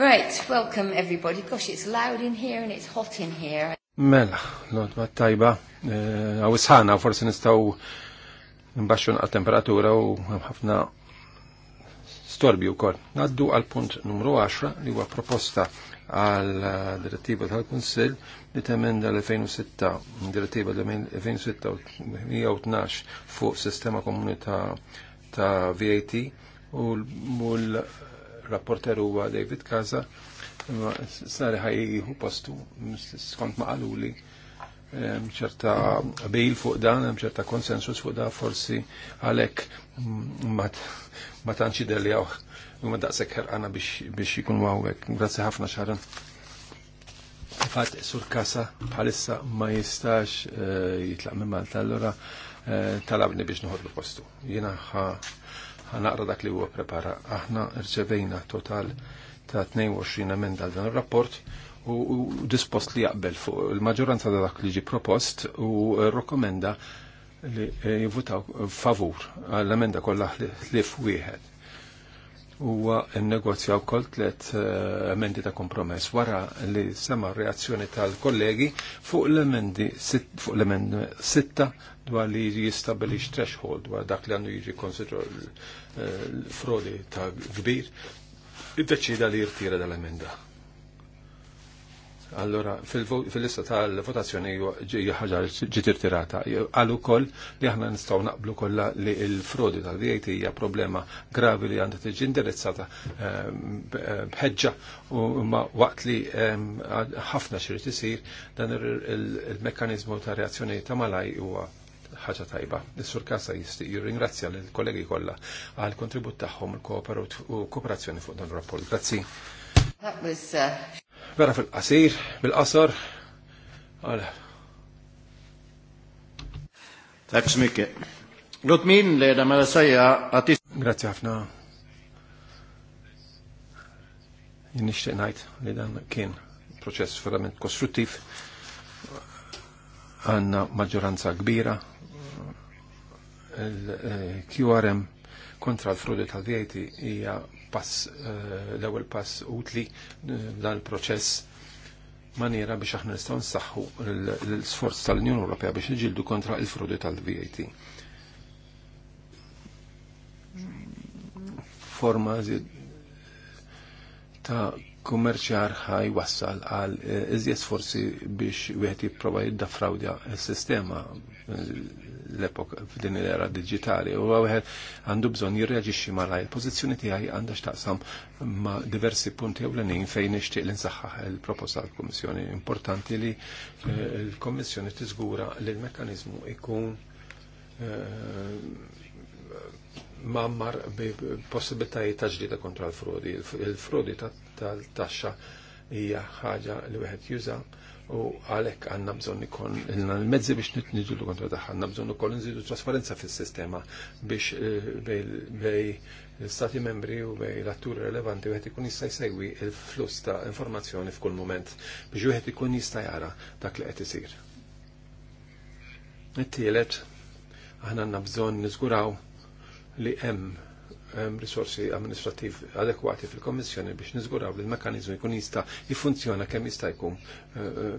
Right, welcome everybody. Gosh, it's loud in here and it's hot in here. Mela, not odba tajba, eh, għaw sħana, forse nistaw mbaxxun għal temperatura u ħafna storbi u kol. Naddu għal punt numru 10 li huwa proposta għal eh, direttiva tal-Kunsill li temenda l-2006, direttiva l-2006 fuq sistema komunità ta' VAT u l rapporter huwa David Kaza, sari ħajju postu, skont maqaluli qaluli ċerta bejl fuq dan, ċerta konsensus fuq da forsi għalek ma tanċi delli għaw, ma daqsek ħerqana biex jikun għawek. Grazie ħafna ċaran. Fat sur kasa bħalissa ma jistax eh, jitlaq minn Malta, allora eh, talabni biex nħodlu postu. Jena ħanaqra dak li huwa prepara. Aħna rċevejna total ta' 22 emenda dan ir-rapport u dispost li jaqbel fuq il-maġġoranza ta' dak li ġi propost u rokkomenda li eh, jivutaw favur għall-emenda kollha ħlif wieħed huwa nnegozja kol tliet eh, emendi ta' kompromess wara li sema reazzjoni tal-kollegi fuq l-emendi fuq l-emendi sitta dwar li jistabilix threshold dwar dak li għandu jiġi konsidru eh, l-frodi ta' kbir, iddeċida li jirtira dal-emenda. Allora, fil-lista tal-votazzjoni ħaġa ġiet tirata. Għallu ukoll li aħna nistgħu naqblu kollha li l-frodi tal-VAT hija problema gravi li għandha tiġi indirizzata ehm, bħeġġa u ma waqt li ehm, ħafna xirid isir dan il mekkanizmu ta' reazzjoni ta' malaj huwa ħaġa tajba. Is-sur Kassa jirringrazzja l-kollegi kollha għal kontribut tagħhom u kooperazzjoni fuq dan rapport. Grazzi. Uh, vera fil-qasir, bil-qasar. Għala. Taqs mikke. mycket. Låt mig inleda med att säga att... Grazie ħafna. Jien nixtieq li dan kien proċess verament kostruttiv. Għanna maġġoranza kbira il-QRM eh, kontra l-frodi tal-VAT hija pass, eh, l-ewel pass utli eh, dan proċess maniera biex aħna nistgħu nsaħħu l-sforz tal-Unjoni Ewropea biex niġildu kontra il-frodi tal-VAT. Forma ta' kummerċjar ħaj wassal għal eh, iżjed sforzi biex wieħed jipprova jiddafrawdja s-sistema l-epoka f'din l-era digitali u għawħed għandu bżon jirreġiċi ma laj pozizjoni tiegħi għandha x'taqsam ma' diversi punti ewlenin fejn nixtieq l-insaxħaħ il-proposta l komissjoni Importanti li eh, l-Kommissjoni tiżgura li l mekanizmu ikun eh, mammar bi possibilitajiet ta' ġdida kontra l-frodi. Il-frodi tal-taxxa hija ħaġa li wieħed juża u għalek għanna bżon ikon il-mezzi biex nitnidu l-kontra taħħa, għanna bżon ikon nżidu trasparenza fil-sistema biex eh, bej stati membri u bej l-atturi relevanti u għet ikun jista' jsegwi il-fluss ta' informazzjoni f'kull moment biex u għet ikun jista' jara dak li qed isir. it aħna għanna bżon niżguraw li hemm risorsi amministrativi adekwati fil-Kommissjoni biex niżguraw li l-mekanizmu jkun jista' jiffunzjona kemm jista' jkun eh, eh,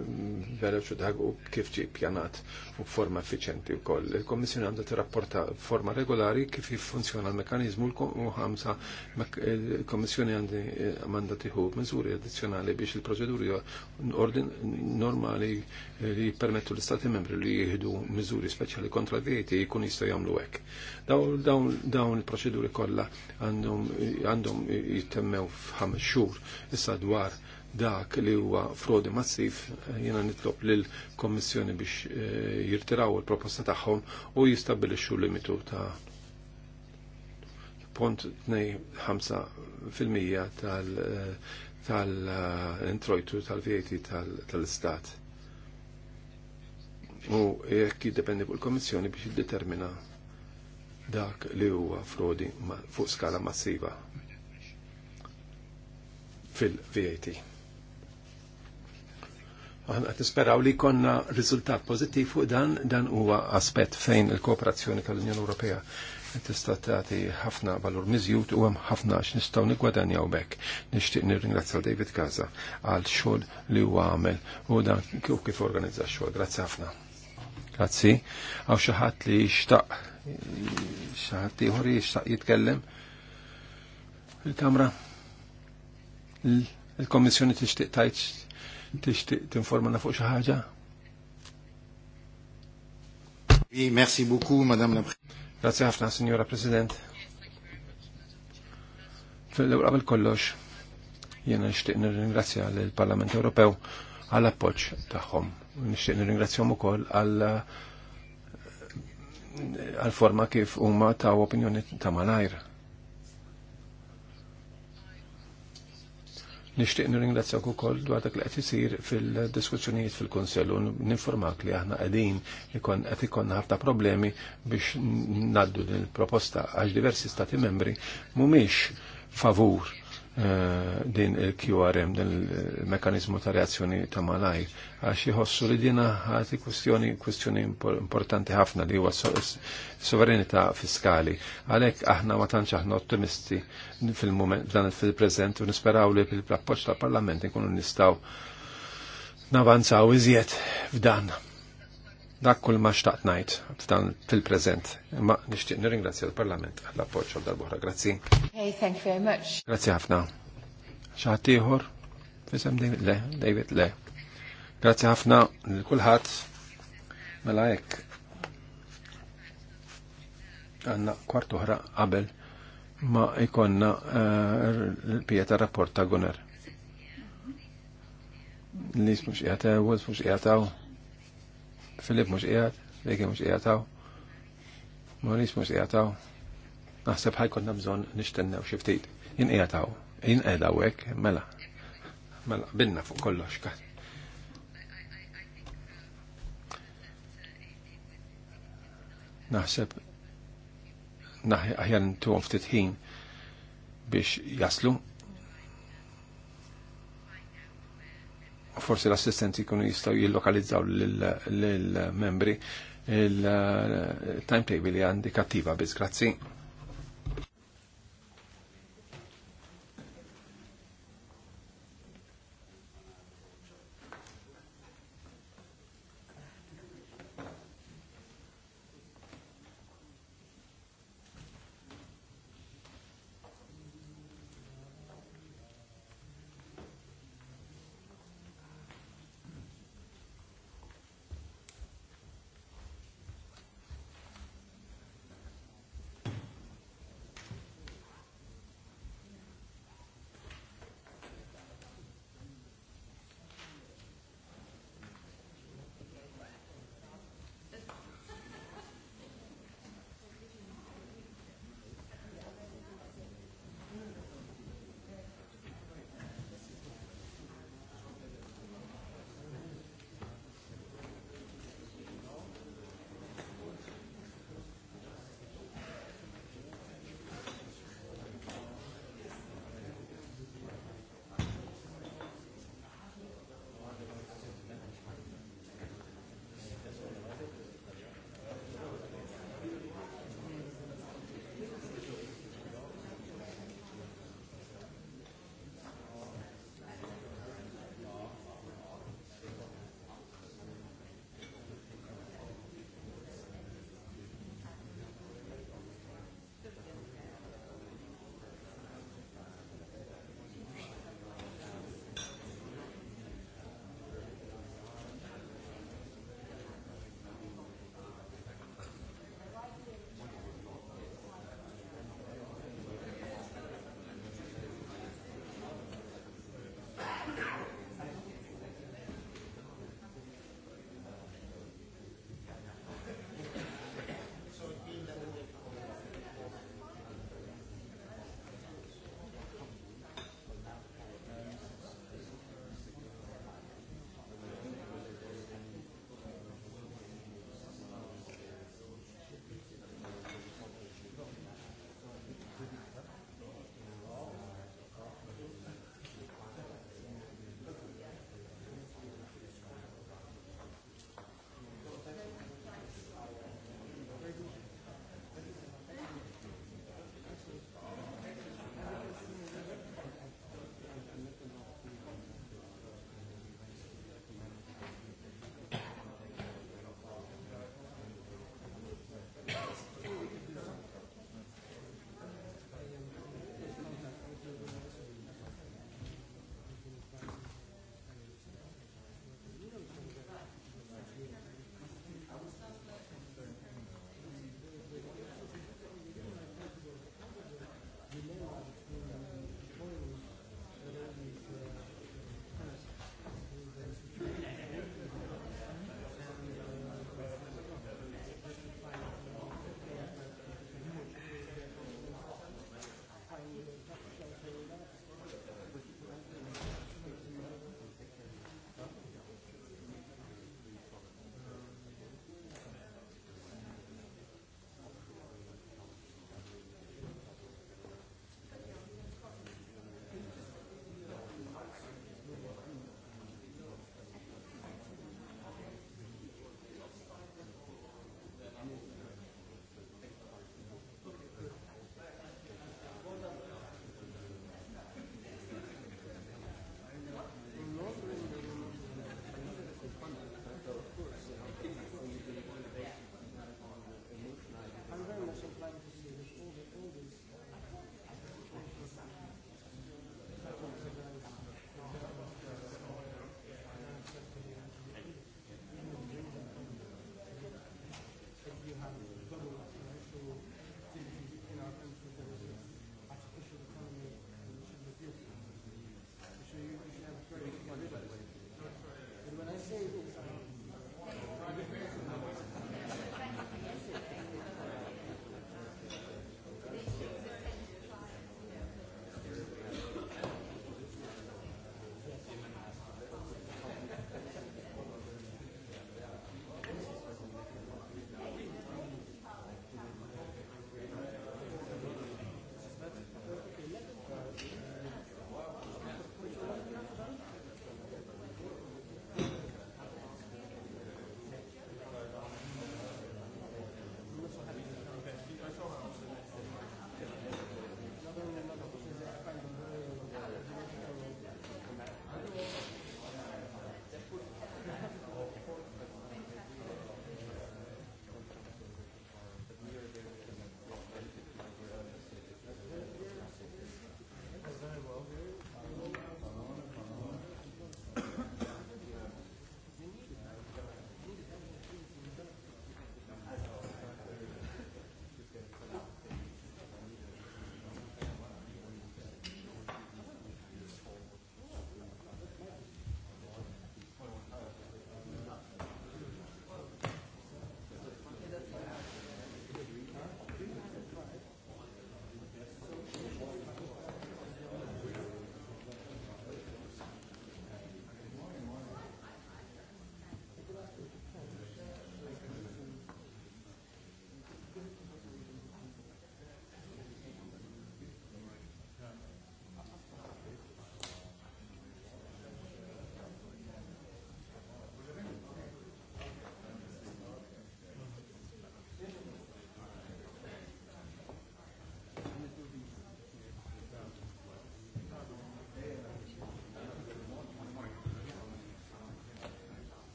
veloċ u u kif ġie pjanat u b'forma effiċenti wkoll. Il-Kommissjoni għandha tirrapporta forma regolari kif jiffunzjona l-mekanizmu u ħamsa il għandi eh, għandha tieħu miżuri addizzjonali biex il-proċeduri normali li permettu l-Istati membri li jieħdu miżuri speċjali kontra l vieti jkun jista' jagħmlu hekk. Dawn il-proċeduri kollha kollha għandhom jittemmew f'ħames xhur issa dwar dak li huwa frodi massiv jiena nitlob lil kommissjoni biex eh, jirtiraw il-proposta tagħhom u jistabbilixxu limitu ta' pont 2.5% tal- eh, tal-introjtu eh, tal-VAT tal-istat. U jekk jiddependi fuq il kommissjoni biex jiddetermina dak li huwa frodi fuq skala massiva fil-VAT. Aħna għat nisperaw li konna riżultat pożittiv fuq dan dan huwa aspett fejn il-kooperazzjoni tal-Unjoni Ewropea tista' tagħti ħafna valur miżjud u hemm ħafna x'nistgħu niggwadanjaw bekk. Nixtieq nirringrazzja David Kaza għal xogħol li huwa għamel u dan kif organizza x-xogħol. Grazzi ħafna. Grazzi. Għaw xi ħadd li xtaq xaħat ieħor jixtaq jitkellem. Il-Kamra il-Kommissjoni tixtieq tajt tinforma na fuq xi ħaġa. Oui, merci beaucoup, Madame la Présidente. Grazie ħafna, Signora President. Fil-ewwel kollox, nishtiq nixtieq nirringrazzja lill-Parlament Ewropew għall appoġġ tagħhom. Nixtieq nirringrazzjahom ukoll għall għal-forma kif huma ta' opinjoni ta' malajr. Nishtiq u ukoll dwar dak li qed isir fil-diskussjonijiet fil-Kunsell u ninformak li aħna qegħdin ikon qed ikonna ħafna problemi biex naddu din il-proposta għax diversi stati membri mhumiex favur Eh, din il-QRM, din il-mekanizmu ta' reazzjoni ta' malaj, għax jħossu li dina ħati kustjoni, kustjoni importanti ħafna li huwa sovranità fiskali. Għalek aħna ma tantx aħna ottimisti fil-moment dan fil-preżent u nisperaw li fil appoġġ tal-Parlament nkunu nistgħu navanzaw iżjed f'dan. Dak kull ma xtaqt najt f'dan fil-prezent. Ma nixtieq nirringrazzja l-Parlament għall appoġġ għal darbohra. Grazzi. Hey, thank you very much. Grazzi ħafna. Xaħat ieħor? Fisem David le, David le. Grazzi ħafna l kulħadd. Mela jek. għanna kwartu ħra qabel ma ikonna eh, l-pieta rapport ta' Gunnar. Nis mux jgħataw, eh, għaz mux jgħataw. Filip mux ijat, Riki mux ijataw, Maurice mux ijataw, naħseb ħaj ħajkonna bżon u xiftit. Jien ijataw, jien edaw ek, mela, mela, binna fuq kollox kat. Naħseb, naħjan tuħom ftitħin biex jaslu, forsi l-assistenti kunu jistaw jillokalizzaw l-membri il-timetable eh, hija indikattiva biz, grazzi.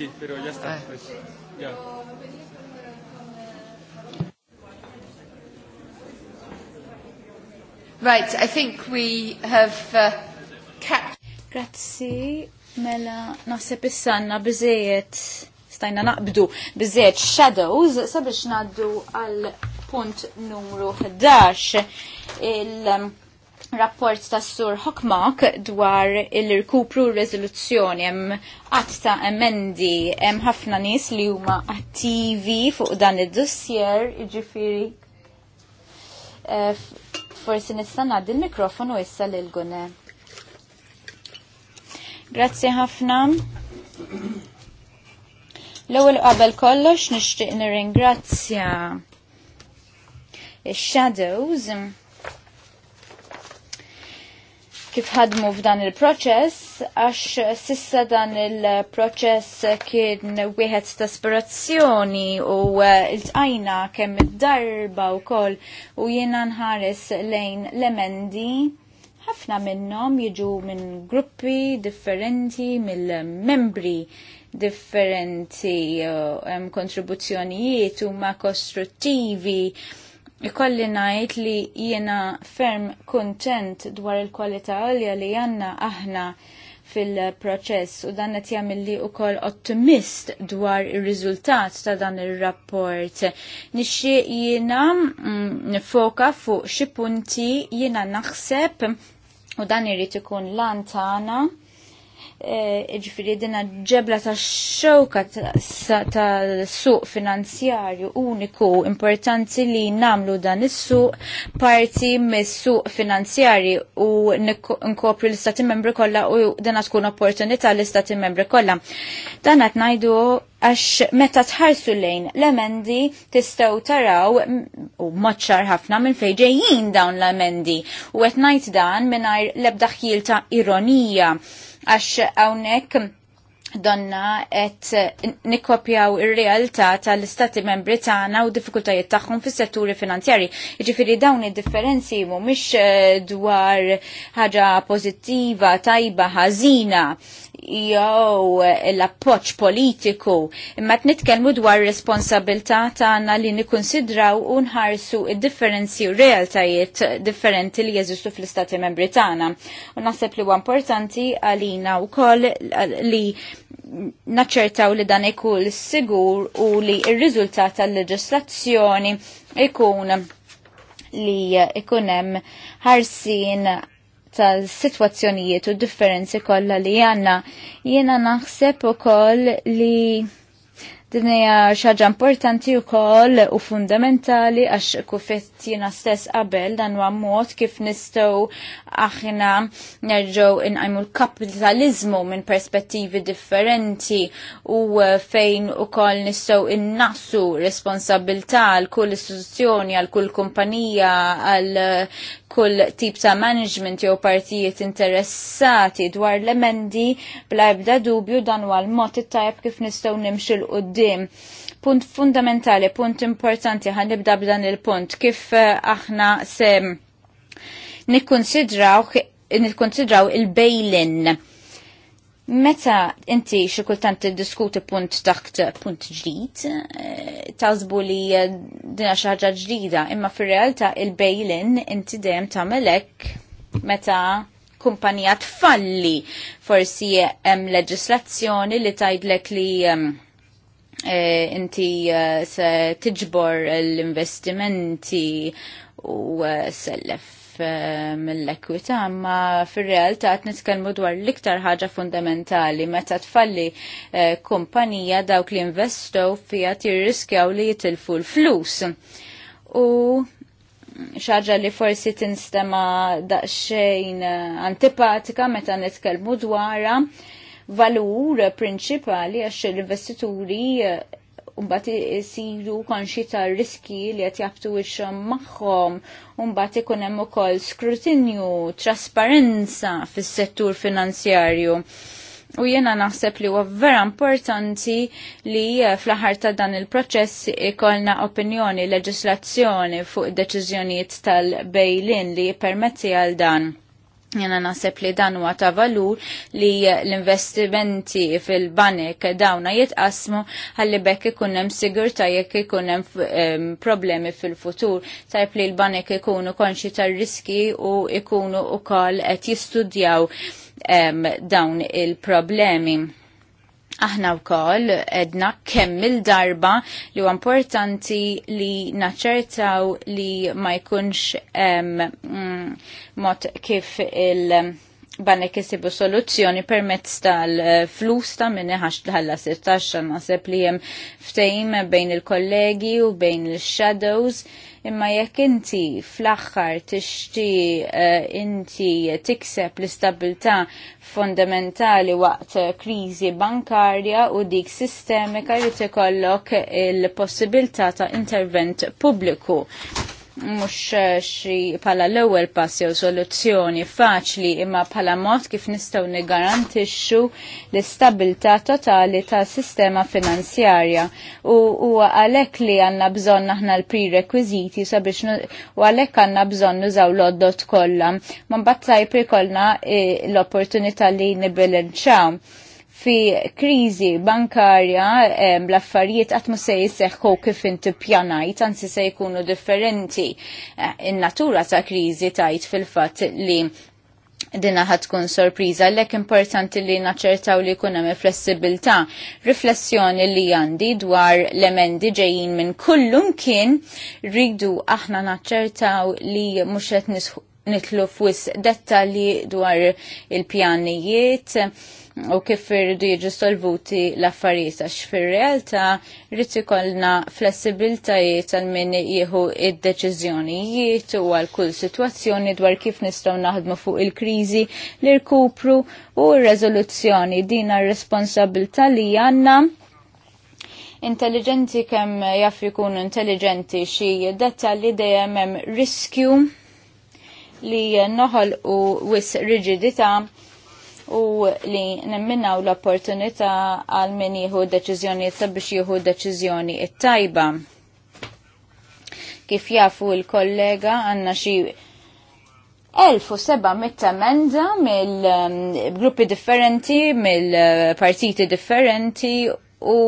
sí, pero ya está. Eh. Pues, Right, I think we have uh, kept... Grazzi, mela, naħseb issanna bizzejiet, stajna naqbdu bizzejiet shadows, sabiex naddu għal punt numru 11, il- um, rapport ta' sur Hokmak dwar il-rkupru rezoluzzjoni hemm qatt ta' emendi hemm ħafna nies li huma attivi fuq dan id-dossier jiġifieri forsi nista' ngħaddi l-mikrofonu issa lil Gune. Grazzi ħafna. L-ewwel qabel kollox nixtieq nirringrazzja ix-shadows kif ħadmu f'dan il-proċess, għax sissa dan il-proċess kien wieħed ta' aspirazzjoni u eh, il-tqajna kemm id-darba u koll u jiena nħares lejn l-emendi. ħafna minnhom jiġu minn gruppi differenti, mill-membri differenti, eh, kontribuzzjonijiet huma kostruttivi Ikolli najt li jiena ferm kontent dwar il-kwalità għalja li janna aħna fil-proċess u dan qed jagħmilli wkoll ottimist dwar ir-riżultat ta' dan ir-rapport. Nixxieq jiena mm, nifoka fuq xi punti jiena naħseb u dan irid ikun lan tagħna E, ġifiri dina ġebla ta' xewka ta' suq finanzjarju uniku importanti li namlu dan is-suq parti mis-suq finanzjarju u nkopri l-istati membri kollha u dina tkun opportunità l-istati membri kollha. Dan qed ngħidu għax meta tħarsu lejn l-emendi tistaw taraw u maċċar ħafna minn fejn dawn l-emendi u qed ngħid dan mingħajr l-ebda ta' ironija għax hawnhekk donna et nikkopjaw ir-realtà tal-istati membri tagħna u diffikultajiet tagħhom fis-setturi finanzjari. Jiġifieri dawn id-differenzi mhumiex eh, dwar ħaġa pożittiva, tajba, ħażina jew l-appoċ politiku, imma t-nitkelmu dwar responsabilta tagħna li nikonsidraw u nħarsu id-differenzi u realtajiet differenti li jeżistu fl-Istati Membri tagħna. U naħseb li huwa importanti għalina wkoll li naċċertaw li dan ikun sigur u li r-riżultat tal-leġislazzjoni ikun li ikunem ħarsin tal-situazzjonijiet u differenzi kollha li għanna. Jiena naħseb ukoll li din hija xaġa importanti wkoll u fundamentali għax kufett jiena stess qabel dan huwa mod kif nistgħu aħna nerġgħu inqajmu l-kapitaliżmu minn perspettivi differenti u fejn ukoll nistgħu innassu responsabilità għal kull istituzzjoni għal kull kumpanija għal kull tip ta' management jew partijiet interessati dwar l-emendi bla ebda dubju dan huwa l-mod it-tajb kif nistgħu nimxu l qudiem Punt fundamentali, punt importanti ħan nibda b'dan il-punt kif eh, aħna se nikkonsidraw nikkonsidraw il-bejlin Meta inti xi kultant tiddiskuti punt taħt punt ġdid, eh, tażbu li eh, dina xi ħaġa ġdida, imma fir-realtà il-bejlin inti dejjem tagħmelek meta kumpanija tfalli forsi hemm leġislazzjoni li tgħidlek li ehm, eh, inti se tiġbor l-investimenti u sellef Eh, mill-ekwita, ma fil-realtà għat nitkellmu dwar l-iktar ħaġa fundamentali meta tfalli eh, kumpanija dawk li investow fiha jirriskjaw li jitilfu l-flus. U xaġa li forsi tinstema daqsxejn eh, antipatika meta nitkellmu dwarha valur prinċipali għax l-investituri mbagħad isiru konxi ta' riski li qed jabtu wixhom magħhom u mbagħad ikun hemm ukoll skrutinju, trasparenza fis-settur finanzjarju. U jena naħseb li huwa vera importanti li eh, fl-aħħar ta' dan il-proċess ikolna opinjoni, leġislazzjoni fuq deċiżjonijiet tal-bejlin li permetti għal dan. Jena naħseb li dan huwa ta' valur li l-investimenti fil-banek dawna jitqasmu għalli bekk ikun hemm sigurtà jekk ikun hemm problemi fil-futur. Tajb li l-banek ikunu konxi tar-riski u ikunu wkoll qed jistudjaw dawn il-problemi Aħna wkoll edna kemm il-darba li huwa importanti li naċċertaw li ma jkunx mm, mod kif il- banne kisibu soluzzjoni permezz tal-flus ta' minni ħax tħalla 16 naħseb li jem ftejm bejn il-kollegi u bejn il-shadows imma jekk inti fl-axħar tixti uh, inti tikseb l-istabilta fundamentali waqt krizi bankarja u dik sistemika jrid ikollok il-possibilità ta' intervent pubbliku mux eh, xi pala l-ewwel pass jew soluzzjoni faċli imma pala mod kif nistgħu nigarantixxu l-istabilità totali ta' sistema finanzjarja u huwa għalhekk li għandna bżonn aħna l-prerequisiti sabiex u għalhekk għandna bżonn nużaw l-oddot kollha. Ma mbagħad tajb ikollna eh, l-opportunità li nibilanċaw fi krizi bankarja l-affarijiet għatmu se jisseħħu kif inti pjanajt, anzi se jkunu differenti. Eh, in-natura ta' krizi tajt fil-fat li dina ħad tkun sorpriża lek importanti li naċċertaw li jkun hemm flessibilità. Riflessjoni li għandi dwar l-emendi ġejjin minn kullum kien rridu aħna naċċertaw li mhux qed nitlu f'wis dettalji dwar il-pjanijiet u kif irridu jiġu solvuti l-affarijiet għax fir-realtà rrid ikollna flessibiltajiet għal min jieħu id-deċiżjonijiet u għal kull sitwazzjoni dwar kif nistgħu naħdmu fuq il-kriżi li rkupru u r-reżoluzzjoni din responsabilità li għandna intelligenti kemm jaf ikunu intelligenti xi dettalji dejjem hemm riskju li noħol u wis rigidità u li u l-opportunità għal min deċizjoni deċiżjoni biex jieħu deċiżjoni it-tajba. Kif jafu l-kollega għanna xi 1700 emenda mill-gruppi um, differenti, mill-partiti uh, differenti u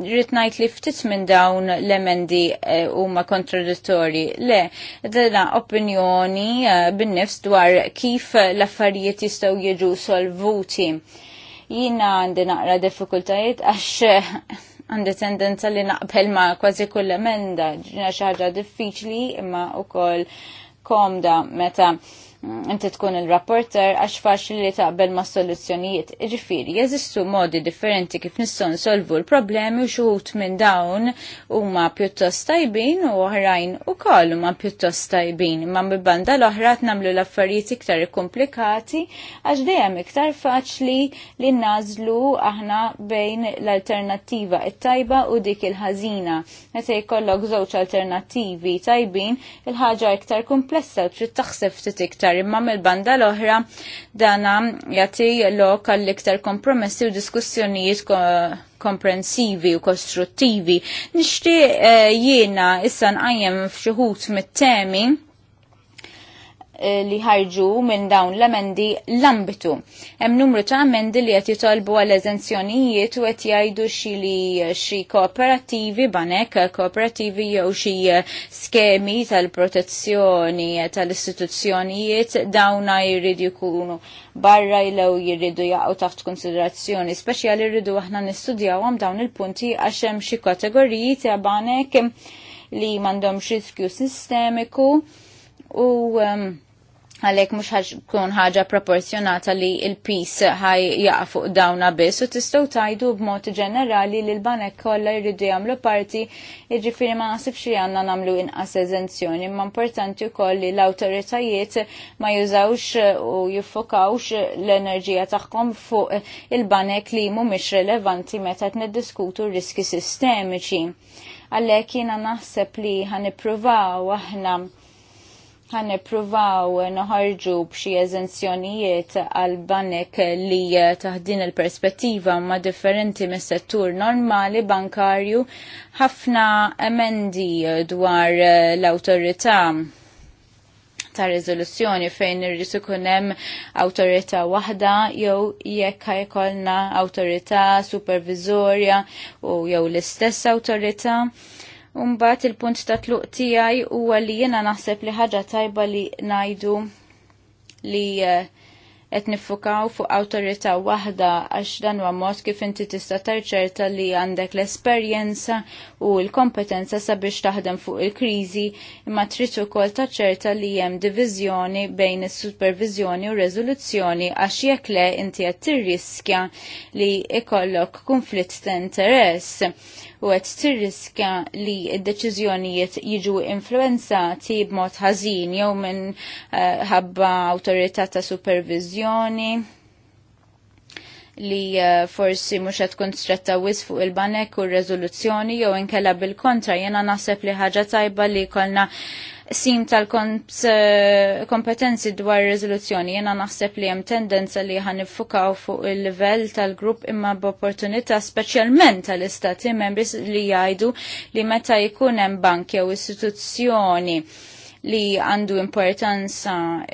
rrit li ftit minn dawn l-emendi eh, huma kontradittori. Le, dana opinjoni eh, bin-nifs dwar kif l-affarijiet jistgħu jiġu solvuti. Jina għandi naqra diffikultajiet għax eh, għandi tendenza li naqbel ma kważi kull emenda, ġina xaħġa diffiċli imma u koll komda meta inti tkun il-rapporter għax faċli li taqbel ma' soluzzjonijiet. Ġifiri, jeżistu modi differenti kif nistgħu nsolvu l-problemi u xuħut minn dawn huma pjuttost tajbin u oħrajn ukoll huma pjuttost tajbin. Ma mibanda l-oħra nagħmlu l-affarijiet iktar komplikati għax dejjem iktar faċli li nażlu aħna bejn l-alternattiva it-tajba u dik il-ħażina. Meta jkollok żewġ alternattivi tajbin, il-ħaġa iktar komplessa u trid taħseb ftit iktar aħjar imma mill-banda l-oħra dana jagħti lok għall-iktar kompromessi u diskussjonijiet komprensivi u kostruttivi. Nixtieq eh, jiena issa nqajjem f'xi mit-temi Eh, li ħarġu minn dawn l-emendi l-ambitu. Hemm numru ta' emendi li qed jitolbu għal eżenzjonijiet u qed jgħidu xi xi kooperattivi banek kooperattivi jew xi skemi tal-protezzjoni tal-istituzzjonijiet dawna jridu jkunu barra jew jridu jaqgħu taħt konsiderazzjoni speċjali rridu aħna nistudjawhom dawn il-punti għax hemm xi kategoriji ta' banek li m'għandhomx riskju sistemiku u um, għalek mux kun ħaġa proporzjonata li il-pis ħaj jaqfu fuq dawna biss u tistow tajdu b'mod ġenerali li l-banek kolla jridu jamlu parti iġifiri ma nasibx li għanna namlu inqas eżenzjoni ma importanti u koll li l-autoritajiet ma jużawx eh, u jiffokawx l-enerġija taħkom fuq eh, il-banek li mumiex relevanti meta t neddiskutu riski sistemiċi għalek jina naħseb li ħanipruvaw aħna ħan nippruvaw nħarġu b'xi eżenzjonijiet għal banek li taħdin il-perspettiva ma differenti mis settur normali bankarju ħafna emendi dwar l-autorità ta' rezoluzzjoni fejn irrid ikun hemm awtorità waħda jew jekk jkollna awtorità supervizorja u jew l-istess awtorità Umbat il-punt ta' tluq tijaj u li jena naħseb li ħaġa tajba li najdu li qed eh, nifukaw fuq awtorità waħda għax dan huwa mod kif inti tista' tarċerta li għandek l-esperjenza u l-kompetenza sabiex taħdem fuq il-kriżi imma trid ukoll taċerta li hemm diviżjoni bejn is-supervizjoni u riżoluzzjoni għax jekk le inti qed tirriskja li ikollok konflitt ta' interess u qed tirriska li d-deċiżjonijiet jiġu influenzati b'mod ħażin jew minn eh, ħabba uh, awtorità ta' supervizjoni li eh, forsi mhux qed tkun stretta wis fuq il-banek u r-reżoluzzjoni jew inkella bil-kontra jiena naħseb li ħaġa tajba li kolna sim tal-kompetenzi eh, dwar rezoluzzjoni jena naħseb li hemm tendenza li ħanifukaw fuq il-livell tal-grupp imma b'opportunità speċjalment tal-istati membri li jgħidu li meta jkun hemm bank jew istituzzjoni li għandu importanza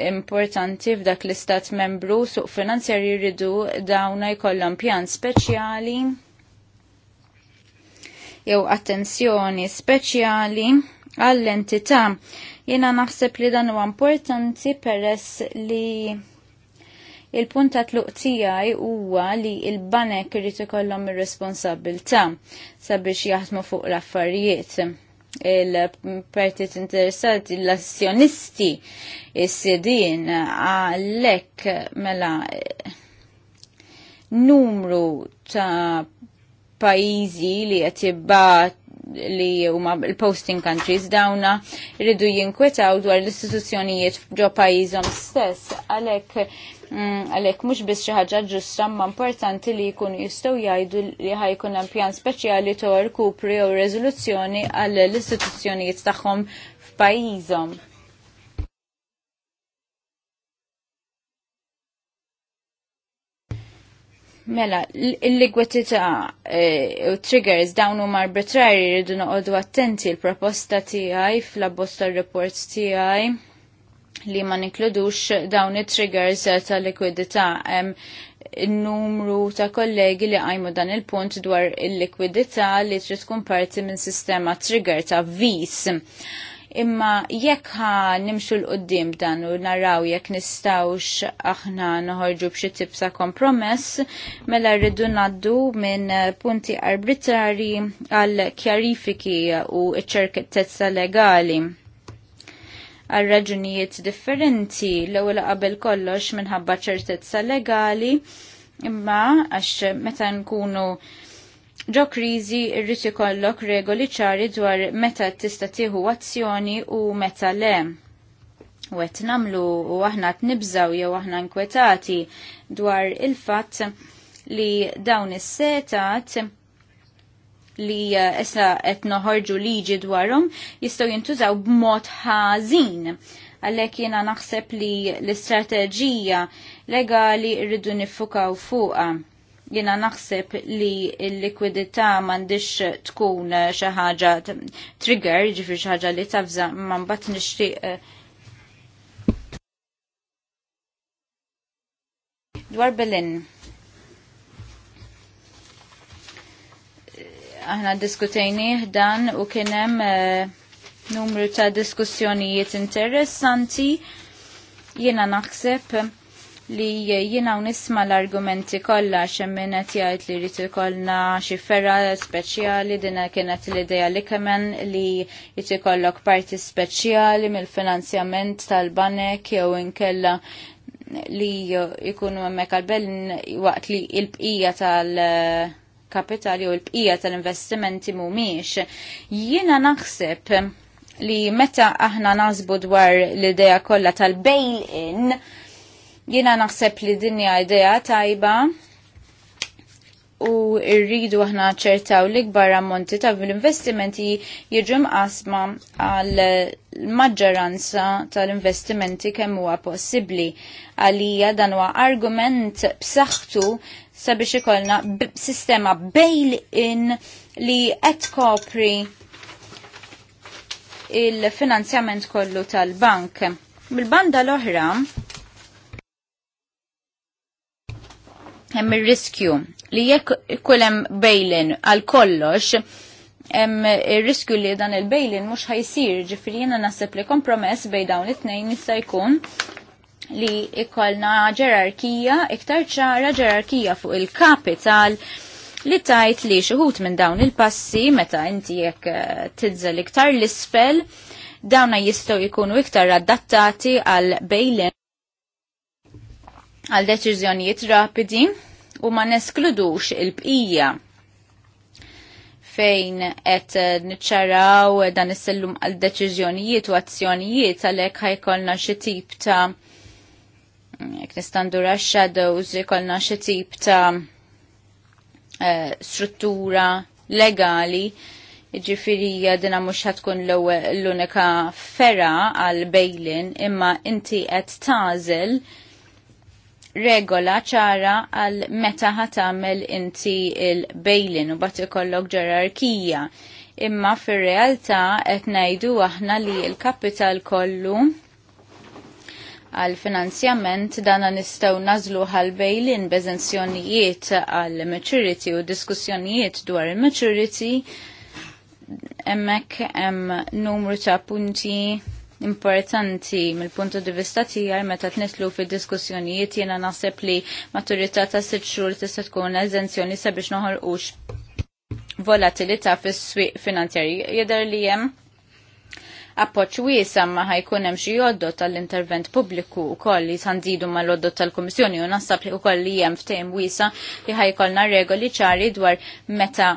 importanti f'dak l-istat membru suq finanzjar jridu dawna jkollhom pjan speċjali jew attenzjoni speċjali għall-entità. Jiena naħseb li dan huwa importanti peress li il-punt ta' tluq tiegħi huwa li l banek irid ikollhom ir-responsabilità sabiex jaħdmu fuq l-affarijiet il-partit interessati, l-azzjonisti, il-sidin, għalek mela numru ta' pajizi li għatibbat li huma l-posting countries dawna rridu jinkwetaw dwar l-istituzzjonijiet ġo pajjiżhom stess għalhekk mm, għalhekk mhux biss xi ħaġa ġusta ma importanti li jkunu jistgħu jgħidu li ħajkun hemm pjan speċjali to kupri jew reżoluzzjoni għall l-istituzzjonijiet tagħhom f'pajjiżhom. Mela, il-ligwetita eh, u triggers dawn huma arbitrari rridu noqogħdu attenti l-proposta tiegħi fl-abbosta report tiegħi li ma nikludux dawn it-triggers ta' likwidità numru ta' kollegi li għajmu dan il-punt dwar il-likwidità li trid tkun parti minn sistema trigger ta' vis imma jekk ħa nimxu l-qoddim dan u naraw jekk nistawx aħna noħorġu b'xi tibsa kompromess, mela rridu naddu minn punti arbitrari għal kjarifiki u ċerkettezza legali għal raġunijiet differenti l-ewwel qabel kollox minħabba ċertezza legali imma għax meta nkunu Ġo kriżi rrid ikollok regoli ċari dwar meta tista' tieħu azzjoni u meta le. U qed namlu u aħna nibżaw jew aħna nkwetati dwar il-fatt li dawn is-setat li eh, issa qed noħorġu liġi dwarhom jistgħu jintużaw b'mod ħażin. Għalhekk jiena naħseb li l-istrateġija legali rridu nifukaw fuqha jina naħseb li l-likwidità mandiċ tkun eh, xaħġa trigger, ġifir xaħġa li tafza, man bat nishtiq. Eh, dwar Berlin. Aħna diskutejni dan u kienem eh, numru ta' diskussjonijiet interessanti. jina naħseb li jiena nisma l-argumenti kollha xemminet jgħid li rrid ikollna xi ferra speċjali dina kienet l-idea li kemen li jrid ikollok parti speċjali mill-finanzjament tal-banek jew inkella li jkunu hemmhekk għal waqt li l-bqija tal- kapitali u l-bqija tal-investimenti mumiex. Jiena naħseb li meta aħna nasbu dwar l-idea kollha tal-bail-in, Jiena naħseb li dinja idea tajba u rridu aħna ċertaw li gbar ammonti ta' l-investimenti jiġu mqasma għal maġġoranza tal-investimenti kemm huwa possibbli. Għalija dan huwa argument b'saħħtu sabiex ikollna sistema bail-in li qed kopri il-finanzjament kollu tal-bank. Mil-banda l-oħra, hemm ir-riskju li jekk ikun hemm bejlin għal kollox hemm ir-riskju li dan il-bejlin mhux ħajsir, ġifieri jiena naħseb li kompromess bejn dawn it-tnejn jista' jkun li ikollna ġerarkija, iktar ċara ġerarkija fuq il-kapital li tajt li xuħut minn dawn il-passi meta inti jekk eh, tidżel iktar l-isfel dawna jistgħu jkunu iktar adattati għal bejlin għal deċiżjonijiet rapidi u ma neskludux il-bqija fejn qed niċċaraw dan is-sellum għal deċiżjonijiet u azzjonijiet għalhekk ħajkolna xi tip ta' jekk nistandu shadows ikollna xi tip ta' uh, struttura legali ġifiri dina mux ħatkun l-unika fera għal bejlin imma inti qed tażel regola ċara għal meta ħatamel inti il-bejlin u bat ikollok ġerarkija. Imma fir-realtà qed ngħidu aħna li l-kapital kollu għal finanzjament dana nistaw nazlu għal bejlin bezenzjonijiet għal maturity u diskussjonijiet dwar il-maturity emmek em numru ta' punti importanti mill-puntu di vista tiegħi meta tnitlu fid-diskussjonijiet jiena naħseb li maturità ta' sitt xhur tista' tkun eżenzjoni sabiex noħolqux volatilità fis-swieq finanzjari. Jidher li hemm appoċ wiesa ma ħajkun hemm xi joddot tal-intervent pubbliku wkoll li sandidu mal-oddot tal-Kummissjoni u naħseb li wkoll li hemm ftehim wiesa li ħajkollna regoli ċari dwar meta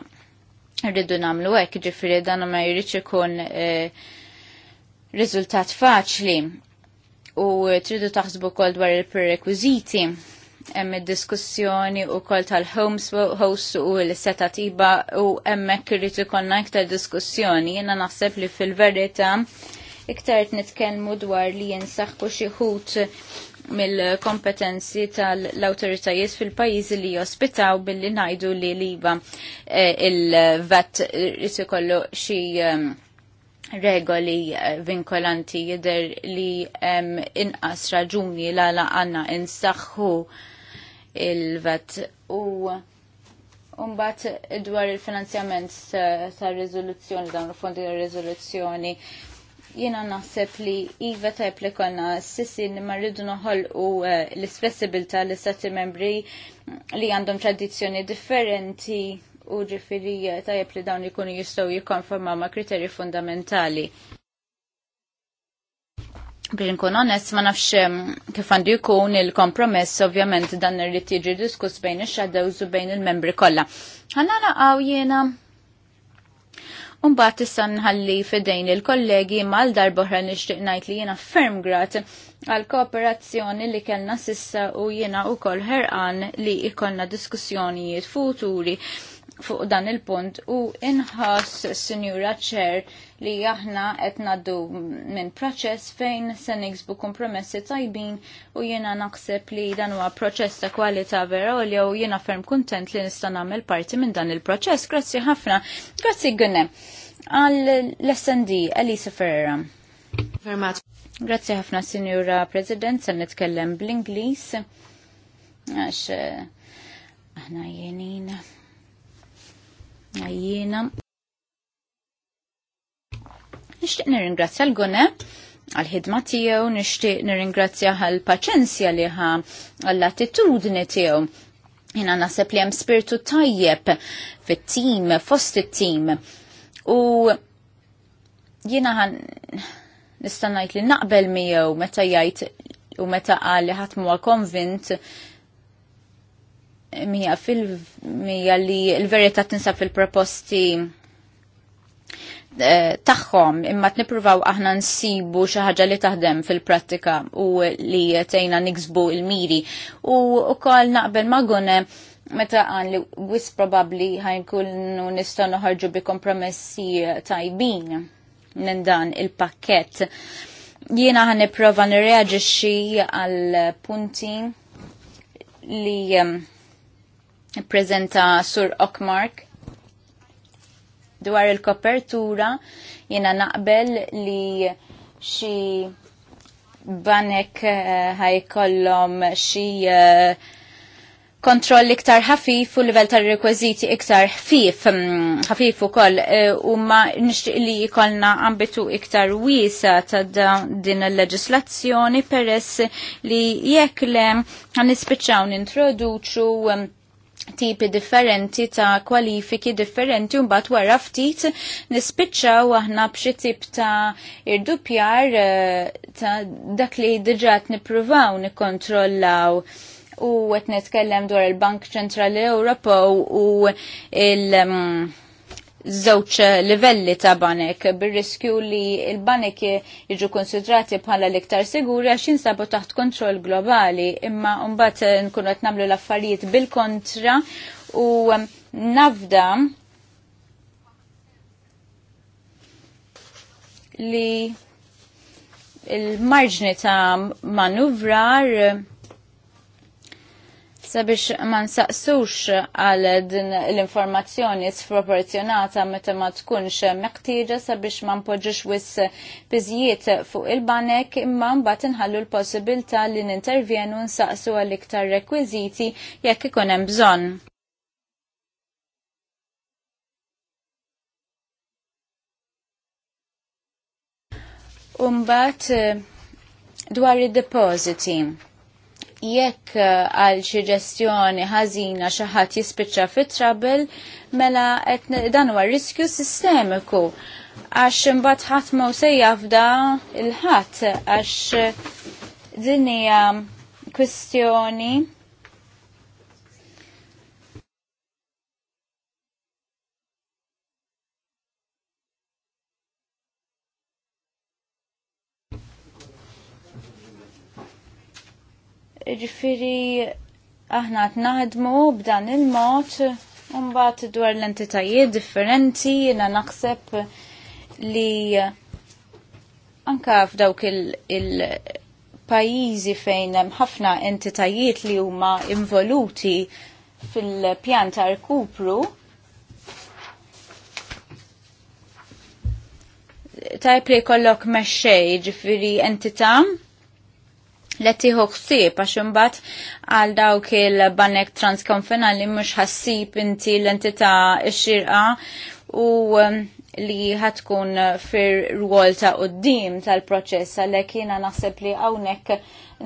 rridu nagħmlu hekk, ġifieri dan ma jridx ikun eh, riżultat faċli u tridu taħsbu kol dwar il-prerekwiziti hemm id-diskussjoni u kol tal-homes host u l-seta tiba u hemmhekk irid ikollna iktar diskussjoni. Jiena naħseb li fil-verità iktar nitkellmu dwar li jinsaħħu xi ħut mill-kompetenzi tal-autoritajiet fil-pajizi li jospitaw billi najdu li liba eh, il-vet ikollu xie ehm, regoli eh, vinkolanti jider li inqas raġuni la la għanna insaxħu il-vet u Umbat dwar il-finanzjament sa' rizoluzzjoni, dawn il-fondi ta' rizoluzzjoni, jina naħseb li iva ta' li konna s-sissin rridu noħol u eh, l-ispessibilta l-istati membri li għandhom tradizjoni differenti u ġifiri eh, tajjeb li dawn ikunu jistgħu jikkonforma ma' kriterji fundamentali. Bħin kun onest, ma nafx kif għandu jkun il-kompromess, ovvjament dan irrid jiġi diskuss bejn ix-shadows u bejn il-membri kollha. Ħanna naqgħu jiena Umbat issa nħalli fidejn il-kollegi mal darbohra nixtieq ngħid li jiena ferm grat għal kooperazzjoni li kellna sissa u jiena wkoll ħerqan li jkollna diskussjonijiet futuri fuq dan il-punt u inħas Sinjura Ċer li aħna qed ngħaddu minn proċess fejn se niksbu kompromessi tajbin u jiena naħseb li dan huwa proċess ta' kwalità vera u jew jiena ferm kuntent li nista' nagħmel parti minn dan il-proċess. Grazzi ħafna. Grazzi Gunne. Għal l-SND Elisa Ferrera. Grazzi ħafna Sinjura President, se nitkellem bl-Ingliż għax eh, aħna jenin Jiena. Nixtieq nirringrazzja l-Gune għal-ħidma tiegħu, nixtieq nirringrazzja għal-paċenzja li ħa għall-attitudni tiegħu. Jiena naħseb li hemm spiritu tajjeb fit-tim, fost it-tim. U jiena ħan nista' ngħid li naqbel miegħu meta jgħid u meta qal li ħadd huwa konvint mija fil-mija li l verita tinsab fil-proposti eh, taħħom imma t-nipruvaw aħna nsibu xaħġa li taħdem fil-prattika u li tejna niksbu il-miri u ukoll naqbel magone meta għan li wis probabli ħajnkunu nistaw ħarġu bi kompromessi tajbin minn dan il-pakket. Jiena ħan niprofa nirreagġixxi għal punti li ehm, prezenta Sur Okmark dwar il-kopertura jena naqbel li xi banek eh, ħajkollhom uh, xi eh, kontroll iktar ħafif u livell tar rekwiziti iktar ħfif, mm, ħafif ukoll, huma u ma li jkollna ambitu iktar wiesa ta' din il-leġislazzjoni peress li jekk le għan nintroduċu mm, tipi differenti ta' kwalifiki differenti un bat wara ftit nispiċċaw aħna b'xi tip ta' irdupjar eh, ta' dak li diġat nippruvaw nikkontrollaw u qed nitkellem dwar il-Bank Ċentrali Ewropew u il- mm, żewġ livelli ta' banek bir-riskju li l-banek jiġu konsidrati bħala l-iktar siguri għax jinsabu taħt kontroll globali imma mbagħad nkunu qed nagħmlu l-affarijiet bil-kontra u um, nafda li il-marġni ta' manuvrar sabiex ma nsaqsux għal din l-informazzjoni sproporzjonata meta ma tkunx meqtija sabiex ma npoġġux wis biżjiet fuq il-banek imma mbagħad inħallu l-possibilità li nintervjenu nsaqsu għal iktar rekwiżiti jekk ikun hemm bżonn. Umbat eh, dwar id-depositi jekk eh, għal xi ġestjoni ħażina xi ħadd jispiċċa fit-trouble, mela dan huwa riskju sistemiku għax imbagħad ħadd se jafda il-ħadd għax din hija kwistjoni Ġifiri, aħna t naħdmu b'dan il-mod, unbat dwar l-entitajiet differenti, jina naħseb li anka f'dawk il-pajizi fejn hemm ħafna entitajiet li huma involuti fil-pjan ta' rkupru, tajb li kollok meċċej ġifiri entitam, lettiħu xsib għax imbagħad għal dawk il-banek transkonfinali mhux ħassib inti l-entità ix-xirqa u um, li ħatkun fir rwol ta' qoddim tal-proċess għalhekk jiena naħseb li hawnhekk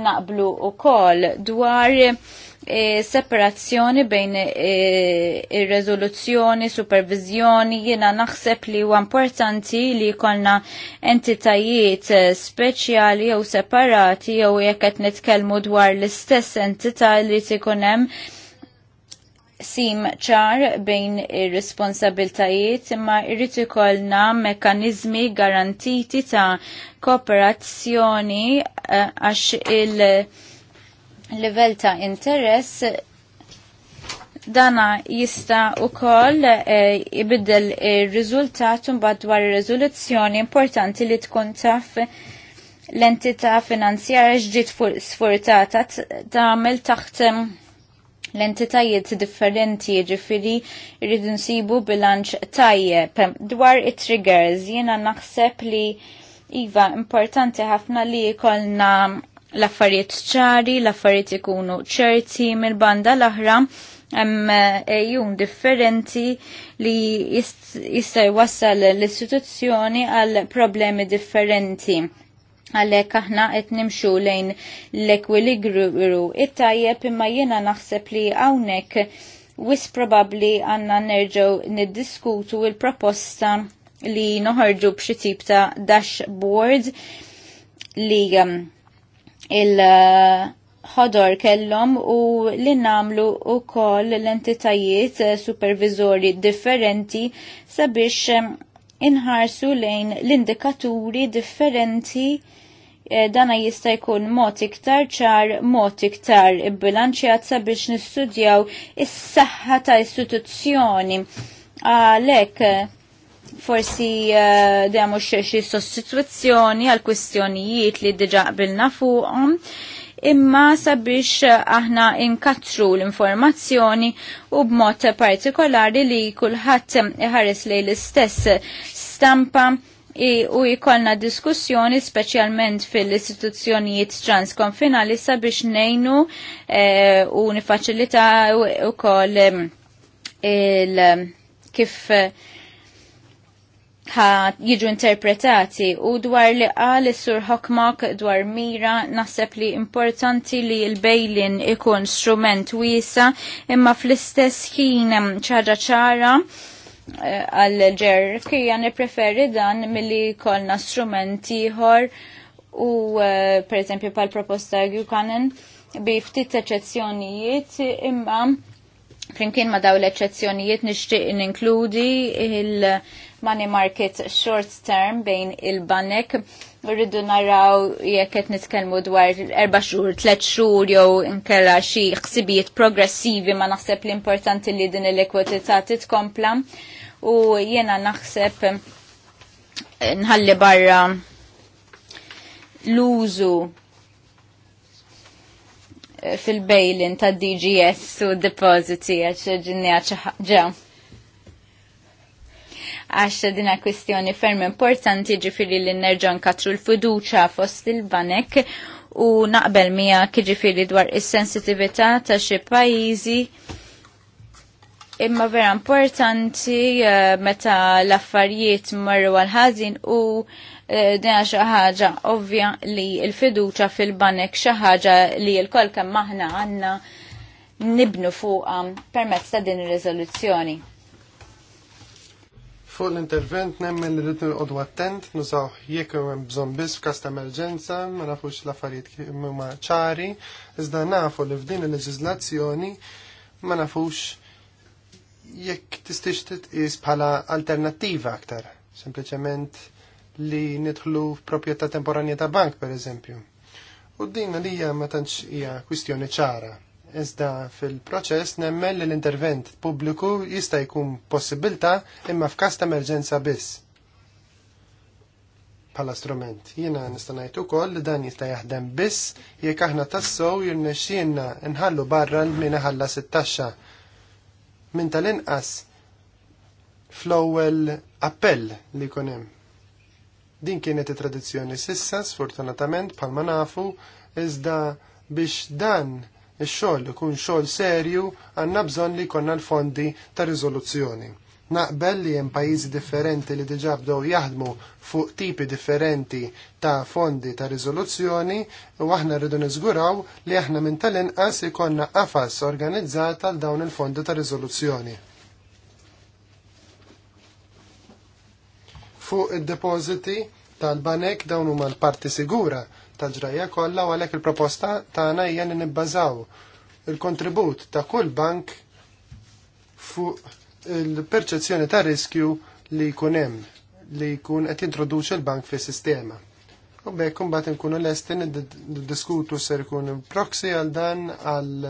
naqblu u kol dwar E, separazzjoni bejn e, ir-rezoluzzjoni, supervizjoni, jiena naħseb li huwa importanti li jkollna entitajiet e, speċjali jew separati jew jekk qed nitkellmu dwar l-istess entità li tikun hemm sim ċar bejn ir-responsabiltajiet imma irrid ikollna mekkaniżmi garantiti ta' kooperazzjoni għax uh, il- level ta' interess dana jista u koll e, eh, ibiddel il-rizultat mbagħad dwar ir-riżoluzzjoni importanti li tkun taf l-entità finanzjarja ġdiet sfurtata tagħmel taħt eh, l-entitajiet differenti ġifiri jridu nsibu bilanċ tajjeb. Dwar it-triggers jiena naħseb li iva importanti ħafna li jkollna l-affarijiet ċari, l-affarijiet ikunu ċerti mill-banda l-aħra hemm eh, ejjum differenti li jista' jwassal l-istituzzjoni għal problemi differenti għalek aħna qed nimxu lejn l-ekwilibru it-tajjeb imma jiena naħseb li hawnhekk wis probabbli għandna nerġgħu niddiskutu il-proposta li noħorġu b'xi tip ta' dashboard li um, il-ħodor kellhom u li namlu u koll l-entitajiet eh, supervizori differenti sabiex eh, inħarsu lejn l-indikaturi differenti eh, dana jista' jkun mod iktar ċar, mod iktar bilanċjat sabiex nistudjaw is-saħħa ta' istituzzjoni. Għalhekk forsi uh, eh, demu xieċi sostituzzjoni għal kwistjonijiet li diġa qbilna fuqhom imma sabiex aħna inkatru l-informazzjoni u b'mod partikolari li kulħadd iħares lej l-istess stampa I, u jkollna diskussjoni speċjalment fil-istituzzjonijiet transkonfinali sabiex nejnu e, u nifaċilita u il, kif ħa jiġu interpretati u dwar li għal sur ħokmak dwar mira naħseb li importanti li l-bejlin ikun strument wisa imma fl-istess ħin ċara ċara eh, għal ġer kija nipreferi dan milli kolna strumenti ħor u eh, per eżempju pal proposta Gukanen bi ftit eċezzjonijiet imma flimkien ma daw l-eċezzjonijiet nixtieq ninkludi il- money market short term bejn il-banek rridu naraw jekk qed nitkellmu dwar erba' xhur, tliet xhur jew inkella xi ħsibijiet progressivi ma naħseb l-importanti li din il-ekwitità titkompla u jiena naħseb eh, nħalli barra l-użu eh, fil-bejlin ta' DGS u depositi għax ġinni għax ġew għax dina kwistjoni ferm importanti ġifiri li nerġan katru l-fiduċa fost il-banek u naqbel mija kġifiri dwar is-sensitivita ta' xi pajjiżi imma vera importanti eh, meta l-affarijiet marru għal-ħazin u eh, dina xi ħaġa ovvja li l-fiduċa fil-banek xi ħaġa li l-kol kemm aħna għandna nibnu fuqa permezz ta' din ir-riżoluzzjoni. Fuq l-intervent nemmen li rridu għodu attent, nużaw jekk hemm bżonn biss f'każ ta' emerġenza, ma nafux l-affarijiet huma ċari, iżda nafu li f'din il-leġiżlazzjoni ma nafux jekk tistix titqis bħala alternattiva aktar, sempliċement li nidħlu f'proprjetà temporanja ta' bank pereżempju. U din li hija ma tantx hija kwistjoni ċara iżda fil-proċess nemmen li l-intervent pubbliku jista' jkun possibilità imma f'każ ta' emerġenza biss bħala strument. Jiena nista' ngħid ukoll li dan jista' jaħdem biss jekk aħna tassew jirnexxielna nħallu barra l min ħalla sittaxxa minn tal-inqas fl-ewwel appell li jkun hemm. Din kienet it-tradizzjoni sissa, sfortunatament, bħalma nafu, iżda biex dan ix-xogħol ikun xogħol serju għandna bżonn li jkollna l-fondi ta' rizoluzzjoni. Naqbel li hemm pajjiżi differenti li diġa' bdew jaħdmu fuq tipi differenti ta' fondi ta' rizoluzzjoni u aħna rridu niżguraw li aħna minn tal-inqas ikonna qafas organizzata għal dawn il-fondi ta' rizoluzzjoni. Fuq id-depożiti tal-banek dawn huma l-parti sigura tal ġraja kollha u għalhekk il-proposta tagħna hija li nibbażaw il-kontribut ta' kull bank fuq il-perċezzjoni ta' riskju li jkun hemm li jkun qed jintroduċi l-bank fis-sistema. U bekk imbagħad inkunu lesti niddiskutu ser jkun proxy għal dan għal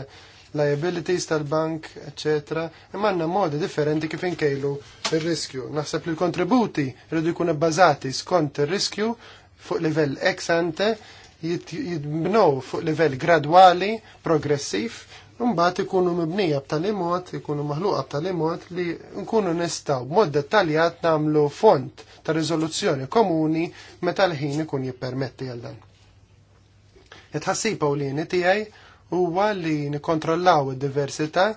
liabilities tal-bank, etc. Imma għandna modi differenti kif inkejlu ir-riskju. Naħseb li l-kontributi rridu jkunu bbażati skont ir-riskju fuq livell ex ante jitbnow fuq livell gradwali, progressiv, Mbagħad ikunu mibnija b'tali mod, ikunu maħluqa b'tali mod li nkunu nistgħu mod dettaljat nagħmlu font ta' riżoluzzjoni komuni meta l-ħin ikun jippermetti għal dan. Itħassib Pawlini tiegħi huwa li nikkontrollaw id-diversità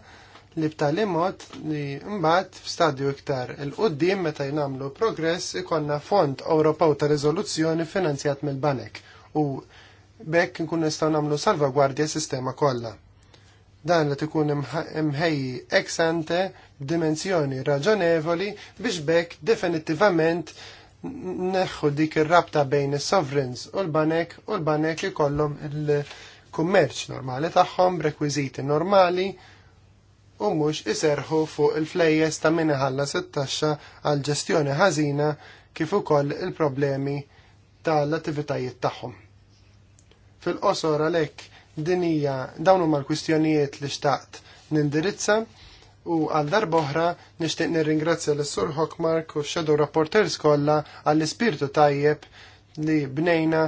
li b'tali mod li mbagħad f'stadju iktar il-qudiem meta jnamlu progress ikonna Fond Ewropew ta' Riżoluzzjoni finanzjat mill-Banek u bekk nkun nistgħu nagħmlu salvagwardja sistema kollha. Dan li tkun imħejji ex ante b'dimensjoni raġonevoli biex bekk definittivament neħħu dik ir-rabta bejn is-sovereigns u l-banek u l-banek ikollhom il-kummerċ normali tagħhom, rekwiżiti normali, u mhux iserħu fuq il-flejjes ta' min iħallas it għal ġestjoni ħażina kif ukoll il-problemi tal-attivitajiet tagħhom. Fil-qosor għalhekk din hija dawn huma l-kwistjonijiet li xtaqt nindirizza u għal darboħra nixtieq nirringrazzja l sur Hockmark u Shadow Rapporters kollha għall ispirtu tajjeb li bnejna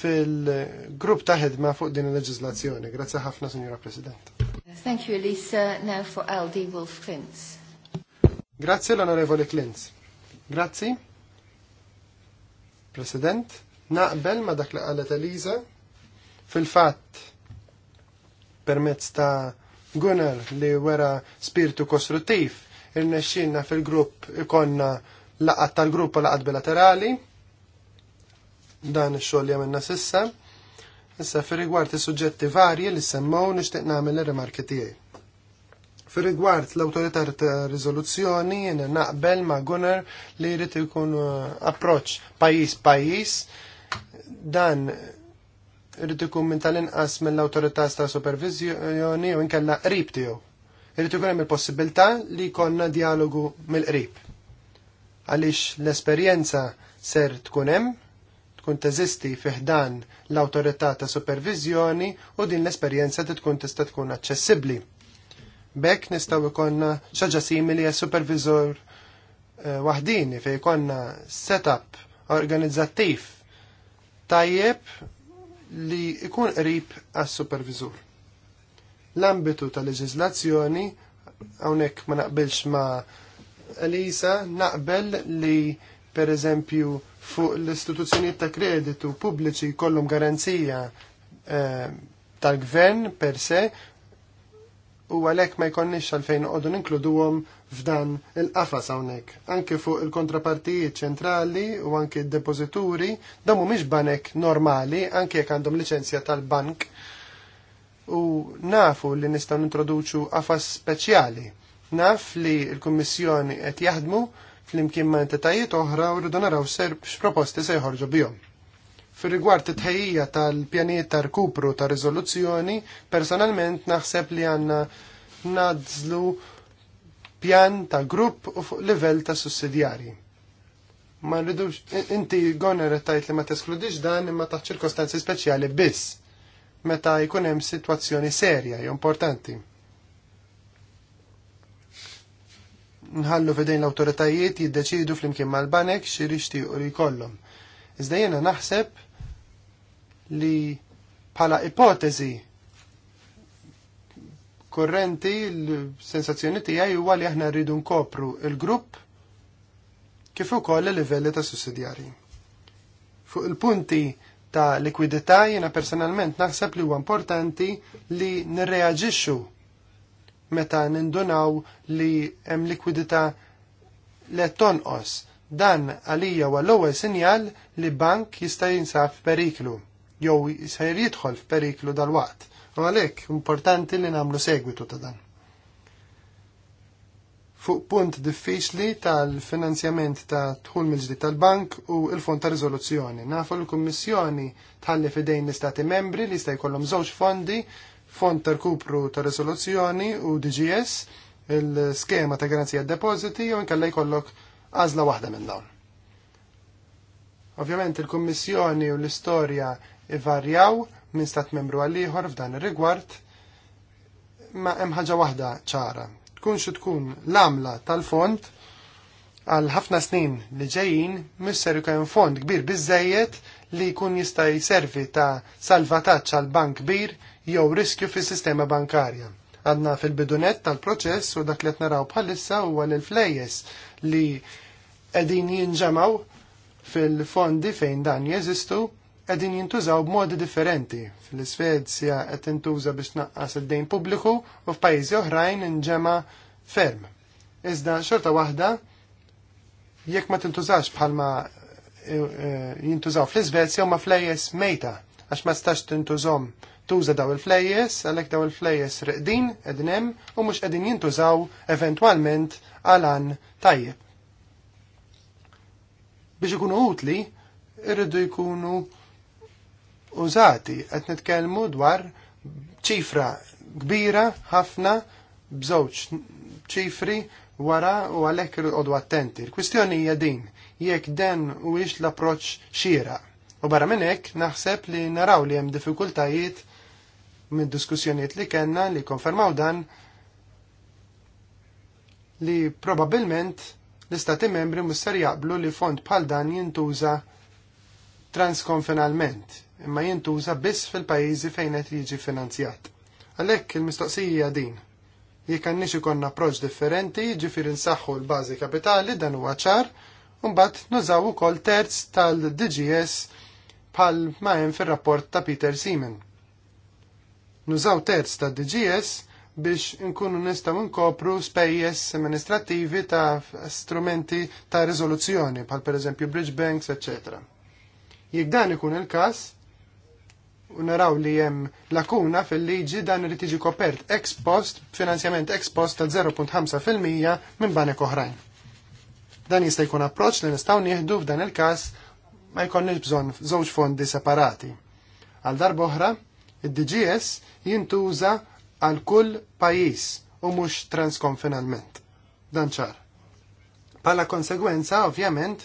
fil-grupp ta' ħidma fuq din il leġislazzjoni Grazzi ħafna, Signora President. Thank you, Elisa. Now for Aldi Wolf Klintz. Grazie, l'onorevole Klintz. Grazie. President, naqbel ma dak li qalet Elisa fil-fatt permezz ta' Gunnar li wera spiritu kostruttiv irnexxinna fil-grupp ikonna laqat tal-grupp laqat bilaterali dan ix-xogħol li għamilna sissa Issa fi rigward is-suġġetti varji li semmew nixtieq nagħmel ir-rimarki tiegħi. Fi rigward l-awtorità ta' riżoluzzjoni naqbel ma' Gunnar li jrid ikun eh, approċċ pajjiż pajjiż dan irid ikun minn tal-inqas mill-awtorità ta' supervizjoni u nkella qrib tiegħu. Irid ikun hemm il-possibilità li jkollna dialogu mill-qrib. Għaliex l-esperjenza ser tkun hemm tkun teżisti fiħdan l-autorità ta' supervizjoni u din l-esperjenza tkun tista' tkun aċċessibbli. Bekk nistgħu ikonna xaġa simili għas supervizor uh, eh, waħdini fejn ikonna setup organizzattiv tajjeb li ikun qrib għas supervizur. L-ambitu ta' leġiżlazzjoni hawnhekk ma naqbilx ma' Elisa naqbel li per eżempju fuq l-istituzzjonijiet ta' kreditu pubbliċi jkollhom garanzija eh, tal-gvern per se u għalhekk ma jkollniex għalfejn għodun inkluduwom f'dan il-qafas hawnhekk. Anke fuq il-kontrapartijiet ċentrali u anke d-depożituri dan mhumiex banek normali anke jekk għandhom liċenzja tal-bank u nafu li nistgħu nintroduċu qafas speċjali. Naf li l-Kummissjoni qed jaħdmu flimkien ma' entitajiet oħra u rridu naraw ser x'proposti se jħorġu bihom. Fir-rigward it tal-pjanijiet ta' rkupru ta' riżoluzzjoni, personalment naħseb li għandna nadżlu pjan ta' grupp u fuq livell ta' sussidjarji. Ma rridux, inti goner tajt li ma teskludix dan imma taħt ċirkostanzi speċjali biss meta jkun hemm sitwazzjoni serja jew importanti. nħallu fedejn l-awtoritajiet jiddeċidu flimkien mal-banek xir u li jkollhom. Iżda jiena naħseb li bħala ipotezi korrenti l-sensazzjoni tiegħi huwa li aħna rridu nkopru il-grupp kif ukoll il-livelli ta' sussidjarji. Fuq il-punti ta' likwidità jena personalment naħseb li huwa importanti li nirreaġixxu meta nindunaw li hemm likwidità li tonqos. Dan għalija huwa l-ewwel sinjal li bank jista' jinsab f'periklu jew jisajr jidħol f'periklu dal-waqt. U għalhekk importanti li nagħmlu segwitu ta' dan fuq punt diffiċli tal-finanzjament ta' tħul mill-ġdid tal-bank u il-fond ta' riżoluzzjoni. Nafu l-Kummissjoni tħalli fidejn l-Istati membri li jista' jkollhom żewġ fondi fond tal-kupru ta' risoluzzjoni u DGS, il-skema ta' garanzija depositi u nkella jkollok għażla waħda minn dawn. Ovvjament il-Kummissjoni u l-istorja ivarjaw minn stat membru għal ieħor f'dan ir-rigward, ma hemm ħaġa waħda ċara. Tkun xi tkun l-għamla tal-fond għal ħafna snin li ġejjin misser ikun fond kbir biżejjed li jkun jista' jservi ta' salvataġġ għal bank kbir jew riskju fis-sistema bankarja. Għadna fil-bidunet tal-proċess u dak li naraw bħalissa huwa l flejjes li qegħdin jinġamaw fil-fondi fejn dan jeżistu edin jintużaw b'modi differenti. Fl-Isvezja qed tintuża biex naqqas id-dejn pubbliku u f'pajjiżi oħrajn inġema ferm. Iżda xorta waħda jekk ma tintużax bħalma eh, eh, jintużaw fl-Isvezja u ma flejes mejta għax ma stax tintużom tuża daw il-flejjes, għalhekk daw il-flejjes reqdin qegħdin hemm u mhux qegħdin jintużaw eventwalment għalan tajjeb. Biex ikunu utli, irridu jkunu użati, qed nitkellmu dwar ċifra kbira ħafna bżewġ ċifri wara u għalhekk irqodu attenti. Il-kwistjoni hija din jekk dan huwiex l-approċċ xieraq. U barra minn hekk naħseb li naraw li hemm diffikultajiet mid-diskussjoniet li kenna li konfermaw dan li probabilment l-istati membri musser jaqblu li fond bħal dan jintuża transkonfinalment imma jintuża biss fil-pajjiżi fejn qed jiġi finanzjat. Għalhekk il-mistoqsija din jekk għandniex ikonna approċċ differenti, jiġifieri nsaħħu l-bażi kapitali dan huwa ċar, u mbagħad nużaw ukoll terz tal-DGS bħal ma hemm fir-rapport ta' Peter Siemens. Nużaw terz ta' DGS biex nkunu nistaw nkopru spejjeż amministrativi ta' strumenti ta' pal per pereżempju bridge banks, ecc. Jek dan ikun il-każ, u naraw li jem lakuna fil-liġi dan li tiġi kopert ex post, finanzjament ex post ta' 0.5% minn banek oħrajn. Dan jista' jkun approċ li nistgħu nieħdu f'dan il-każ ma jkollniex bżonn żewġ fondi separati. Għal darba oħra, Id-DGS jintuża għal kull pajjiż u mhux transkonfinalment. Dan ċar. Pala konsegwenza, ovvjament,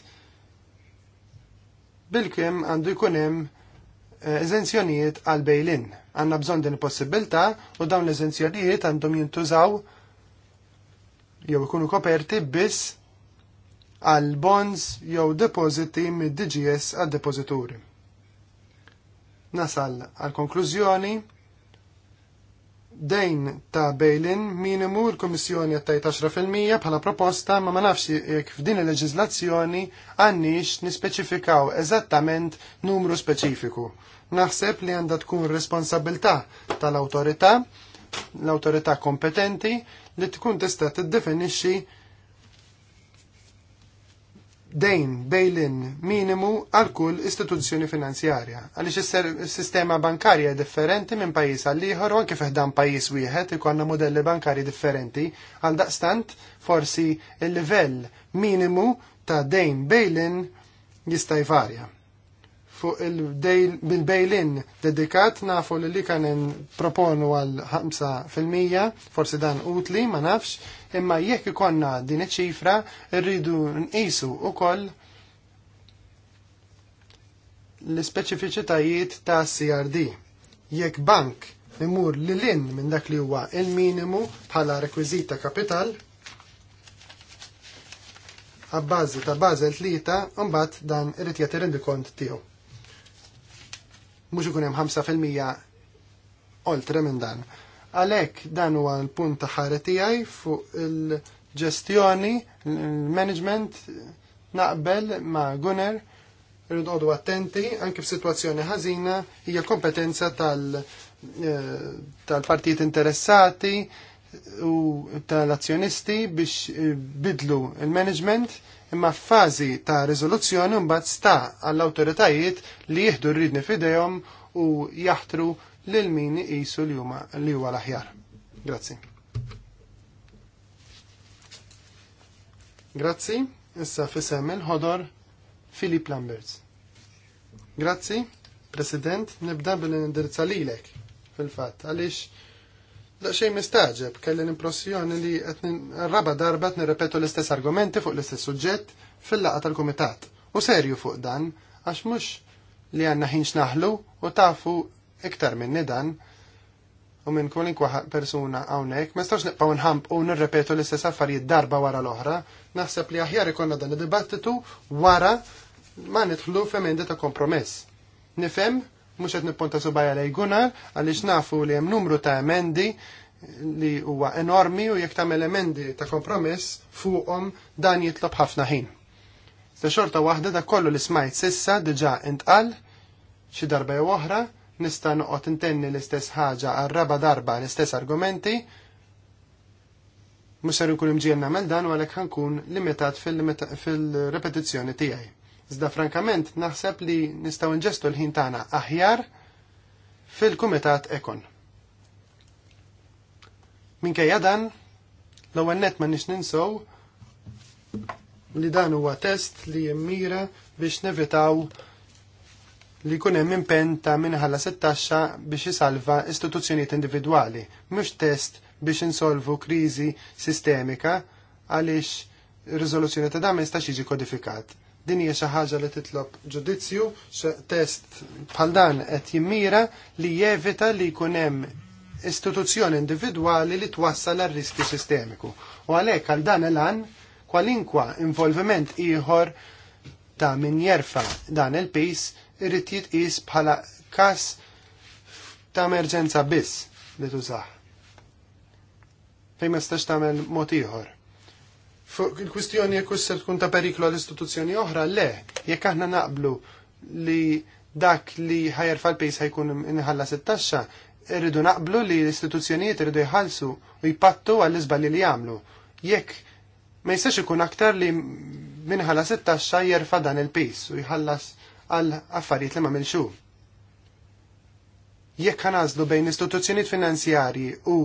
bil-kem għandu jkun hemm eh, eżenzjonijiet għal bejlin. Għanna bżon din possibilità u dawn l-eżenzjonijiet għandhom jintużaw jew ikunu koperti biss għal bonds jew depositi mid-DGS għad depozituri. Nasal għal konklużjoni dejn ta' bail-in minimu l-Komissjoni għattajt 10% bħala proposta ma ma nafx jekk f'din il-leġizlazzjoni għannix nispeċifikaw eżattament numru speċifiku. Naħseb li għandha tkun responsabilità tal autorita l autorita kompetenti li tkun tista' tiddefinixxi dejn bejlin minimu għal kull istituzzjoni finanzjarja. Għaliex is-sistema bankarja differenti minn pajjiż għal ieħor u anke fiħdan pajjiż wieħed ikollna modelli bankarji differenti għal daqstant forsi il-livell minimu ta' dejn bejlin jista' jvarja fuq il-bejlin dedikat nafu li li kanin proponu għal 5% forsi dan utli ma nafx imma jekk ikonna din iċ-ċifra rridu nqisu koll l-speċifiċitajiet ta' CRD. Jekk bank imur li l-in minn dak li huwa il-minimu bħala rekwizita kapital, għabbażi ta' bażel tlieta, mbagħad dan irid jagħti kont tiegħu mhux ikun hemm 5% oltre minn dan. Għalhekk dan huwa l-punt ta' ħari tiegħi fuq il-ġestjoni, il-management naqbel ma' Gunner għodu attenti anke f'sitwazzjoni ħażina hija kompetenza tal eh, tal-partijiet interessati u tal-azzjonisti biex eh, bidlu il-management imma f'fażi ta' riżoluzzjoni mbagħad sta għall-awtoritajiet li jieħdu rridni f'idejhom u jaħtru lil min iqisu li huma li huwa l-aħjar. Grazzi. Grazzi, issa fisem il-ħodor Filip Lamberts. Grazzi, President, nibda bil-indirizza lilek fil-fatt għaliex Xej mistaġeb, kelli l-impressjoni li raba darba nirrepetu l-istess argumenti fuq l-istess suġġett fil-laqa tal-komitat. U serju fuq dan, għax mux li għanna ħinx naħlu u tafu iktar minni dan u minn kwalinkwa persuna għawnek, ma stax nibqaw nħamp u nirrepetu l-istess affarijiet darba wara l-oħra, naħseb li aħjar ikonna dan id-dibattitu wara ma nidħlu f'emendi ta' kompromess. Nifhem mhux qed nipponta subajja lej Gunnar għaliex nafu li hemm numru ta' emendi li huwa enormi u jekk tagħmel emendi ta' kompromiss fuqhom dan jitlob ħafna ħin. Sta xorta waħda da kollu li smajt sissa diġà intqal xi darba jew oħra nista' noqgħod intenni l-istess ħaġa għal raba darba l-istess argumenti mhux ser nkun imġien nagħmel dan u għalhekk ħankun limitat fil-repetizzjoni tiegħi. Iżda frankament naħseb li nistgħu nġestu l-ħin tagħna aħjar fil-Kumitat Ekon. Minkejja dan, l-ewwel net ma nix ninsow li dan huwa test li jemmira biex nevitaw li jkun hemm impenn ta' minħalla settaxxa biex jisalva istituzzjonijiet individwali, mhux test biex insolvu kriżi sistemika għaliex ir-riżoluzzjoni ta' dan jista' jiġi kodifikat. Din hija xi ħaġa li titlob ġudizzju, test bħal dan qed jimmira li jevita li jkun hemm istituzzjoni individwali li twassal għal riskju sistemiku. U għalhekk għal dan l-an kwalinkwa involviment ieħor ta' min jerfa dan il-pis irrid jitqis bħala każ ta' emerġenza biss li tużaħ. Fejn ma stax tagħmel mod ieħor. Fuq il-kwistjoni jekk se tkun ta' periklu għall istituzzjoni oħra, le, jekk aħna naqblu li dak li ħajer fal pejs ħajkun inħallas it-taxxa, irridu naqblu li l-istituzzjonijiet irridu jħallsu u jpattu għall-iżballi li jagħmlu. Jekk ma jistax ikun aktar li minħallas it-taxxa jerfa' dan il pejs u jħallas għal affarijiet li ma milxu. Jekk ħanażlu bejn istituzzjonijiet finanzjarji u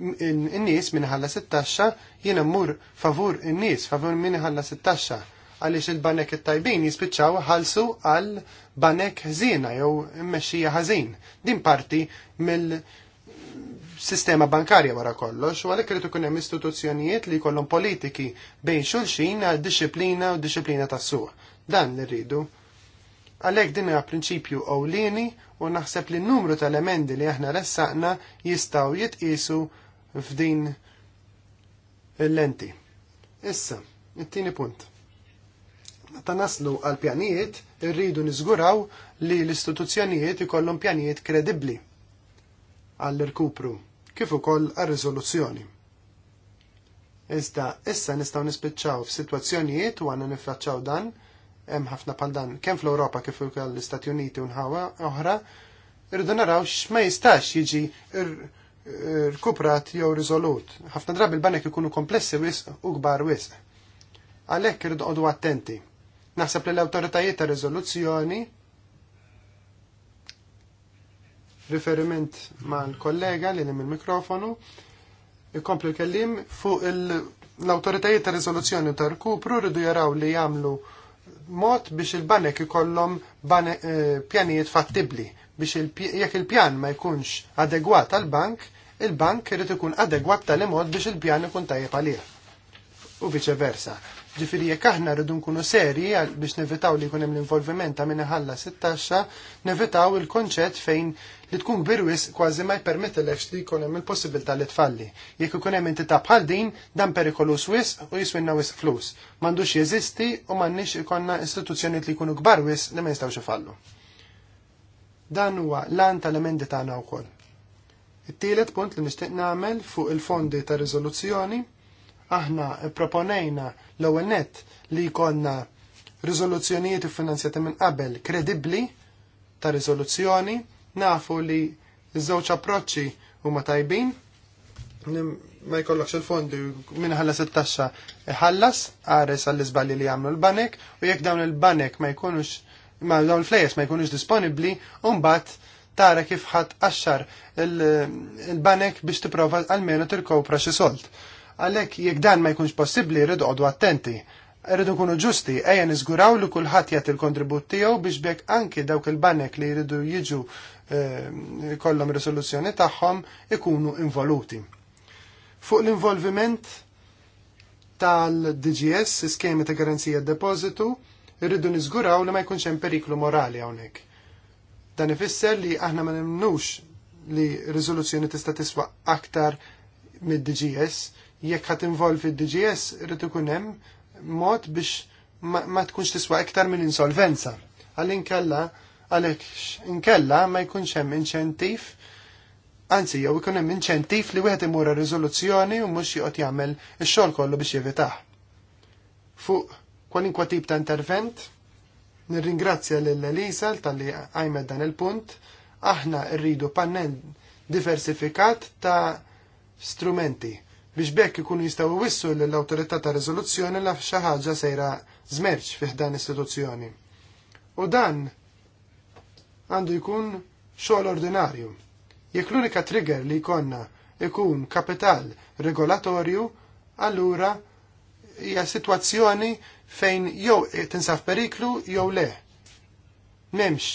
n-nies minn ħalla 16 jiena mmur favur n-nies favur minn ħalla 16 għaliex il-banek it-tajbin jispiċċaw ħalsu għal banek ħżiena jew mmexxija ħażin. Din parti mill sistema bankarja wara kollox, u għalhekk irid ikun hemm istituzzjonijiet li jkollhom politiki bejn xulxin għal disciplina u disciplina tas-suq. Dan li rridu. Għalhekk din hija prinċipju ewlieni u naħseb li n-numru tal-emendi li aħna ressaqna jistgħu jitqisu f'din il-lenti. Issa, it-tieni punt. Meta naslu għal pjanijiet, irridu niżguraw li l-istituzzjonijiet ikollhom pjanijiet kredibbli għall-irkupru kif ukoll għar-riżoluzzjoni. Iżda issa nistgħu nispiċċaw f'sitwazzjonijiet u għandna nifraċċaw dan hemm ħafna bħal dan kemm fl-Ewropa kif ukoll l-Istati Uniti u nħawa oħra, irridu naraw x'ma jistax jiġi rkuprat jew riżolut. Ħafna drabi l-banek ikunu komplessi wisq u kbar wisq. Għalhekk irid qogħdu attenti. Naħseb li l-awtoritajiet ta' riżoluzzjoni riferiment mal-kollega li nim il-mikrofonu ikompli kellim fuq l-autoritajiet ta' riżoluzzjoni ta' rkupru rridu jaraw li jagħmlu mod biex il-banek ikollhom eh, pjanijiet fattibli biex jekk il-pjan ma jkunx adegwat għal bank il-bank irid ikun adegwat tal-imod biex il-pjan ikun tajjeb għalih. U viċe versa. Ġifiri jekk aħna rridu nkunu seri biex nevitaw li jkun hemm l-involviment ta' min ħalla 16, nevitaw il-konċett fejn li tkun birwis kważi ma jpermettilekx li jkun hemm il-possibilità li tfalli. Jekk ikun hemm intità bħal din dan perikolu wis u jiswinna wis flus. M'għandux jeżisti u m'għandniex ikonna istituzzjonijiet li jkunu kbar wis li ma jistgħux ifallu. Dan huwa lan tal-emendi tagħna wkoll. It-tielet punt li nixtieq nagħmel fuq il-fondi ta' riżoluzzjoni Aħna proponejna l-ewwel nett li jkollna riżoluzzjonijiet iffinanzjati minn qabel kredibbli ta' rizoluzzjoni, nafu li ż-żewġ approċċi huma tajbin, ma jkollokx il-fondi minn ħalla it-taxxa ħallas għares għall-iżballi li jagħmlu l-banek u jekk dawn il-banek ma jkunux ma dawn il-flejes ma jkunux disponibbli, mbagħad tara kif ħadd qaxxar il-banek biex tipprova għalmenu tirkopra xi solt. Għalhekk jekk dan ma jkunx possibbli rridu qogħdu attenti. Rridu kunu ġusti, ejja niżguraw li kulħadd jagħti il kontribut tiegħu biex bjek anki dawk il-banek li jridu jiġu eh, kollom risoluzzjoni tagħhom ikunu involuti. Fuq l-involviment tal-DGS, skemi ta' garanzija depozitu, rridu niżguraw li ma jkunx hemm periklu morali hawnhekk. Dan ifisser li aħna ma nemnux li riżoluzzjoni tista' tiswa aktar mid-DGS, jekk ħat involvi d-DGS rrid ikun hemm mod biex ma tkunx tiswa iktar minn insolvenza. Għal inkella għalhekk inkella ma jkunx hemm inċentiv anzi jew ikun hemm inċentif li wieħed imur riżoluzzjoni u mhux joqgħod jagħmel ix-xogħol kollu biex jevitah. Fuq kwalinkwa tip ta' intervent, nirringrazzja l elisa tal-li għajmed dan il-punt, aħna rridu pannen diversifikat ta' strumenti biex bekk ikunu jistgħu wissu lill-awtorità ta' riżoluzzjoni la xi ħaġa sejra zmerċ fih dan istituzzjoni. U dan għandu jkun xogħol ordinarju. Jekk l-unika trigger li jkollna ikun kapital regolatorju, allura hija sitwazzjoni fejn jew tinsaf periklu jew le. M'hemmx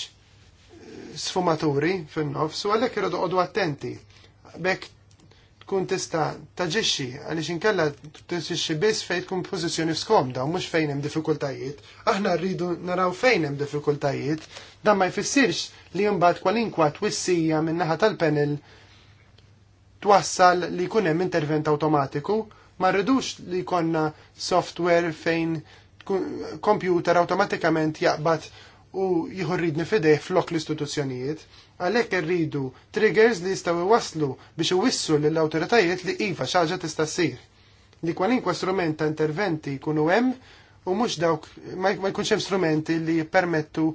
sfumaturi fin-nofs u għalhekk irridu attenti. Bekk tkun tista taġixxi għaliex inkella taġixxi biss fejn tkun pożizzjoni f'skomda u mhux fejn hemm diffikultajiet. Aħna rridu naraw fejn hemm diffikultajiet, dan ma jfissirx li mbagħad kwalinkwa twissija min naħa tal-panel twassal li jkun hemm intervent awtomatiku, ma rridux li jkollna software fejn computer awtomatikament jaqbad u jħorridni fideh flok l-istituzzjonijiet, għalhekk irridu triggers li jistgħu waslu biex iwissu lill-awtoritajiet li iva xaġa tista' ssir. Li kwalinkwa strument ta' interventi jkunu hemm u mhux dawk ma jkunx hemm strumenti li jippermettu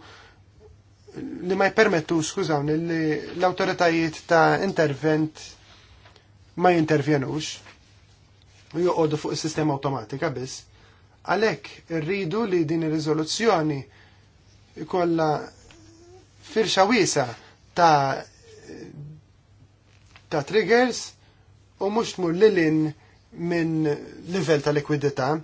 li ma jpermettu, skużawni, li l-autoritajiet ta' intervent ma jintervjenux u joqodu fuq is-sistema automatika biss. Għalhekk rridu li din ir-riżoluzzjoni ikolla firxa wiesa ta' ta' triggers u mux tmur lilin minn livell ta' likwidità.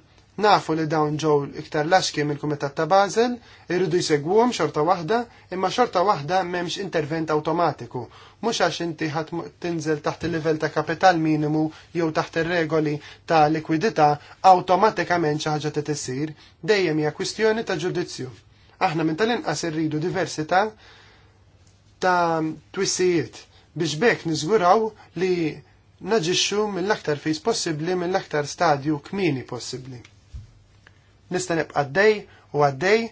Nafu li dawn ġew iktar laxki mill kumitat ta' Basel, irridu jsegwuhom xorta waħda, imma xorta waħda m'hemmx intervent automatiku. Mhux għax inti ħadd tinżel taħt il-livell ta' kapital minimu jew taħt ir-regoli ta' likwidità awtomatikament xi ħaġa tessir dejjem hija kwistjoni ta' ġudizzju. Aħna minn tal-inqas irridu diversità ta' twissijiet biex bekk niżguraw li naġixxu mill-aktar fis possibbli mill-aktar stadju kmini possibbli. Nista' nibqa' għaddej u għaddej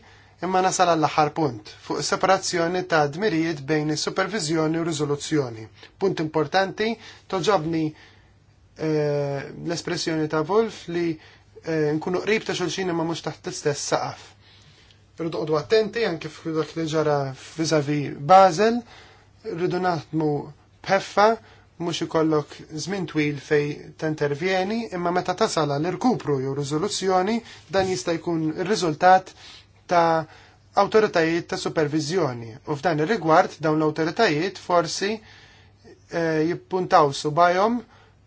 imma nasal għall aħħar punt fuq separazzjoni ta' dmirijiet bejn is-supervizjoni u riżoluzzjoni. Punt importanti toġobni e, l-espressjoni ta' Wolf li e, nkunu qrib ta' xulxin imma mhux taħt l-istess saqaf. Rridu għodu attenti anke f'dak li ġara vizavi Basel, rridu naħdmu bħeffa mhux ikollok żmien twil fej t-intervjeni, imma meta tasala l-irkupru jew riżoluzzjoni dan jista' jkun ir-riżultat ta' awtoritajiet ta' supervizjoni. U f'dan ir-rigward dawn l-awtoritajiet forsi eh, jippuntaw subajhom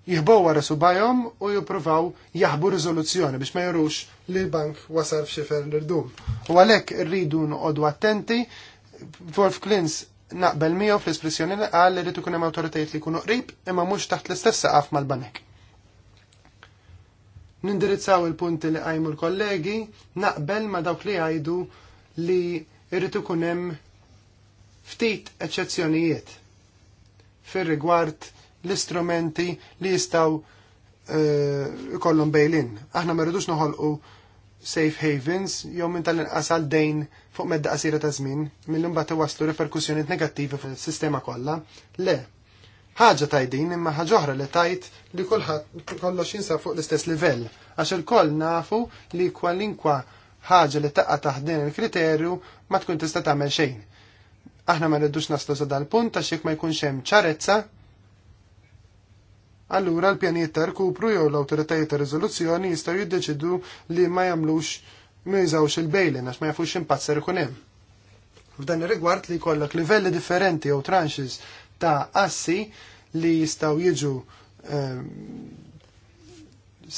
jihbow wara subajhom u jippruvaw jaħbu rizoluzzjoni biex ma jirrux li l-bank wasal f'xifer l-irdum. U għalhekk irridu noqogħdu attenti, Wolf Klins naqbel miegħu fl-espressjoni li qal li rritu kunem hemm li jkunu qrib imma mhux taħt l-istess saqaf mal-banek. Nindirizzaw il-punti li qajmu l-kollegi naqbel ma dawk li jgħidu li rritu ikun hemm ftit eċċezzjonijiet fir-rigward l-istrumenti li jistaw eh, kollum bejlin. Aħna meridux noħolqu safe havens jew minn tal-inqas għal dejn fuq medda qasira ta' żmien milli mbagħad iwasslu reperkussjonijiet negattivi fis-sistema kollha. Le. Ħaġa tajdin imma ħaġa oħra li tajt li kulħadd kollox jinsab fuq l-istess livell għax il-koll nafu li kwalinkwa ħaġa li taqqa taħdin il-kriterju ma tkun tista' tagħmel xejn. Aħna ma rridux naslu sa dal-punt għax jekk ma jkunx hemm ċarezza allura l-pjanijiet ta' rkupru jew l-awtoritajiet ta' riżoluzzjoni jistgħu jiddeċidu li ma jagħmlux ma jużawx il-bejlin għax ma jafux impazzer ikun hemm. F'dan ir-rigward li jkollok livelli differenti jew tranches ta' assi li jistgħu jiġu ehm,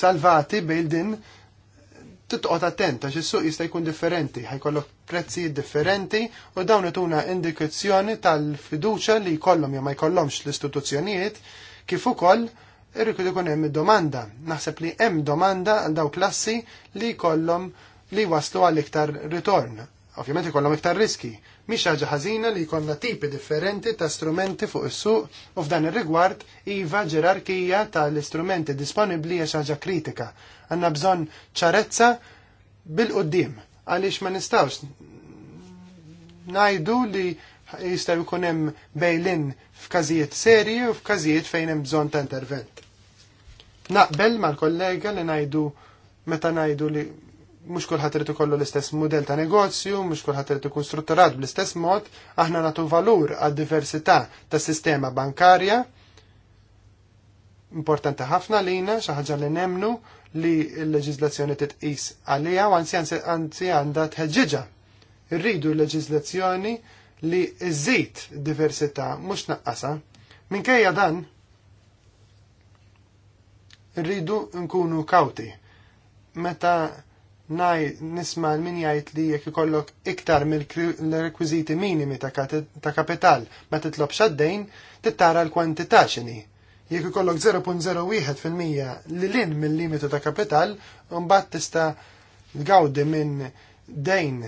salvati bejl din titqot attent għax is-suq jista' jkun differenti, ħajkollok prezzijiet differenti u dawn ituna indikazzjoni tal-fiduċa li jkollhom jew ma jkollhomx l-istituzzjonijiet Kif ukoll irrid ikun hemm domanda. Naħseb li hemm domanda għal daw klassi li jkollhom li waslu għal iktar ritorn. Ovvjament ikollhom iktar riski. Mhix ħaġa ħażina li jkollna tipi differenti ta' strumenti fuq is-suq u f'dan ir-rigward iva ġerarkija tal-istrumenti disponibbli hija ħaġa kritika. Għandna bżonn ċarezza bil qudiem għaliex ma nistgħux ngħidu li jista' jkun hemm bejlin f'każijiet serji u f'każijiet fejn hemm bżonn ta' intervent. Naqbel mal-kollega li ngħidu meta ngħidu li mhux kulħadd irid ikollu l-istess mudell ta' negozju, mhux kulħadd irid ikun strutturat bl-istess mod, aħna nagħtu valur għad-diversità tas sistema bankarja importanti ħafna lina xi ħaġa li nemnu li l-leġiżlazzjoni titqis għalija u anzi għandha tħeġġiġa. Irridu l-leġiżlazzjoni li iżid diversità mhux naqqasa. Minkejja dan rridu nkunu kawti. Meta naj nisma' l-min jgħid li jekk ikollok iktar mill-rekwiżiti minimi ta' kapital ma titlob xaddejn, tittara l-kwantità xini. Jekk ikollok 0.01% li l-in mill-limitu ta' kapital, mbagħad tista' gawdi minn dejn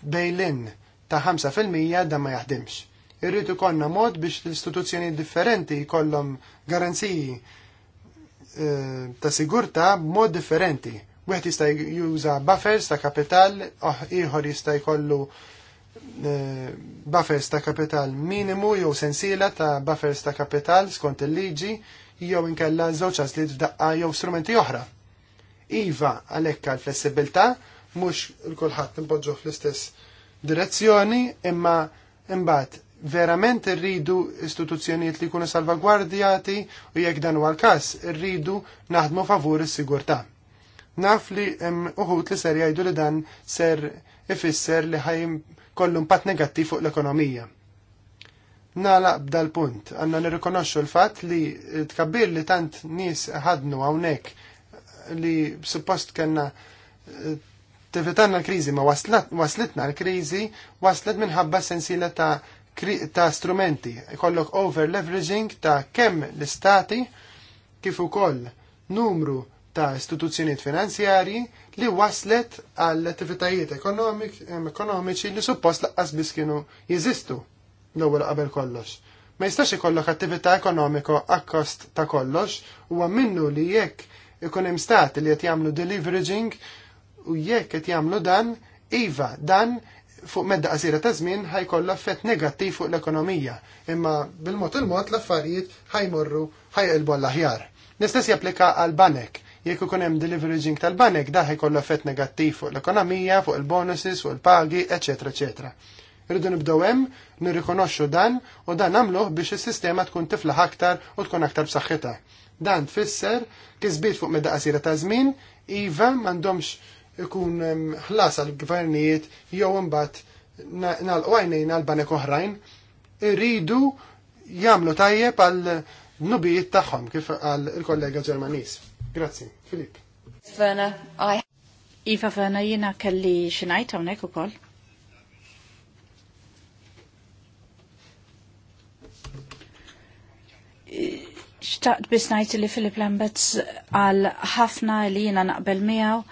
bejlin ta' 5% dan ma jaħdimx. Irritu konna mod biex l-istituzzjoni differenti jkollhom garanziji eh, ta' sigurta b'mod differenti. Wieħed jista' juża buffers ta' kapital, ieħor jista' jkollu eh, buffers ta' kapital minimu jew sensiela ta' buffers ta' kapital skont il-liġi jew inkella żewġ għażliet f'daqqa jew strumenti oħra. Iva għalhekk għall flessibilità mhux il kulħadd impoġġu fl-istess direzzjoni imma imbagħad verament irridu istituzzjonijiet li jkunu salvagwardjati u jekk dan huwa l-każ irridu naħdmu favur is-sigurtà. Naf li hemm uħut li ser jgħidu li dan ser ifisser li ħajm kollu impatt negattiv fuq l-ekonomija. Nala b'dal punt, għanna nirrikonoxxu l-fatt li tkabbir li tant nies ħadnu hawnhekk li suppost kellna eh, tevetanna l-krizi ma waslitna l-krizi, waslet minħabba sensila ta' ta' strumenti, jkollok over-leveraging ta' kemm l-istati kif ukoll numru ta' istituzzjonijiet finanzjarji li waslet għall attivitajiet ekonomiċi li suppost laqqas biss kienu jeżistu l-ewwel qabel kollox. Ma jistax ikollok attività ekonomiko akkost ta' kollox huwa minnu li jekk ikun hemm stati li qed jagħmlu deleveraging u jekk qed jagħmlu dan, iva dan fuq medda qasira ta' żmien ħajkollha effett negattiv fuq l-ekonomija, imma bil-mod il-mod l-affarijiet ħajmorru ħajqilbu l-aħjar. Nistess japplika għal banek. Jekk ikun hemm deliveraging tal-banek da ħajkollu effett negattiv fuq l-ekonomija, fuq il-bonuses, fuq il-pagi, eċetera, eċetera. Irridu nibdew hemm, nirrikonoxxu dan u dan nagħmluh biex is-sistema tkun tiflaħ aktar u tkun aktar b'saħħitha. Dan tfisser kisbiet fuq medda qasira ta' żmien, iva m'għandhomx ikun ħlas għal gvernijiet jew imbagħad nagħlqu għajnejn għal banek oħrajn irridu jagħmlu tajjeb għal nubijiet tagħhom kif għal il-kollega Ġermaniż. Grazzi, Filip. Iva Fena jiena kelli xinajt hawnhekk ukoll. xtaqt bisnajt li Filip Lamberts għal ħafna li jina naqbel miegħu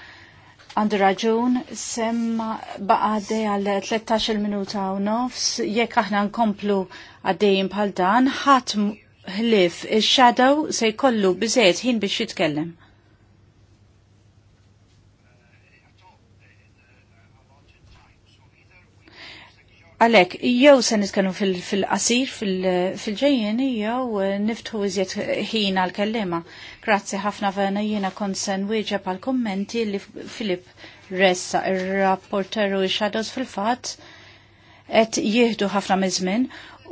għandu raġun semma baqade għal 13 minuta u nofs jekk aħna nkomplu għaddejjin bħal dan ħadd hlif, ix-shadow se jkollu biżejjed ħin biex jitkellem. Għalek, jew se niskenu fil-qasir, fil-qasir, fil-ġejjien, jew eh, niftħu iżjed ħina l kellima Grazzi ħafna vena jiena kont se wieġeb għal kommenti li Filip Ressa, ir-rapporteru Shadows fil-fatt, qed jieħdu ħafna mizmin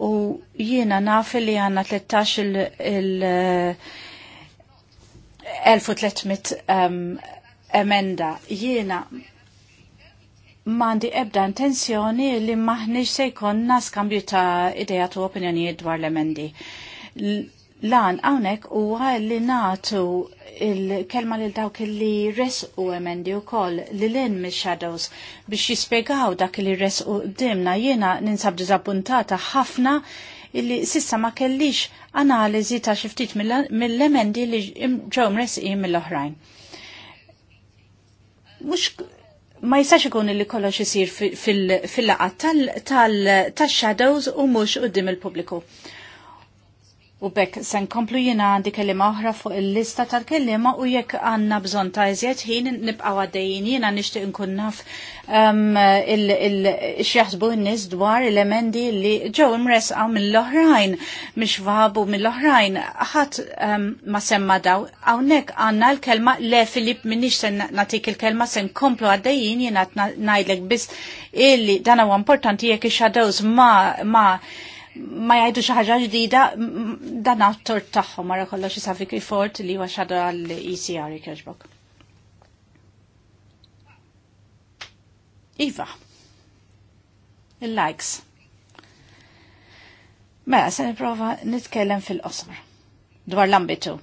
u jiena naf li għandna 13 il- 1300 eh, emenda. Jiena mandi ebda intenzjoni li maħniġ se nas skambju ta' ideja tu opinjonijiet dwar l-emendi. Lan għawnek u li natu il-kelma lil dawk li res u emendi u koll li l-in shadows biex jispiegaw dak li res u dimna jena ninsab dizabuntata ħafna illi sissa ma kellix analizi ta' xiftit mill-emendi li ġew resqi mill-oħrajn. Mux ma jistax ikun li kollox isir fil-laqat tal-shadows u mhux qudiem il-pubbliku. U bekk se nkomplu jina għandi kelima oħra fuq il-lista tal-kelima u jekk għandna bżonn ta' iżjed ħin nibqa' għaddejjin jiena nixtieq nkun naf um, x'jaħsbu n-nies dwar il-emendi li ġew imresqa mill-oħrajn mhix vabu mill-oħrajn. Ħadd um, ma semma daw hawnhekk għandna l-kelma le Filip minix se nagħtik il-kelma se nkomplu għaddejjin jiena ngħidlek biss illi dan huwa importanti jekk ix ma ma' ma jajdu xi ħaġa ġdida dan attor tagħhom mara kollox isa Vicky Ford li huwa xadu għall ECR jkirġbok. Iva. Il-likes. Mela, se nipprova nitkellem fil-qosor dwar l-ambitu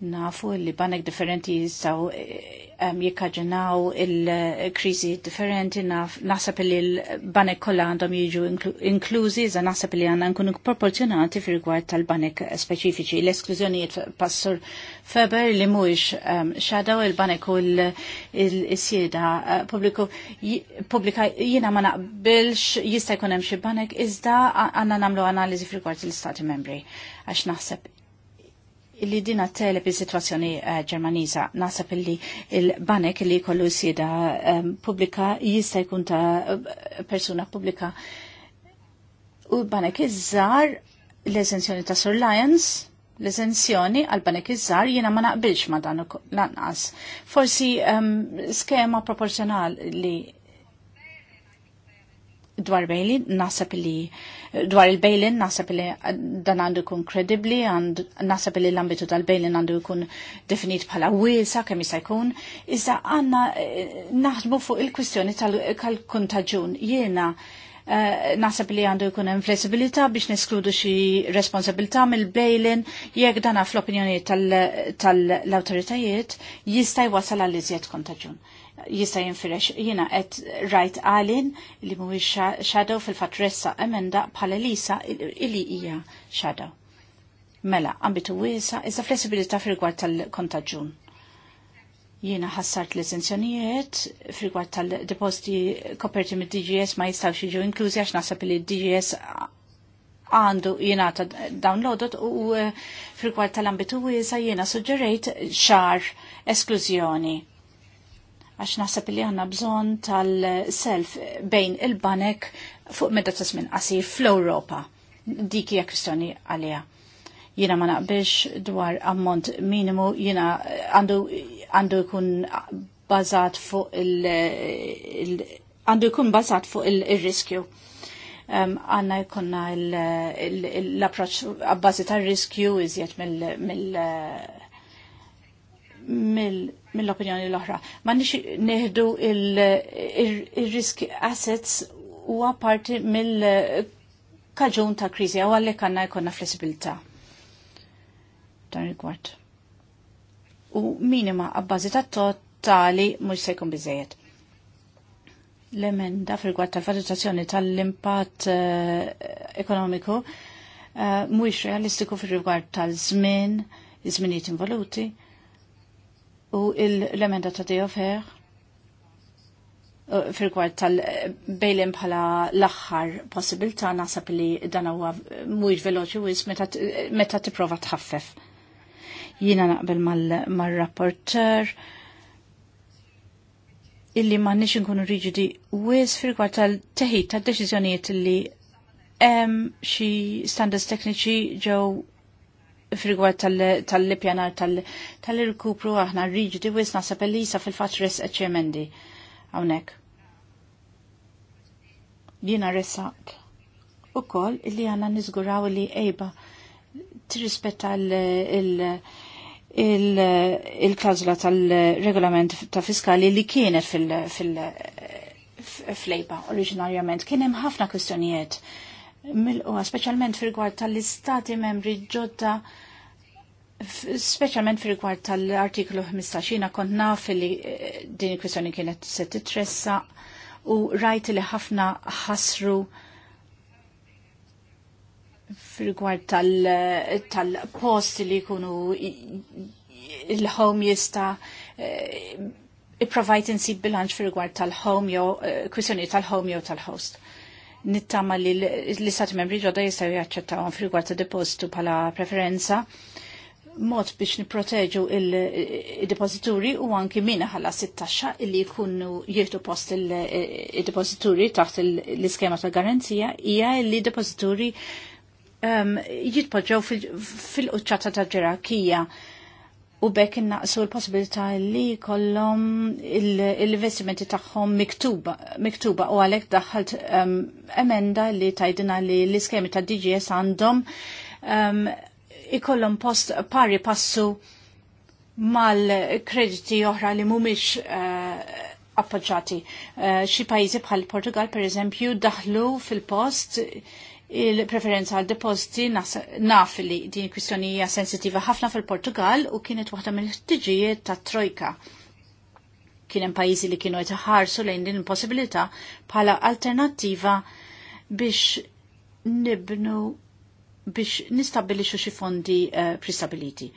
nafu li banek differenti jistaw eh, jikkaġenaw il-krizi differenti naf, nasab li l-banek kolla għandhom jiġu inklużi, za nasab li għanna nkunu proporzjonati fi rigward tal-banek specifici. l esklużjoni passur Feber li mux xadaw il-banek u l-sieda eh, publiku publika jina ma naqbilx jista' jkun hemm xi banek izda għanna namlu analizi fi rigward l stati membri għax naħseb illi dina tele il-situazzjoni eh, ġermaniza. Nasab illi il-banek li kollu jisida eh, publika jista jkun ta' persuna publika. U banek iż l-esenzjoni ta' Sir Lions, l-esenzjoni għal-banek iż-żar jiena ma naqbilx ma dan lanqas. Forsi eh, skema proporzjonal li dwar Bejlin, nasab li dwar il-Bejlin, nasab li dan għandu jkun kredibli, għand nasab li l-ambitu tal-Bejlin għandu jkun definit bħala wiesa kemm jista' jkun, iżda għandna eh, naħdmu fuq il-kwistjoni tal tal-kal-kuntaġun. Jiena eh, nasab li għandu jkun hemm flessibilità biex neskludu xi responsabilità mill-bejlin jekk dan fl-opinjoni tal-awtoritajiet jista' jwasal għal iżjed kontaġun jista' jinfirex jiena qed rajt għalin li mhuwiex shadow fil fatressa emenda bħala lisa illi hija shadow. Mela, ambitu wiesa, iżda flessibilità fil-rigward tal-kontagġun. Jiena ħassart l-esenzjonijiet fil-rigward tal-deposti koperti mid-DGS ma jistaw jiġu inklużi għax nasab li DGS għandu jina ta' downloadot u fil-rigward tal-ambitu wiesa jiena suġġerejt xar esklużjoni għax naħseb li għanna bżon tal-self bejn il-banek fuq medda ta' żmien qasir fl-Ewropa. Dik hija kwistjoni għalija. Jiena ma naqbilx dwar ammont minimu, jina għandu jkun bażat fuq il- għandu jkun bażat fuq il-riskju. Għanna jkunna l-approċ għabbażi tar riskju iżjed mill- mill- mill-opinjoni l-oħra. Ma nix neħdu il-risk assets u parti mill-kaġun ta' krizi għu għalli kanna jkonna flessibilta. Dan rigward. U minima għabbażi ta' totali mux sejkun bizzejiet. L-emenda fil-gwad ta' valutazzjoni tal-impatt eh, ekonomiku eh, mux realistiku fil-rigward tal-żmien, iż-żminijiet involuti, u l-emenda ta' Deo Fer fil kwart tal-bejlin bħala l-axħar ta' nasab li dan huwa mwir veloċi wis meta tipprova tħaffef. Jina naqbel mal-rapporter illi ma nix nkunu riġidi wis fil kwart tal-teħid tal deċizjoniet illi hemm xi standards tekniċi ġew frigwad tal-lipjanar tal-irkupru aħna rriġu di wisna sapellisa fil-fat res eċemendi għawnek. Jina resaq. U kol illi għanna nizguraw li ejba tirrispetta il-klazla tal-regolament ta' fiskali li kienet fil-flejba oriġinarjament. Kienem ħafna kwestjonijiet mill-qwa, specialment fil-gwar tal-istati membri ġodda, specialment fil-gwar tal-artiklu 15, kont naf li eh, din il-kwistjoni kienet se tressa u rajt li ħafna ħasru fil-gwar tal-post li kunu il-home jista eh, i-provajt insib bilanċ fil-gwar tal-home jo, eh, kwistjoni tal-home jew tal-host. tal home jo tal host nittama li l-istati membri ġodda jistaw jaċċettawhom fil-rigward ta' depositu bħala preferenza mod biex niproteġu il-depozituri u anki minna ħalla sit-taxxa illi jkunu jirtu post il-depozituri taħt l-iskema ta' garanzija hija li depozituri ehm, jitpoġġew fil qċata ta' ġerarkija u bekk innaqsu l-possibilità li kollom il-investimenti tagħhom miktuba, miktuba u għalhekk daħħalt um, emenda li tajdina li l-iskemi ta' DGS għandhom um, ikollhom post pari passu mal-krediti oħra li mhumiex uh, appoġġati. Uh, xi pajjiżi bħal Portugal pereżempju daħlu fil-post il-preferenza għal depositi naf li din kwistjoni hija sensitiva ħafna fil-Portugal u kienet waħda mill-ħtiġijiet ta' trojka. Kien hemm pajjiżi li kienu qed iħarsu lejn din il-possibilità bħala alternattiva biex nibnu biex nistabbilixxu xi fondi uh, pristabiliti.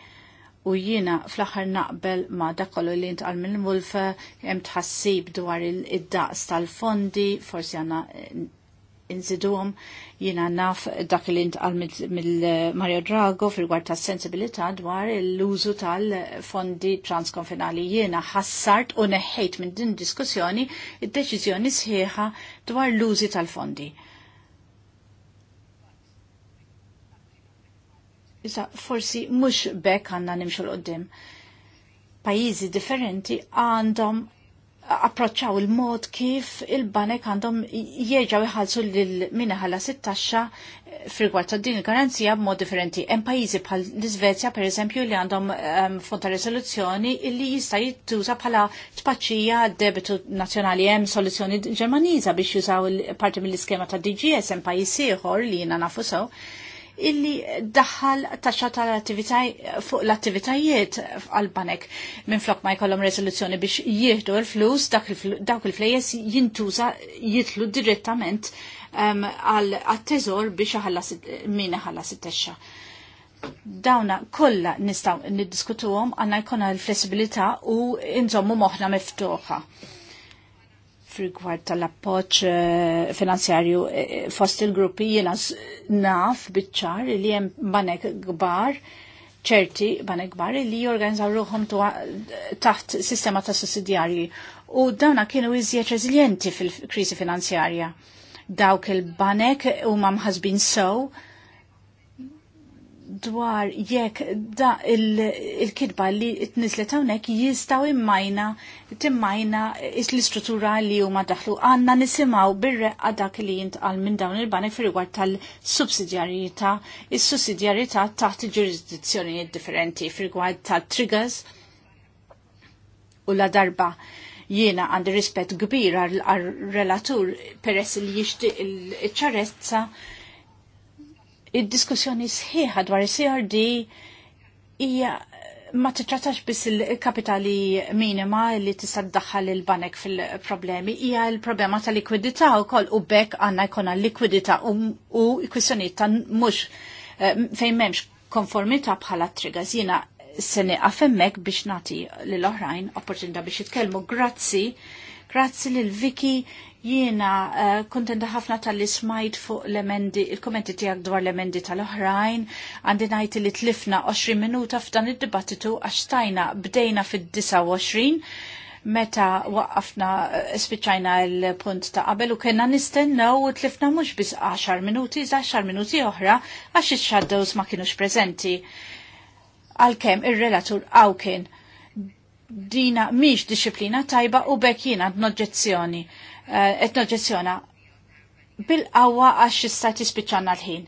U jiena fl-aħħar naqbel ma dakollu li intqal minn mulfa eh, hemm tħassib dwar id-daqs tal-fondi, forsi għandna eh, inżidum jiena naf dak li intqal mill-Mario Drago fil-gwar ta' sensibilità dwar l-użu tal-fondi transkonfinali jiena ħassart u neħħejt minn din diskussjoni id-deċiżjoni sħiħa dwar l-użi tal-fondi. Issa forsi mhux bekk għandna nimxu l-qoddim. Pajjiżi differenti għandhom approċċaw il-mod kif il-banek għandhom jieġaw iħalsu l-mina ħalla 16 eh, frigward ta' din il-garanzija b'mod differenti. Hemm pajjiżi bħal l-Iżvezja pereżempju li għandhom um, ehm, fonta risoluzzjoni li jista' jittuża bħala tpaċċija debitu nazzjonali hemm soluzzjoni Ġermaniża biex jużaw parti mill-iskema ta' DGS hemm pajjiż ieħor li jiena nafu sew. So illi daħal taxxa tal-attivitaj fuq l-attivitajiet għal-banek minn flok ma jkollhom resoluzzjoni biex jieħdu l-flus dawk il-flejes jintuża jitlu direttament għal-teżor biex min ħallas it-taxxa dawna kolla nistaw niddiskutuhom għanna jkun l-flessibilità u inżommu moħna miftuħa frigward tal-appoċ eh, finanzjarju eh, fost il-gruppi jena naf bitċar li jem banek gbar ċerti banek gbar li jorganizaw ruħom taħt sistema ta' sussidjarji u dawna kienu iżjeċ reżiljenti fil-krisi finanzjarja. Dawk il-banek u mamħazbin sow dwar jekk da il-kidba il li t-nislet hawnhekk jistgħu immajna timmajna l-istruttura li huma daħlu għandna nisimgħu bir-reqqa dak li jintqal minn dawn il-banek fir-rigward tal-subsidjarjetà, il sussidjarjetà taħt il-ġurisdizzjonijiet differenti fir-rigward tal-triggers u la darba jiena għandi rispett kbir għal-relatur peress li jixti il-ċarezza il il diskussjoni sħiħa dwar CRD hija ma titrattax biss il-kapitali minima li tista' ddaħħal il-banek fil-problemi, hija l-problema ta' likwidità wkoll u bekk għandna jkollna likwidità u kwistjonijiet ta' mhux eh, fejn m'hemmx konformità bħala trigas jiena se nieqaf hemmhekk biex nagħti lill oħrajn opportunità biex jitkellmu. Grazzi Grazzi lil Viki, jiena eh, kontenta ħafna tal-li smajt fuq l-emendi, il-kommenti tijak dwar l-emendi tal-oħrajn, għandi najti li tlifna 20 minuta f'dan id-dibattitu għax tajna bdejna fid-29 meta waqqafna eh, spiċajna l-punt ta' qabel u kena nistennaw u tlifna mux bis 10 minuti, 10 minuti oħra għax ix-shadows ma kienux prezenti. Għalkemm ir-relatur għaw kien dina miex disciplina tajba u bekkina d-noġġezzjoni, etnoġġezzjona eh, bil-qawwa għax jistat jispiċċana l-ħin.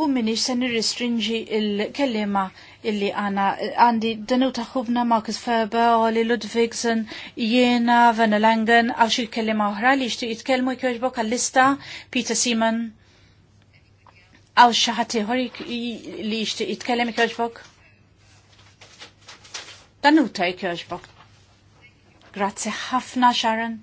U minix se nirristringi il-kellima illi għana għandi Danuta taħħubna Marcus Ferber, Oli Ludwigsen, Jena, Van Langen, għax il kellima oħra li xti jitkellmu jkjoġbok għal-lista, Peter Seaman, għaw xaħat iħorik li xti jitkellem jkjoġbok? Danuta jkjoġbok. Grazzi ħafna, Sharon.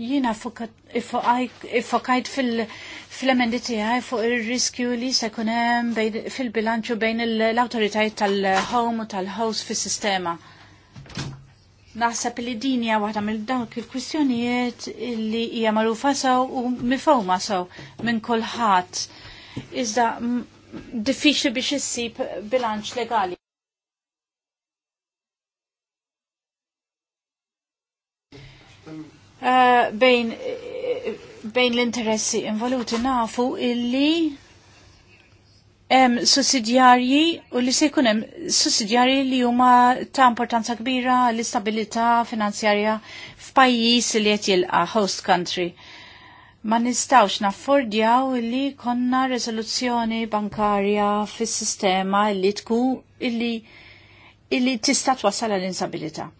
Jina ifokajt fil emenditi għaj fuq il-riskju li se kunem fil-bilanċu bejn l-autoritajt tal-home u tal house fil-sistema. Naħseb li din hija waħda mill dawk il-kwistjonijiet li hija magħrufa saw u mifhoma saw minn kulħadd. Iżda diffiċli biex issib bilanċ legali. Eh, bejn bejn l-interessi involuti nafu illi hemm sussidjarji u li se jkun hemm sussidjarji li huma ta' importanza kbira l-istabilità finanzjarja f'pajjiż li qed jilqa' host country ma nistawx naffordjaw li konna rezoluzzjoni bankarja fis sistema li tku illi illi tista' twassal l instabilità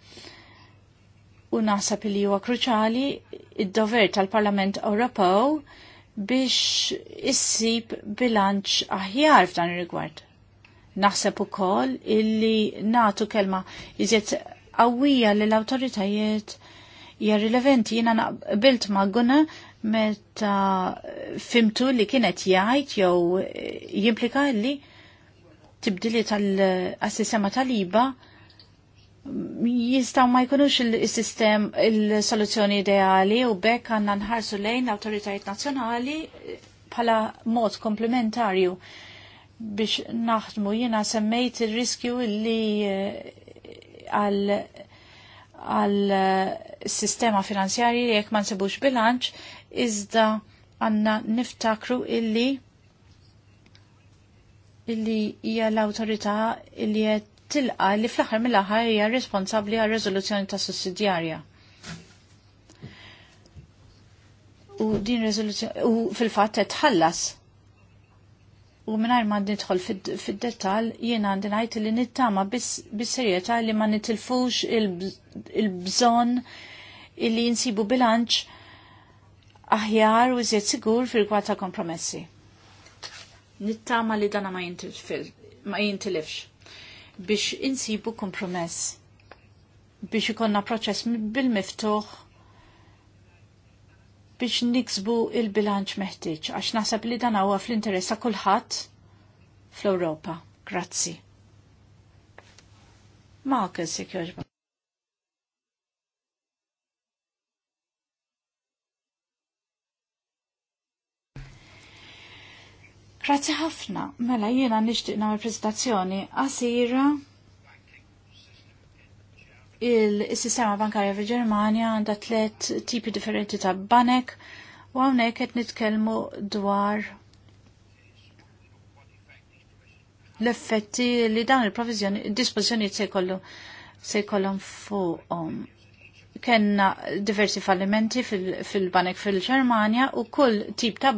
u naħseb li huwa kruċali id-dover tal-Parlament Ewropew biex issib bilanċ aħjar f'dan ir-rigward. Naħseb ukoll illi natu kelma iżjed qawwija lill awtoritajiet hija rilevanti jiena naqbilt ma' Gunna meta fimtu li kienet jgħid jew jimplika li tibdili tal-sistema tal-iba tal jistaw ma jkunux il-sistem il-soluzzjoni ideali u bekk għanna nħarsu lejn l-autoritajiet nazjonali bħala mod komplementarju biex naħdmu jiena semmejt il-riskju li eh, għal għal eh, sistema finanzjari li jekk ma sebux bilanċ iżda għanna niftakru illi illi hija l-autorità illi qed tilqa li fl-aħħar mill-aħħar hija responsabbli għal riżoluzzjoni ta' sussidjarja. U din riżoluzzjoni u fil-fatt qed tħallas. U mingħajr ma nidħol fid-dettall jiena għandi ngħid li nittama bis serjeta li ma nitilfux il-bżonn illi jinsibu bilanċ aħjar u zjed sigur fil ta' kompromessi. Nittama li dana ma jintilifx biex insibu kompromess biex ikonna proċess bil-miftuħ biex niksbu il-bilanċ meħtieġ għax naħseb li dan huwa fl-interess ta' kulħadd fl-Ewropa. Grazzi. Marcus, jekk Grazzi ħafna, mela jiena nixtieq nagħmel preżentazzjoni għasira il-sistema bankarja fil ġermanja għandha tliet tipi differenti ta' banek u hawnhekk qed nitkellmu dwar l-effetti li dan il-provizjoni, il dispożjonijiet se se jkollhom fuqhom. Um kenna diversi fallimenti fil-banek fil fil-Ġermanja u kull tip ta'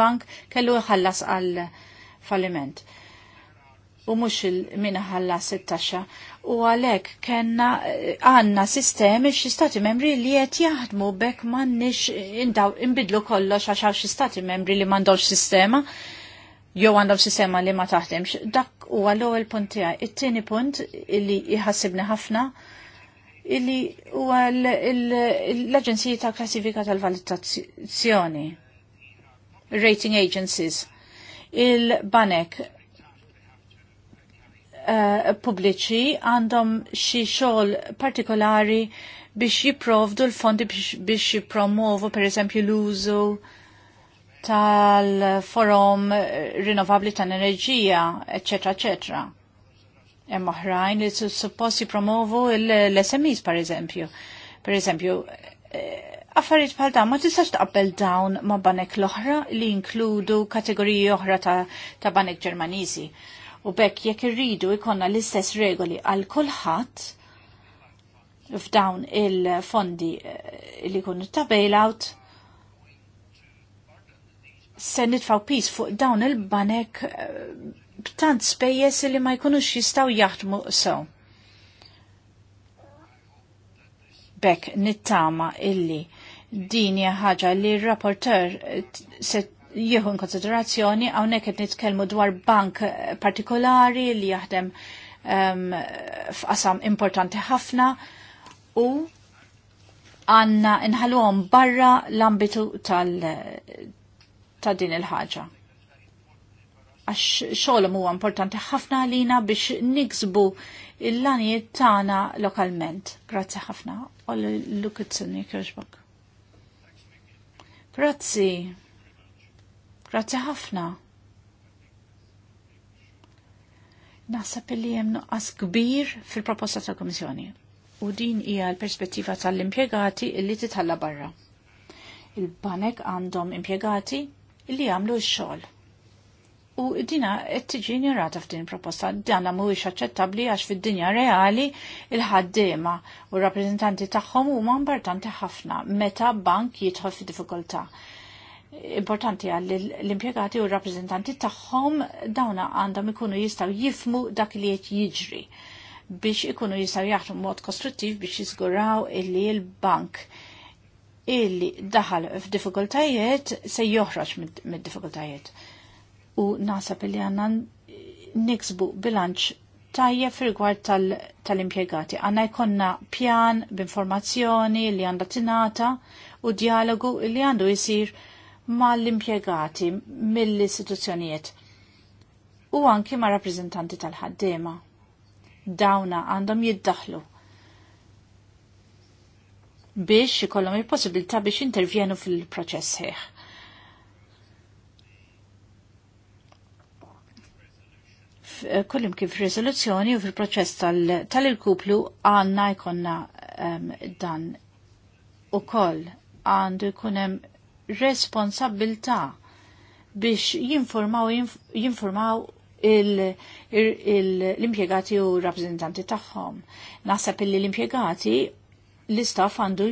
bank kellu jħallas għal falliment. U mux il-mina ħallas it-taxxa. U għalek kenna għanna sistemi x-istati membri li jett jaħdmu bekk mannix imbidlu kollox x-istati membri li mandawx sistema jew għandhom sistema li ma taħdemx. Dak huwa l-ewwel punt tiegħi. It-tieni punt li jħassibni ħafna illi huwa l aġenzija ta' Klassifika tal-Valutazzjoni, rating agencies, il-Banek uh, pubbliċi għandhom xi xogħol partikolari biex jipprovdu l-fondi biex jipromovu per eżempju l-użu tal-forum rinnovabli tal-enerġija, eccetera, eccetera hemm oħrajn li suppost jipromovu l-SMEs per eżempju. Per eżempju, eh, affarijiet bħal dawn ma tistax taqbel dawn ma' banek l-oħra li inkludu kategoriji oħra ta', ta banek Ġermaniżi. U bekk jekk irridu jkollna l-istess regoli għal kulħadd f'dawn il-fondi eh, li jkunu ta' bailout se nitfaw pis fuq dawn il-banek eh, b'tant spejjeż li ma jkunux jistgħu jaħdmu sew. Bekk nittama illi din hija ħaġa li r-rapporter eh, se jieħu konsiderazzjoni hawnhekk qed nitkellmu dwar bank partikolari li jaħdem um, f'qasam importanti ħafna u għanna nħalluhom barra l-ambitu tal ta' din il-ħaġa għax xogħolhom huwa importanti ħafna għalina biex niksbu il-lanijiet tagħna lokalment. Grazzi ħafna. Olli Lukitzen Kirschbach. Grazzi. Grazzi ħafna. Nasab li hemm nuqqas kbir fil-proposta tal komissjoni. U din hija l-perspettiva tal-impjegati li titħalla barra. Il-banek għandhom impjegati li jagħmlu x-xogħol U dina qed tiġi ignorata f'din proposta. Dana mhuwiex aċċettabbli għax fid-dinja reali il-ħaddiema u r-rappreżentanti tagħhom huma importanti ħafna meta bank jidħol fi diffikultà. Importanti għall l-impjegati u r-rappreżentanti tagħhom dawna għandhom ikunu jistgħu jifmu dak li qed jiġri biex ikunu jistaw jaħdmu mod kostruttiv biex jizguraw illi l-bank illi daħal f'diffikultajiet se joħroġ mid-diffikultajiet u nasab li għanna niksbu bilanċ tajjeb rigward tal-impjegati. Tal għanna jkonna pjan b'informazzjoni li għanda tinata u dialogu li għandu jisir mal-impjegati mill-istituzzjonijiet u anki ma' rappresentanti tal-ħaddema. Dawna għandhom jiddaħlu biex ikollhom il-possibilità biex intervjenu fil-proċess seħħ. kollim kif rizoluzzjoni u fil-proċess tal-il-kuplu għanna jkonna dan u koll għandu jkunem responsabilta biex jinformaw jinformaw l-impiegati u rappresentanti tagħhom. Naħseb illi l-impiegati l-istaff għandu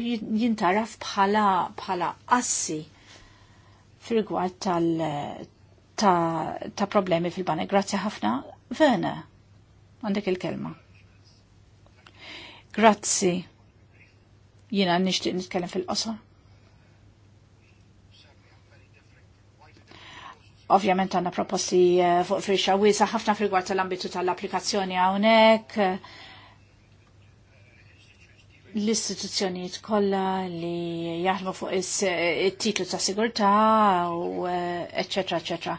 jintaraf bħala bħala assi fil-rigward tal- ta, ta problemi fil-bane. Grazie ħafna Vena, għandek il-kelma. Grazzi. Jina nishtiq nitkellem fil-qosor. Ovvjament għanna proposti eh, fuq firxa wisa ħafna frigwar tal-ambitu tal-applikazzjoni għawnek l-istituzzjonijiet kollha li jaħdmu fuq eh, it-titlu ta' sigurtà u eccetera eh, eċetera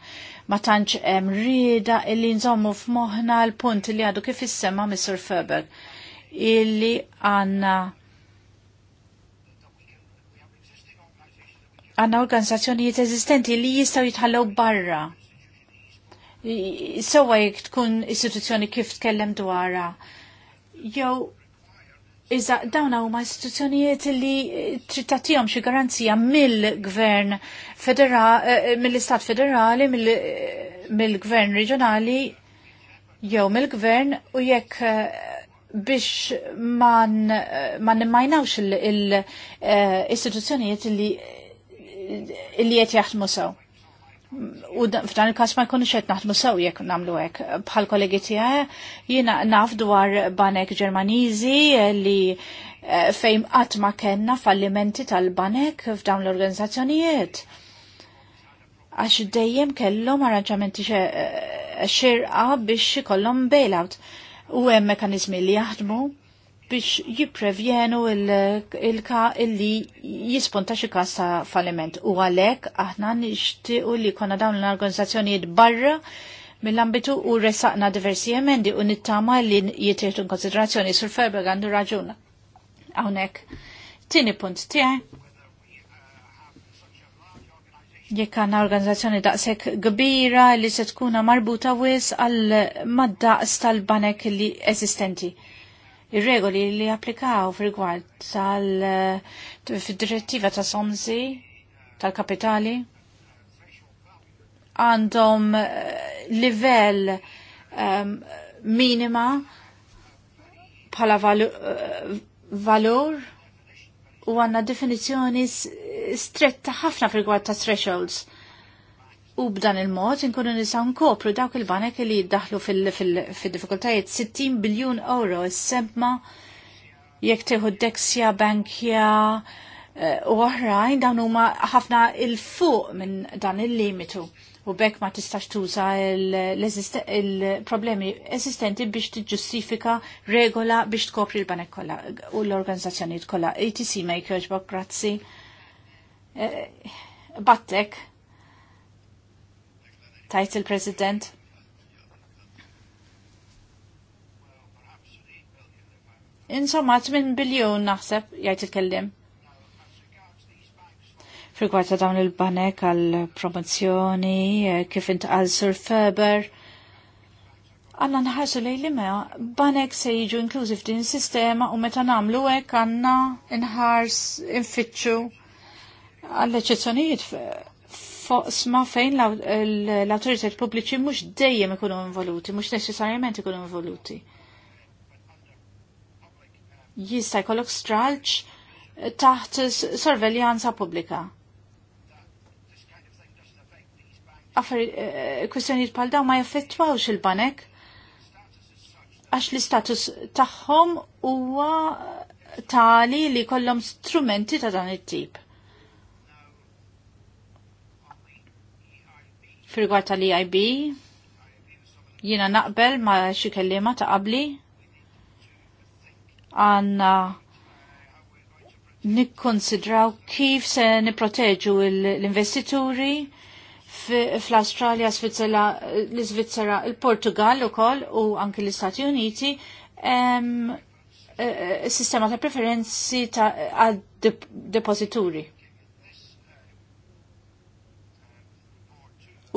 ma tantx hemm rieda illi nżommu f'moħħna l-punt li għadu kif issema Mr. Feber illi għanna għanna organizzazzjonijiet eżistenti li jistaw jitħallew barra. Sewa jek tkun istituzzjoni kif tkellem dwarha. Jew Iżda dawn huma istituzzjonijiet li eh, trittatihom xi garanzija mill-gvern federali, eh, eh, mill-istat federali, mill-gvern reġjonali jew mill-gvern u jekk biex ma nimmajnawx il-istituzzjonijiet li qed jaħdmu sew. U f'dan il-kas ma jkunu xed naħdmu sew jekk nagħmlu hekk. Bħal kollegi tiegħi jiena naf dwar banek Ġermaniżi li eh, fejn qatt ma kellna fallimenti tal-banek f'dawn l-organizzazzjonijiet. Għax dejjem kellhom arranġamenti eh, xirqa biex ikollhom bailout u hemm mekanizmi li jaħdmu biex jiprevjenu il-ka il illi jisponta xi każ ta' falliment. U għalhekk aħna nixtiequ li konna dawn l-organizzazzjonijiet barra mill-ambitu u resaqna diversi emendi u nittama li jittieħdu konsiderazzjoni sur Ferberg għandu raġuna. Hawnhekk. Tini punt tiegħi. Jekk għandna organizzazzjoni daqshekk kbira li se tkuna marbuta wis għal mad-daqs tal-banek li eżistenti ir-regoli li applikaw fil-gwad tal-direttiva eh, ta' somzi tal-kapitali għandhom eh, livell um, minima bħala eh, valur u għanna definizjoni stretta ħafna fil-gwad ta' thresholds U b'dan il-mod inkunu nisaw nkopru dawk il-banek li jiddaħlu fil difikultajiet 60 biljun euro s-semma jekk tieħu Dexia, Bankja eh, u oħrajn dawn huma ħafna il-fuq minn dan il-limitu. U bekk ma tistax tuża il-problemi esistenti biex tiġġustifika regola biex tkopri l-banek kollha u l-organizzazzjonijiet kollha. ATC ma jkjoġbok, grazzi. Eh, Battek tajt il-President. Insomma, 8 biljon naħseb, jgħajt il-kellim. ta' dawn il-banek għal-promozzjoni, kif intqal Sir Ferber. Għanna nħarsu li li mea, banek se jiġu inklużi f'din sistema u meta namlu hekk għanna nħars infittxu għall-eċezzjonijiet fosma fejn l-autoritet pubbliċi mhux dejjem ikunu involuti, mhux neċessarjament ikunu involuti. Jista' jkollok stralċ taħt sorveljanza pubblika. Affer eh, kwistjonijiet bħal dawn ma jaffettwawx il-banek għax l-istatus tagħhom huwa tali li kollhom strumenti ta' dan it-tip Rigward tal-EIB, jina naqbel ma xi kellima ta' qabli għanna nikkonsidraw kif se niproteġu l-investituri fl-Australia, l-Svizzera, il-Portugal u koll u anki l-Istati Uniti eh, eh, sistema ta' preferenzi ta' deposituri.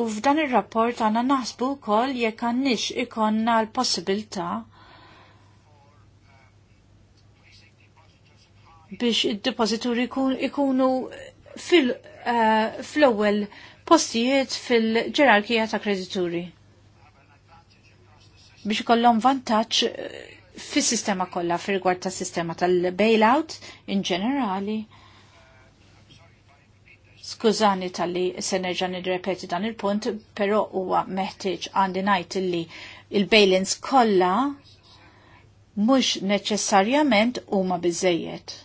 U f'dan ir-rapport għandna naħsbu wkoll jekk għandniex ikonna l-possibilità biex id-depożituri ikunu fil-ewwel eh, uh, postijiet fil-ġerarkija ta' kredituri biex kollom vantaġġ eh, fis-sistema kollha fil rigward tas-sistema tal-bailout in ġenerali Skużani tal-li senerġa nirrepeti dan il-punt, pero huwa meħtieġ għandi najt li il-bailins kollha mhux neċessarjament huma biżejjed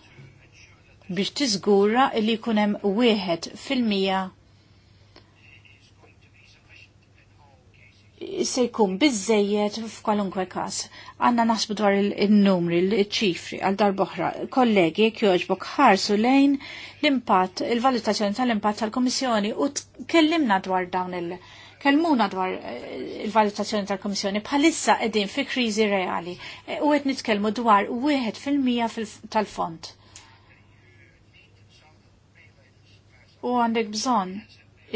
biex tiżgura li jkun hemm wieħed fil-mija se jkun bizzejiet f'kwalunkwe każ. Għanna naħsbu dwar il-numri, il-ċifri, għal darboħra. Kollegi, kjoġbok ħarsu lejn l-impatt, il-valutazzjoni tal-impatt tal-Komissjoni u tkellimna dwar dawn il- Kelmuna dwar eh, il-valutazzjoni tal-Komissjoni bħalissa edin fi kriżi reali eh, u qed nitkellmu dwar 1% tal-fond. U għandek bżonn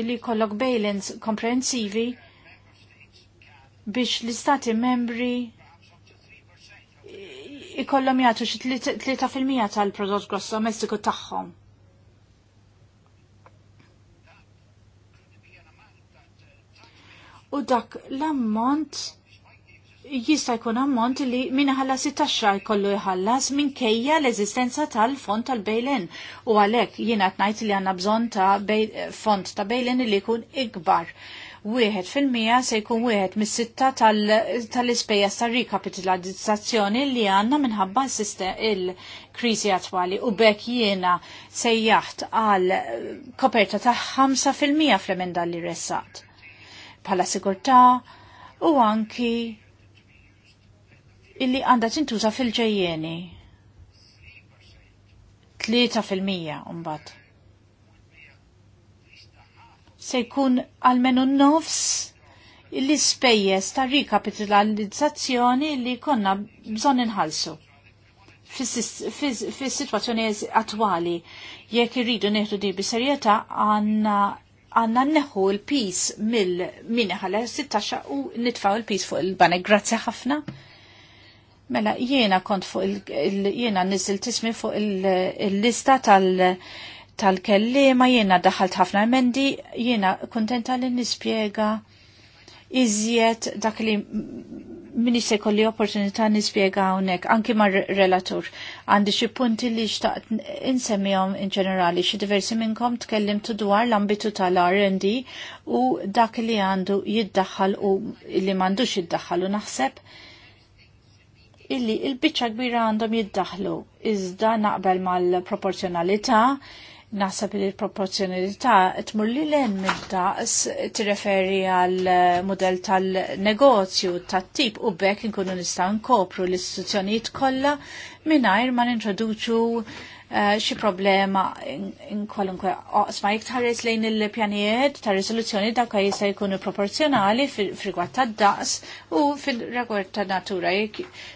illi kollok bail-ins komprensivi biex l-istati membri ikollom jgħatu xi 3% tal-prodott gross domestiku tagħhom. U dak l-ammont jista' jkun ammont li min ħallas it-taxxa jkollu jħallas minkejja l-eżistenza tal-fond tal-bejlen. U għalhekk jiena qed ngħid li għandna bżonn ta' fond ta' bejlen li jkun ikbar wieħed fil-mija se jkun wieħed mis-sitta tal ispejja tal rikapitalizzazzjoni li għandna minħabba il-kriżi attwali u bekk jiena sejjaħt għal koperta ta' 5 fil-mija fl-emenda li ressat. Pala sigurtà u anki illi għandha tintuża fil-ġejjeni. 3 fil-mija mbagħad se jkun għalmenu nofs l-ispejjeż ta' rikapitalizzazzjoni li konna bżonn nħalsu fis-situazzjoni attwali jekk irridu neħdu di bi serjetà għandna għanna neħu l-pis mill min ħala 16 u nitfaw l-pis fuq il-banek. Grazzi ħafna. Mela, jiena kont fuq il- jiena nizzil tismi fuq il-lista tal- tal-kellima jiena daħalt ħafna emendi, jiena kontenta li nispjega iżjed dak li minni se kolli opportunità nispiega unek, anki mar relatur, għandi xie punti li xtaqt insemmijom in ġenerali, xie diversi minnkom tkellimtu dwar l-ambitu tal-R&D u dak li għandu jiddaħħal u li mandu jiddaħħal u naħseb illi il-bicċa kbira għandhom jiddaħlu, iżda naqbel mal-proporzjonalità, Naħseb li l-proporzjonalità tmur li l-en mid-daqs tirreferi għal model tal-negozju tat-tip u bekk nkunu nista' nkopru l-istituzzjonijiet kollha mingħajr ma introduċu eh, xi problema in kwalunkwe osma jekk tħares lejn il-pjanijiet ta' da' dawk jista' jkunu proporzjonali fil-rigward tad-daqs u fil-rigward ta' natura.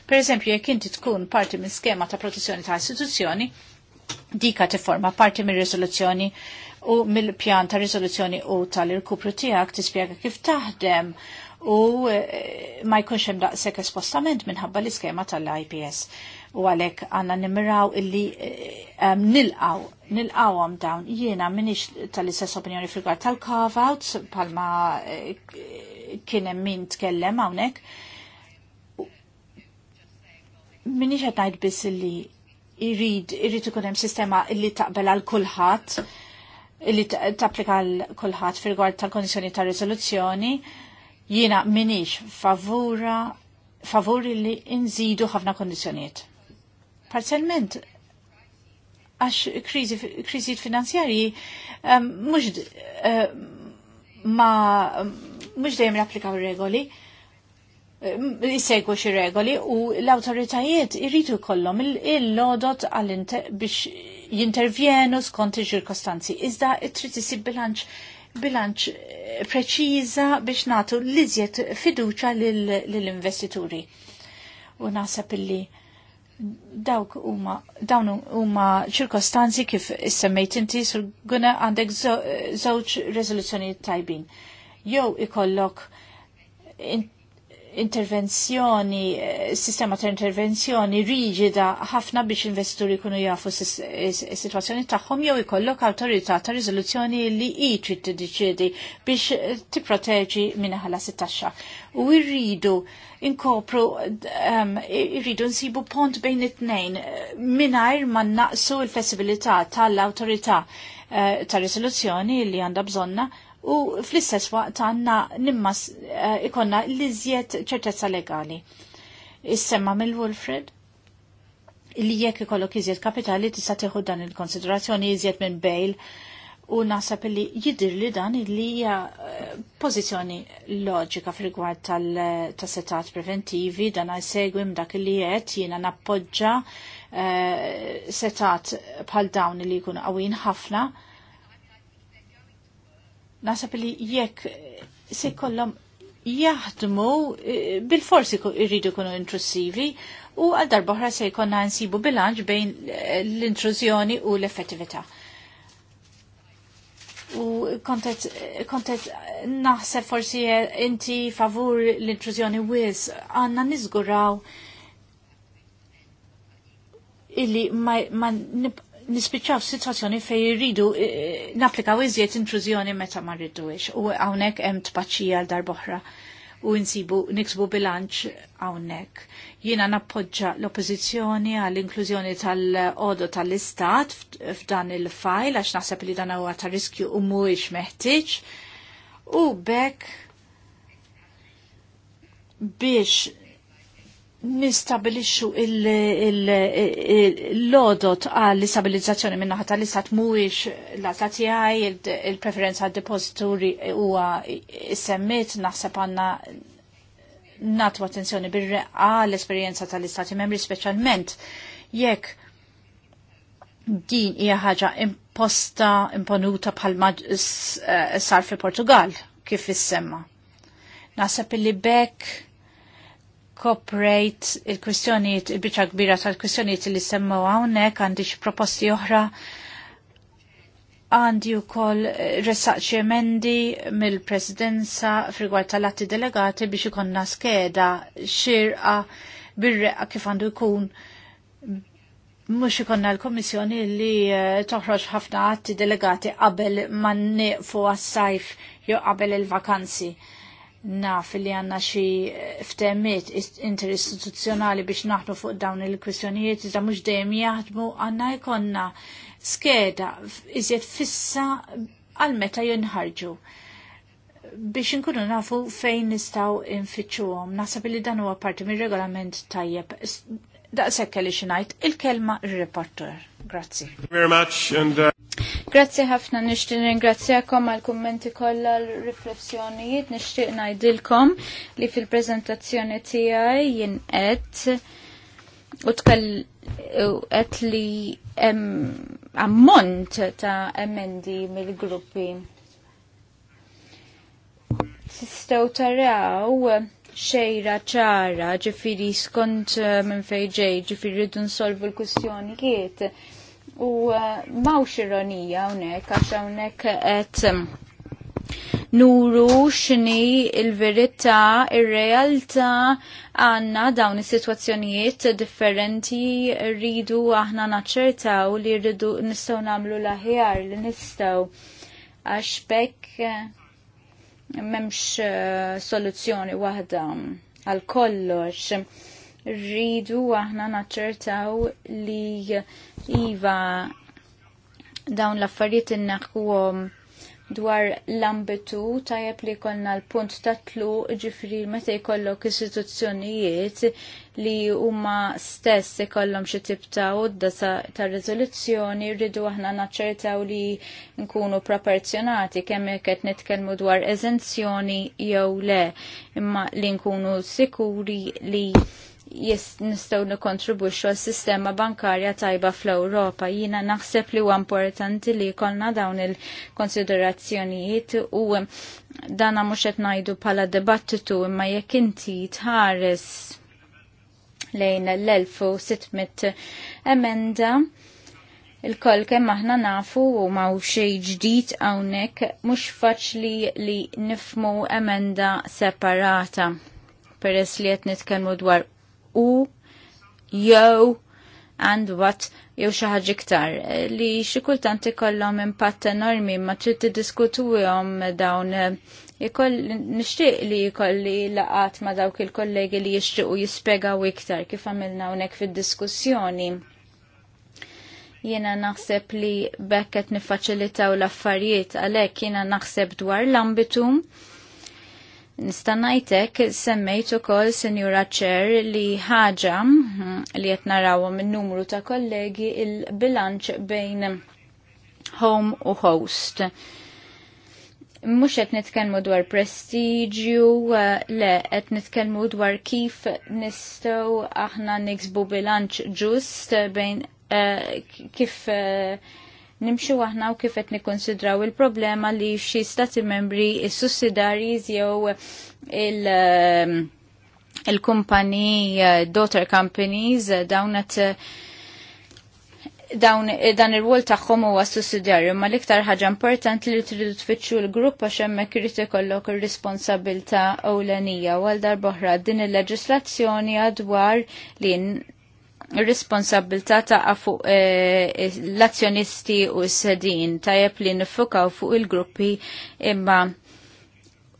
Pereżempju jekk inti tkun parti minn skema ta' protezzjoni ta' istituzzjoni, dika tiforma parti mir risoluzzjoni u mill-pjan ta' risoluzzjoni u tal-irkupru tiegħek tispjega kif taħdem u eh, ma jkunx hemm daqshekk espostament minħabba l-iskema tal-IPS. U għalhekk għandna nimmiraw illi eh, nilqaw nilqawhom dawn jiena minix tal-istess opinjoni fil-gwar tal-carve-outs palma eh, kien hemm min tkellem hawnhekk. Minix qed ngħid biss illi Irid irid ikun hemm sistema li taqbel għal kulħadd li tapplika għal kulħadd fir tal-kondizzjoni ta' riżoluzzjoni jiena minix favura favuri li nżidu ħafna kondizzjonijiet. Parzialment għax kriżi finanzjarji eh, mhux eh, ma mhux dejjem japplikaw regoli. regoli li eh, xi regoli u l-awtoritajiet irridu jkollhom il-lodot biex jintervjenu skont il-ġirkostanzi. Iżda trid isib bilanċ bilanċ eh, preċiża biex nagħtu liżjed fiduċa lill-investituri. U naħseb illi dawk huma dawn huma ċirkostanzi kif issemmejt inti sur għuna għandek eh, żewġ rezoluzzjonijiet tajbin. Jew ikollok intervenzjoni, eh, sistema ta' intervenzjoni riġida ħafna biex investuri kunu jafu s-situazzjoni tagħhom jew ikollok awtorità ta' Rizoluzzjoni li iċi t-deċedi biex eh, tipproteġi proteġi ħala sit-taxxa. U rridu inkopru um, irridu nsibu pont bejn it-tnejn eh, mingħajr ma naqsu l-flessibilità tal-awtorità uh, ta' rizoluzzjoni li għandha bżonna u fl-istess waqt għanna nimmas uh, ikonna l-iżjed ċertezza legali. Is-semma mill wolfred li jekk ikollok iżjed kapitali tista' tieħu dan il-konsiderazzjoni iżjed minn bail u nasab li jidir li dan li hija eh, pożizzjoni loġika f'rigward tal-setat eh, preventivi dan għal segwi dak li qed jiena nappoġġa setat bħal dawn li jkunu qawwin ħafna Nasab li jekk se kollom jaħdmu eh, bil-forsi irridu kunu intrusivi u għal darboħra se jkonna nsibu bilanċ bejn eh, l-intrużjoni u l-effettività. U kontet, eh, kontet naħseb forsi inti favur l intruzjoni wiz għanna nizguraw illi ma, ma, nib, nispiċċaw situazzjoni fej rridu eh, eh, naplikaw iżjed intruzjoni meta ma rridux u hawnhekk hemm tpaċċija għal darboħra u nsibu niksbu bilanċ hawnhekk. Jiena nappoġġa l-oppożizzjoni għall inklużjoni tal-qodu tal-istat f'dan il-fajl għax naħseb li dan huwa ta' riskju u mhuwiex meħtieġ u bekk biex nistabilixxu l lodot għall istabilizzazzjoni minn naħa tal-istat mhuwiex l-għażla tiegħi il-preferenza għad depozituri huwa semmit naħseb għandna natu attenzjoni bir-reqqa l-esperjenza tal-istati membri speċjalment jekk din hija ħaġa imposta imponuta bħalma eh, sar fi Portugal kif issemma. Naħseb li bekk koprejt il-kwistjoniet, il-bicċa kbira tal-kwistjoniet li semmu għawnek, għandi xie proposti oħra, għandi u koll ressaċi emendi mill-presidenza frigwar tal-atti delegati biex ikonna skeda xirqa birre kif għandu jkun mux ikonna l-Komissjoni li eh, toħroġ ħafna atti delegati qabel ma neqfu għas-sajf jew qabel il-vakanzi naf li għanna xi ftemmiet interistituzzjonali biex naħdu fuq dawn il-kwistjonijiet, iżda mhux dejjem jaħdmu għandna jkollna skeda iżjed fissa għal meta jinħarġu biex nkunu nafu fejn nistaw infittxuhom. naħseb li dan huwa parti mir-regolament tajjeb. Daqshekk li xinajt il-kelma ir-reporter. Grazzi. Very much and uh... Grazzi ħafna nixtieq ringrazzjakom għal kummenti kollha l-riflessjonijiet nixtieq ngħidilkom li fil-preżentazzjoni tiegħi jien qed u tkell qed li ammont ta' emendi mill-gruppi. Tistgħu taraw xejra ċara, ġifiri skont eh, minn fejġej, ġifiri rridu nsolvu l-kustjonijiet, U eh, mawx ironija unek, għax unek et mm, nuru xini il-verita, il-realta għanna dawn is-sitwazzjonijiet differenti rridu aħna naċċertaw li rridu nistgħu nagħmlu l-aħjar li nistgħu għax bekk eh, memx eh, soluzzjoni waħda għal kollox rridu aħna naċċertaw li iva dawn l-affarijiet innaħkuhom dwar l-ambitu tajjeb li jkollna l-punt tatlu ġifri meta jkollok istituzzjonijiet li huma stess ikollhom xi tip ta' għodda ta' riżoluzzjoni rridu aħna naċċertaw li nkunu proporzjonati kemm qed nitkellmu dwar eżenzjoni jew le imma li nkunu sikuri li nistgħu nikkontribwixxu għal sistema bankarja tajba fl-Ewropa. Jiena naħseb li huwa importanti li jkollna dawn il-konsiderazzjonijiet u dana mhux qed ngħidu bħala dibattitu imma jekk inti tħares lejn l-1600 emenda il-koll kemm aħna nafu u maw xej ġdid hawnhekk mhux faċli li nifmu emenda separata peress li qed nitkellmu dwar u jew and what, jew xi ħaġa iktar li xi kultant ikollhom impatt enormi ma trid tiddiskutuhom dawn ikoll nixtieq li jkolli laqat ma dawk il-kollegi li jixtiequ jispjegaw iktar kif għamilna hawnhekk fid-diskussjoni. Jiena naħseb li bekket nifaċilitaw l-affarijiet għalhekk jiena naħseb dwar l-ambitu Nistanajtek semmejt u kol senjura ċer li ħaġa li jett minn numru ta' kollegi il-bilanċ bejn home u host. Mux qed nitkellmu dwar prestiġju, eh, le qed nitkellmu dwar kif nistgħu aħna niksbu bilanċ ġust bejn uh, kif uh, nimxu aħna u kif qed il-problema li xi stati membri is-sussidjarji jew il- um, il-kumpani uh, daughter companies uh, dawn uh, dawn dan ir-rwol tagħhom huwa sussidjarju, ma l-iktar ħaġa importanti li tridu tfittxu l-grupp għax hemmhekk irid ikollok ir-responsabilità ewlenija għal darb'oħra din il-leġislazzjoni dwar li responsabilità ta' fuq eh, l-azzjonisti u s-sedin tajjeb li nifukaw fuq il-gruppi imma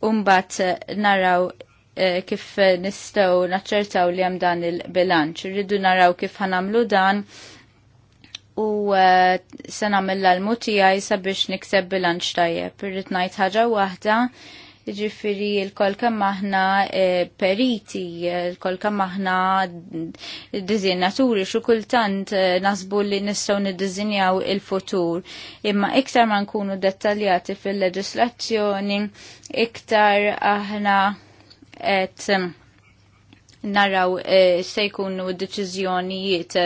umbat naraw eh, kif nistaw naċċertaw li hemm dan il-bilanċ. Rridu naraw kif ħanamlu dan u e, se nagħmilha l-almu tiegħi sabiex nikseb bilanċ tajjeb. Irrid ngħid ħaġa waħda Ġifiri, il-kol kemm aħna eh, periti, il-kol kemm aħna dizinaturi, xu kultant eh, nasbu li nistgħu niddizinjaw il-futur. Imma iktar ma nkunu dettaljati fil-leġislazzjoni, iktar aħna et naraw eh, se jkunu d-deċiżjonijiet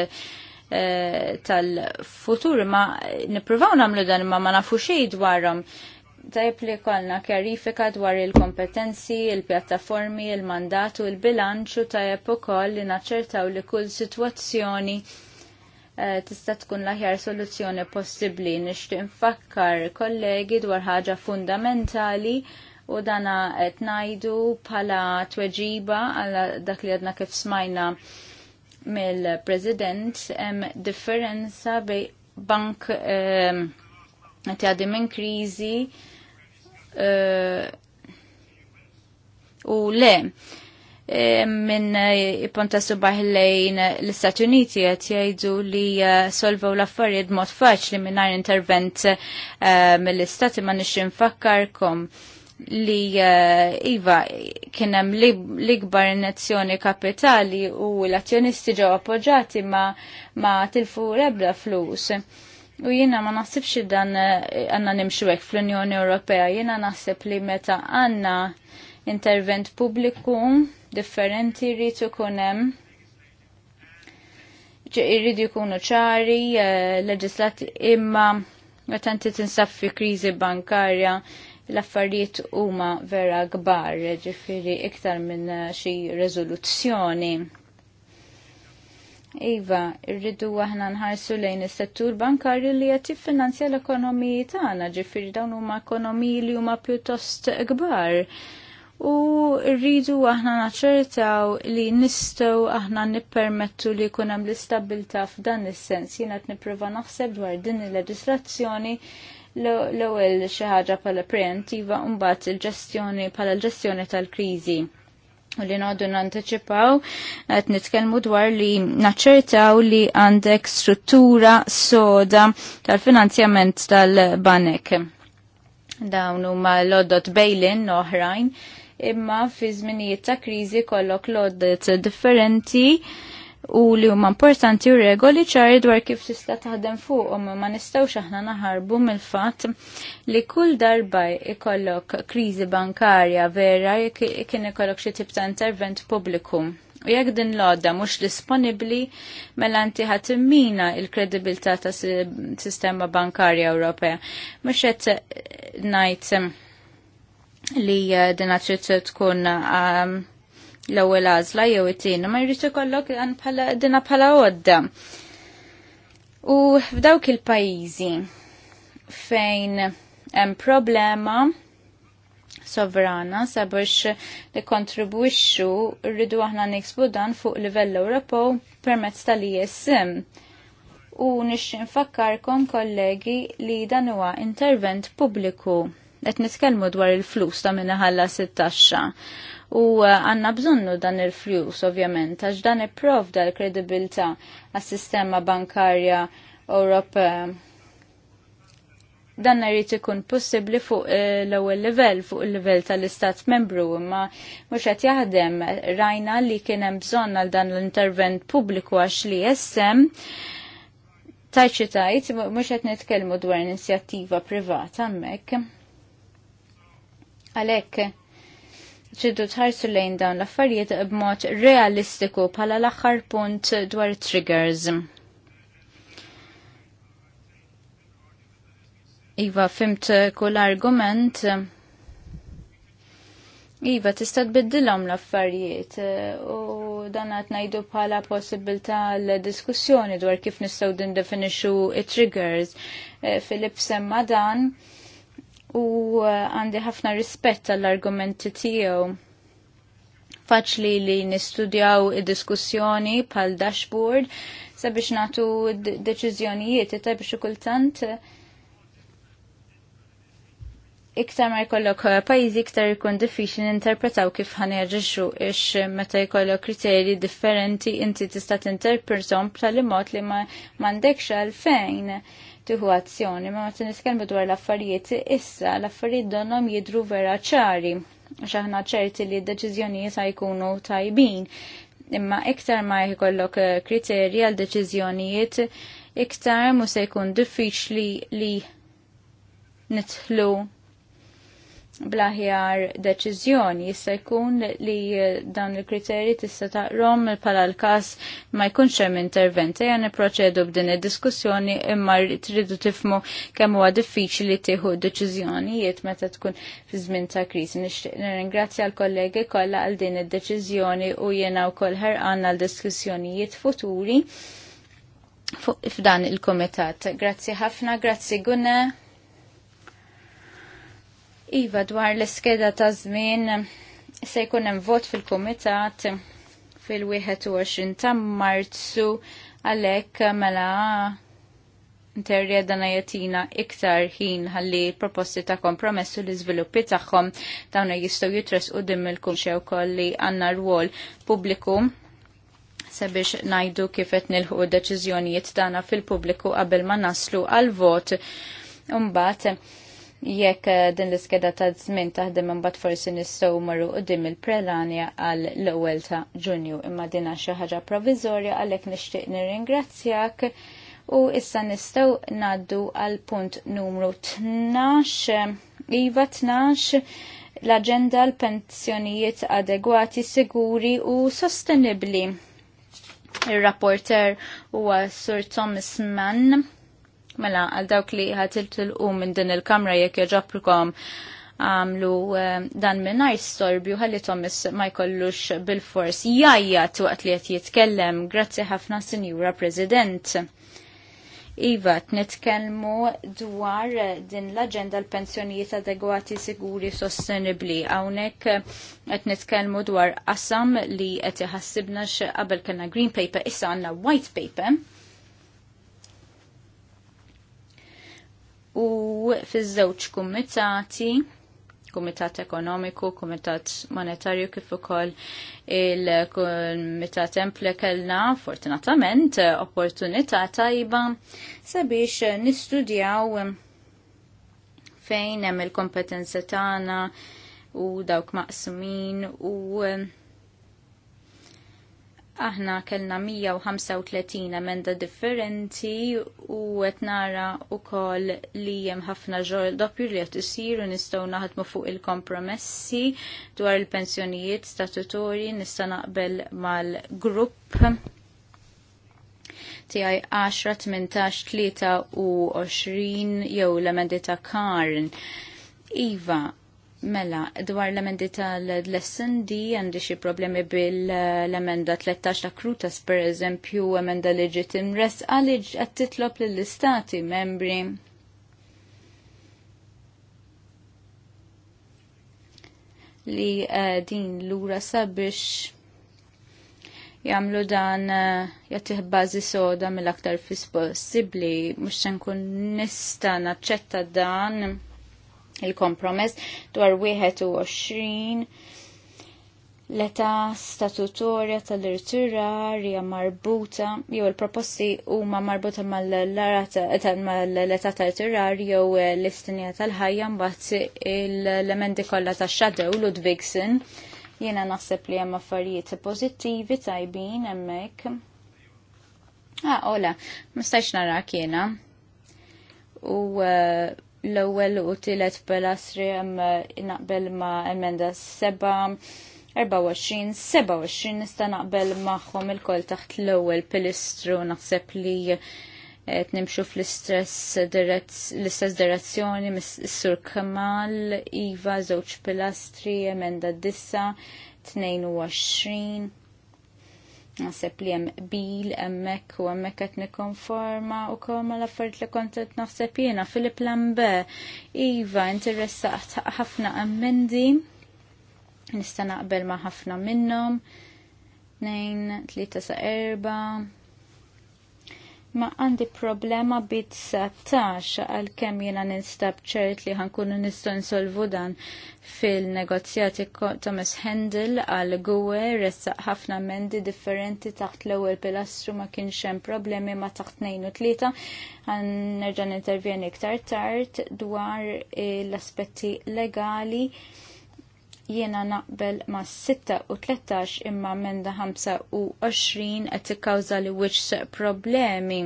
tal-futur ma nippruvaw nagħmlu dan ma ma nafu xejn dwarhom tajb li kollna kjarifika dwar il-kompetenzi, il-pjattaformi, il-mandat u il-bilanċu tajb u koll li naċċertaw li kull situazzjoni eh, tista' tkun l-aħjar soluzzjoni possibbli. Nixtieq nfakkar kollegi dwar ħaġa fundamentali u dana qed ngħidu bħala tweġiba għal dak li għadna kif smajna mill-President hemm differenza bej bank eh, għati minn krizi u le e, minn e, iponta subaħ lejn l-Istati Uniti qed jgħidu li e, solvew l-affarijiet mod faċli mingħajr intervent mill-Istati ma nixin fakkarkom li Iva kien hemm l-ikbar nazzjoni kapitali u l-azzjonisti ġew appoġġjati ma ma tilfu rebla flus. U jiena ma naħsibx dan eh, għanna nimxu hekk fl-Unjoni Ewropea, jiena naħseb li meta għanna intervent pubbliku differenti rritu ikun hemm irridu jkunu ċari, eh, leġislat imma meta inti tinsab fi kriżi bankarja l-affarijiet huma vera kbar, ġifiri iktar minn xi riżoluzzjoni Iva, irridu aħna nħarsu lejn is-settur bankarju li qed jiffinanzja l-ekonomiji tagħna, ġifieri dawn huma ekonomiji li huma pjuttost kbar. U rridu aħna naċċertaw li nistgħu aħna nippermettu li jkun hemm l-istabilità f'dan is-sens. Jiena qed nipprova naħseb dwar din il-leġislazzjoni l-ewwel xi ħaġa bħala preventiva u mbagħad il-ġestjoni bħala l-ġestjoni tal-kriżi u li noqdu nanteċipaw, għet nitkelmu dwar li naċċertaw li għandek struttura soda tal-finanzjament tal-banek. Dawn huma l-oddot bejlin oħrajn, imma fi żminijiet ta' kriżi kollok l-oddot differenti u li huma importanti u regoli ċari dwar kif tista' taħdem fuqhom ma nistgħux aħna naħarbu mill-fatt li kull darba ikollok kriżi bankarja vera jekk kien ikollok xi tip ta' intervent pubbliku. U jekk din l-għodda mhux disponibbli mela inti ħadd immina l-kredibilità ta' sistema bankarja Ewropea. Mhux qed ngħid li din trid tkun um, l-ewwel għażla jew it-tieni ma jrid ikollok dina bħala għodda. U f'dawk il-pajjiżi fejn hemm problema sovrana sabiex li kontribwixxu rridu aħna niksbu dan fuq livell Ewropew permezz tal-ISM. U nixinfakkarkom kollegi li dan huwa intervent pubbliku qed nitkellmu dwar il-flus ta' minna ħalla 16 u uh, għanna bżonnu dan il-flus ovvjament għax dan ipprovda l-kredibilità għas-sistema bankarja Ewropea dan rrit ikun possibbli fuq eh, l-ewwel livell, fuq il-livell tal-istat membru, imma mhux qed jaħdem rajna li kien hemm bżonn għal dan l-intervent pubbliku għax li jessem tajċi tajt, mhux qed nitkellmu dwar inizjattiva privata hemmhekk. Għalhekk tridu tħarsu lejn dawn l-affarijiet b'mod realistiku bħala l-aħħar punt dwar triggers. Iva, fimt kull argument. Iva, tista' tbiddilhom l-affarijiet u dan qed ngħidu bħala possibilità l-diskussjoni dwar kif nistgħu din definixxu triggers. Eh, Filip semma dan u eh, għandi ħafna rispett għall-argumenti tiegħu. Faċli li nistudjaw id-diskussjoni pal dashboard sabiex natu deċiżjonijiet ta' biex kultant iktar ma jkollok eh, pajjiżi iktar ikun diffiċli ninterpretaw kif ħan jaġixxu ix meta jkollok kriteri differenti inti tista' tinterpretom b'tali mod li ma m'għandekx għalfejn. fejn tiħu azzjoni, ma meta nitkellmu dwar l-affarijiet issa l-affarijiet donhom jidru vera ċari għax aħna ċerti li d-deċiżjonijiet jkunu tajbin. Imma iktar ma jkollok eh, kriterji għal deċiżjonijiet iktar mu se jkun diffiċli li nitħlu blaħjar deċiżjoni jista' jkun li eh, dan il-kriterji tista' taqrom pala l-każ ma jkunx hemm intervent ejja nipproċedu b'din id-diskussjoni imma tridu tifmu kemm huwa diffiċli tieħu deċiżjonijiet meta tkun fi żmien ta' kriżi. Nixtieq nirringrazzja l-kollegi kollha għal din id-deċiżjoni u jiena wkoll ħerqan għal diskussjonijiet futuri f'dan il-komitat. Grazzi ħafna, grazzi Gunne Iva dwar l-iskeda ta' żmien se jkun hemm vot fil-kumitat fil-21 ta' Marzu għalhekk mela interjedana dana jatina iktar ħin ħalli proposti ta' kompromess u l-iżviluppi tagħhom dawna jistgħu jitres u dim il-kum xew kolli għandna rwol pubbliku sabiex najdu kif qed nilħu deċiżjonijiet tagħna fil-pubbliku qabel ma naslu għal vot. mbagħad jekk eh, din l-iskeda ta' żmien taħdem imbagħad forsi nistgħu marru qudiem il-prelanja għal l-ewwel ta' Ġunju imma din xi ħaġa provviżorja għalhekk nixtieq nirringrazzjak u issa nistgħu ngħaddu għal punt numru 12 iva 12 l-aġenda l-pensjonijiet adegwati, siguri u sostenibbli. Ir-rapporter huwa Sur Thomas Mann Mela, għal dawk li ħatiltilqu minn din il-kamra jekk joġobkom għamlu eh, dan sorbju, storbju Thomas ma jkollux bil-fors jajja tuqt li qed jitkellem. Grazzi ħafna, Sinjura President. Iva, t-netkelmu dwar din l-agenda l-pensjonijiet adegwati siguri sostenibli. Għawnek t-netkelmu dwar qasam li għet jħassibna x'qabel kena green paper, issa għanna white paper u fiż-żewġ kumitati Kumitat Ekonomiku, Kumitat Monetarju kif ukoll il-Kumitat Emple kellna fortunatament opportunità tajba sabiex nistudjaw fejn hemm il-kompetenza tagħna u dawk maqsmin u Aħna kellna 135 emenda differenti u qed nara wkoll li hemm ħafna ġol doppju li qed isiru nistgħu naħdmu fuq il-kompromessi dwar il-pensjonijiet statutorji nista' naqbel mal-grupp tiegħi 10, 18, 23 jew l-emendi ta' Karn. Iva, Mela, dwar l-emendi tal-lesson di għandi xie problemi bil-emenda 13 ta' Krutas, per eżempju, emenda legitim res għalġ għat titlop l-istati membri li eh, din l-ura sabiex jamlu dan eh, jattih bazi soda mill-aktar fis possibli, mux nkun nista naċċetta dan il-kompromess dwar 21 l-età statutorja tal-irtura marbuta jew il-proposti huma marbuta mal-età tal-irturar jew l-istinja tal-ħajja mbagħad l-elementi kollha tax-shadow Ludwigsen jiena naħseb li hemm affarijiet pożittivi tajbin hemmhekk. Ah, ola, mistax narak jiena. Ah. U uh, l-ewwel u tielet pilastri hemm eh, naqbel ma' emenda seba' 24, 27 nista' naqbel magħhom il-kol taħt l-ewwel pilistru naħseb li eh, qed nimxu fl-istess direzzjoni mis-Sur Kamal, Iva, żewġ pilastri, emenda dissa, 22 Naħseb li hemm bil hemmhekk u hemmhekk qed nikkonforma wkoll mal l-affarijiet li kont qed naħseb jiena fil-plan B. Iva, interessaqt ħafna ammendi. Nista' naqbel ma' ħafna minnhom. Nejn, tlieta sa' erba' ma għandi problema bi 19 għal kem jena ninstab ċert li ħankunu nistgħu nsolvu dan fil-negozjati Thomas Handel għal Gwe ressa ħafna mendi differenti taħt l-ewwel pilastru ma kienx hemm problemi ma taħt nejnu u 3 għan nerġa' intervjeni ktar tard dwar eh, l-aspetti legali jiena naqbel ma' 6 u 13 imma menda 5 u 20 qed tikkawża li wiċċ problemi